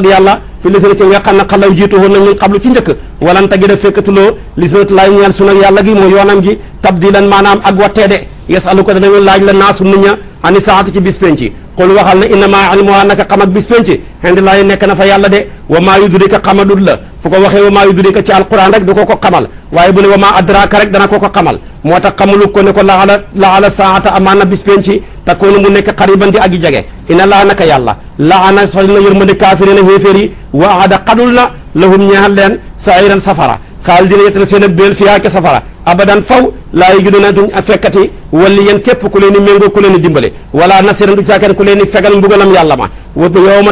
tabdilan maanaam ak wattee de yasaluka danañu laaj la naasu nit ña ani saatu ci bis penci waxal na innama ilmuha naka xam ak bis penci xendi laa nekk na fa yàlla de wa maa yudrika la fu ko waxee wa maa yudrika ci alquran rek du ko ko xamal waaye bu ne ko ko xamal moo tax xamulu ko ne ko laala laala saata amaan na bis penci takkoonu mu nekk xariban di agi jege ina laa naka yàlla laana sori na yërmande kaafirina xéeféer yi wa aada xadul na lahum ñaal leen sairan safara xaalidina yettana seen a béel fiyaa ca safara abadan faw laa yi juduna duñ fekkati wali yéen képp ku leen di ku leen dimbale wala nasiran du caakan ku leen fegal mbugalam yàlla ma yow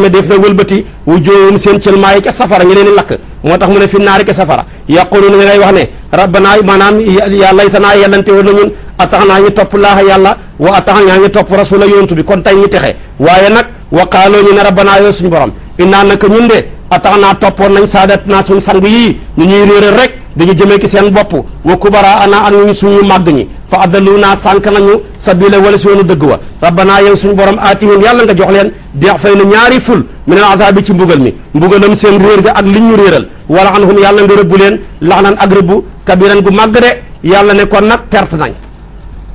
ne def na wëlbati wu joowum seen tax mu ne fi naari safara yaquluuna ñu lay wax ne rabbana maanaam ya laytanaa yellante woon na ñun atax naa ñu topp a yàlla wa atax naa ñu topp rasula yontu bi kon tey ñu texe waaye nag wa qaaloo ñu ne rabbanaa yoo suñu borom innaa naka ñun atax naa toppoon nañ saadat naa suñ sang yii ñu ñuy réeral rek dañu jëmee ki seen bopp wa kubara ana ak ñu suñu màgg ñi fa addalu naa sànk nañu sa sabila wala si yoonu dëgg wa rabbanaa yow suñu borom aatihim yàlla nga jox leen deex fay na ñaari ful min al bi ci mbugal mi mbugalam seen réer ga ak liñ ñu réeral wala anhum yàlla nga rëbbu leen laxnan ak rëbbu kabiran gu màgg de yàlla ne kon nag perte nañ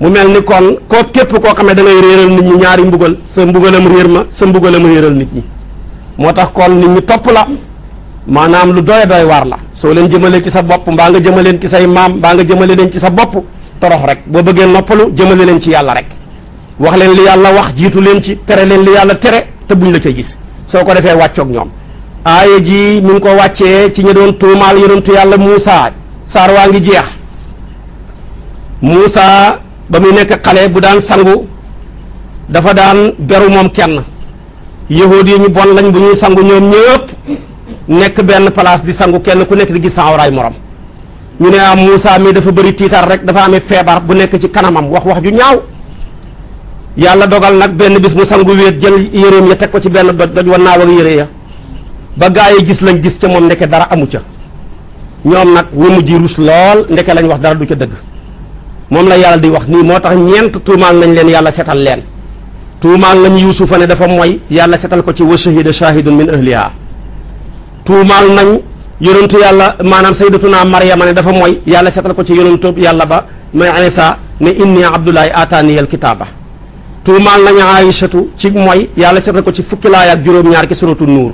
mu mel ni kon koo képp koo xamee da ngay réeral nit ñaari mbugal sa mbugalam réer ma sa mbugalam réeral nit ñi moo tax kon nit ñi topp la maanaam lu doy doy waar la soo leen jëmalee ci sa bopp mbaa nga jëmale leen ci say maam mbaa nga jëmalee leen ci sa bopp torox rek boo bëggee noppalu jëmalee leen ci yàlla rek wax leen li yàlla wax jiitu leen ci tere leen li yàlla tere te buñ la koy gis soo ko defee wàccoog ñoom aaya ji mi ngi ko wàccee ci ñi doon tuumaal yonentu yàlla Muusa saar waa ngi jeex Muusa ba muy nekk xale bu daan sangu dafa daan beru moom kenn yahud yi ñu bon lañ bu ñuy sangu ñoom ñëpp nekk benn place di sangu kenn ku nekk di gis sa awraay morom ñu ne am ah, Moussa mii dafa bëri tiitar rek dafa amee feebar bu nekk ci kanamam wax wax ju ñaaw yàlla dogal nag benn bis mu sangu wéet jël yéreem ya teg ko ci benn doj doj wan naaw ak yére ya ba gaa yi gis lañ gis ca moom ndeke dara amu ca ñoom nag ñu mujj rus lool ndeke lañu wax dara du ca dëgg moom la yàlla di wax nii moo tax ñeent tuumaal nañ leen yàlla seetal leen tuumaal nañu yuusufa ne dafa mooy yàlla setal ko ci wa shahida shahidun min ahliha tuumaal nañ yonentu yàlla maanaam sayyidatuna maryama ne dafa mooy yàlla setal ko ci yonentu yàlla ba may Iisa ne inni abdullahi ataani al kitaaba tuumaal nañ aïchatu ci mooy yàlla setal ko ci fukki laay ak juróom-ñaar ki suratu nuur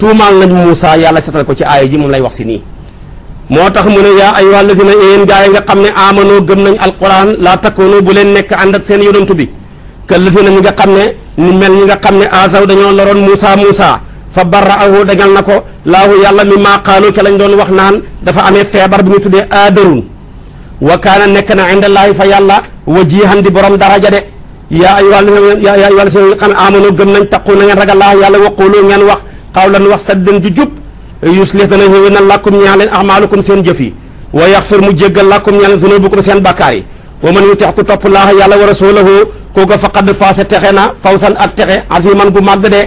tuumaal nañ Muusa yàlla setal ko ci aaya ji moom lay wax si nii moo tax mu ne yaa ayyuhal lazina yéen gaa nga xam ne amanoo gëm nañ alquran laa takkoonoo bu leen nekk ànd ak seen yonentu këllësi na ñi nga xam ne ni mel ñi nga xam ne asaw dañoo loroon Moussa Moussa fa barraahu dañal na ko laahu yàlla mi maa qaalu ke lañ doon wax naan dafa ame feebar bu ñu tuddee aadarun wa kaana nekk na indallaahi fa yàlla wajiihan di borom daraja de yaa ay wàll yaa ay wàll si nga xam ne amono gëm nañ taqu na ngeen ragal laa wa waqulu ngeen wax qawlan wax saddan ju jub yuslih dana xéwénal lakum ñaa leen amalukum seen jëf yi wa yaxfir mu jéggal lakum ñaa leen zunubukum seen bàkkaar wa man yuti ku topp laaha yàlla wa rasulahu kooku faqad faase texe na san ak texe aziman gu màgg de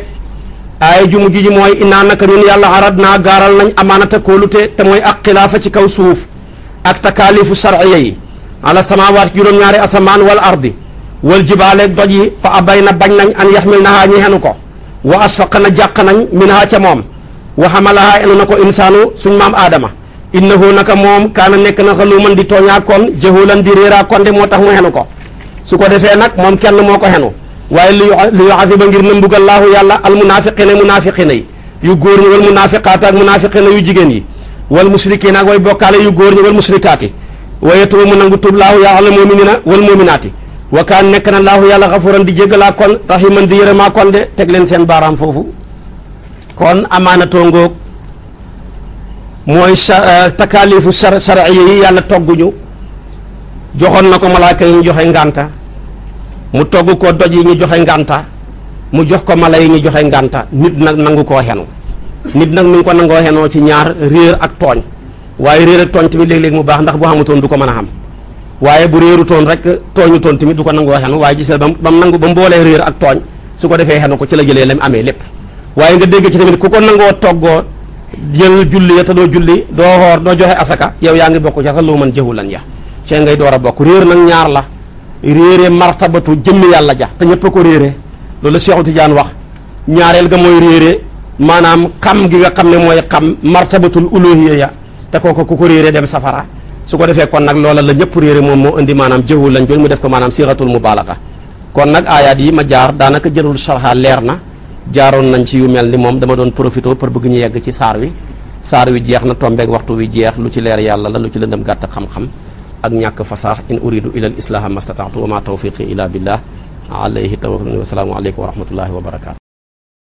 aaya ju mujj ji mooy innaa naka ñun yàlla arad naa gaaral nañ amaanata a te mooy ak xilaafa ci kaw suuf ak takaalifu sharciya yi ala samawaat juróom-ñaari asamaan wal ardi wal jibaaleeg doj yi fa abay na bañ nañ an yaxmil nahaa ñi xenu ko wa asfaqa na jàq nañ min haa ca moom wa xamalahaa enu na ko insaanu suñ maam aadama innahu naka moom kaana nekk na xaluman di tooñaa kon jahulan di réeraa konde moo tax mu xenu ko su ko defee nag moom kenn moo ko xenu waaye li yuasiba ngir na mbugal laahu yàlla al munaafiqiina munaafiqiina yi yu góor ñi wal munaafiqaat ak munaafiqiina yu jigéen yi wal mushrikiin ak way bokkaale yu góor ñi wal mushrikaat yi wa yetuba mu nangu tub laahu yàlla al muminina wal muminaati wa kaan nekk na laahu yàlla xafuran di jéggalaa kon rahiman di yërëmaa kon de leen seen baaraam foofu kon amaana toongoog mooy sa euh, takaalifu sharciya yi yàlla togguñu joxoon na ko malaaka yi ñu joxe ngànta mu togg ko doj yi ñu joxe ngànta mu jox ko mala yi ñu joxe ngànta nit nag nangu koo xenu nit nag mi ngi ko nangoo xenoo ci ñaar réer ak tooñ waaye réer ak tooñ tamit mu baax ndax bu xamutoon du ko mën a xam bu réeru toon rek tooñu toon tamit du ko nangoo xenu waaye gisal bam bam nangu ba mboolee réer ak tooñ su ko defee xenu ko ci la jëlee lam amee lépp waaye nga dégg ci tamit ku ko nangoo toggoo jël julli ya te doo julli doo xoor doo joxe asaka yow yaa ngi bokk ca sax loo man jëwu lan ya cee ngay door a bokk réer nag ñaar la réere martabatu jëmmi yàlla ja te ñëpp ko réere loolu la Cheikh Tidiane wax ñaareel ga mooy réere maanaam xam gi nga xam ne mooy xam martabatul uluhiya ya te ko ku ko réere dem safara su ko defee kon nag loola la ñëpp réere moom moo indi maanaam jëwu lañ jooju mu def ko maanaam siratul mubalaga kon nag aayaat yi ma jaar daanaka jëlul sarha leer na jaaroon nañ ci yu mel ni moom dama doon profité pour bëgg ñu yegg ci saar wi saar wi jeex na tombeek waxtu wi jeex lu ci leer yàlla la lu ci lëndëm gàtt xam-xam ak ñàkk fasaax in uridu ila al a mastataatu wa ma tawfiqi illa billah alayhi tawakkaltu a salaamu aleykum wa rahmatullahi wa barakaatu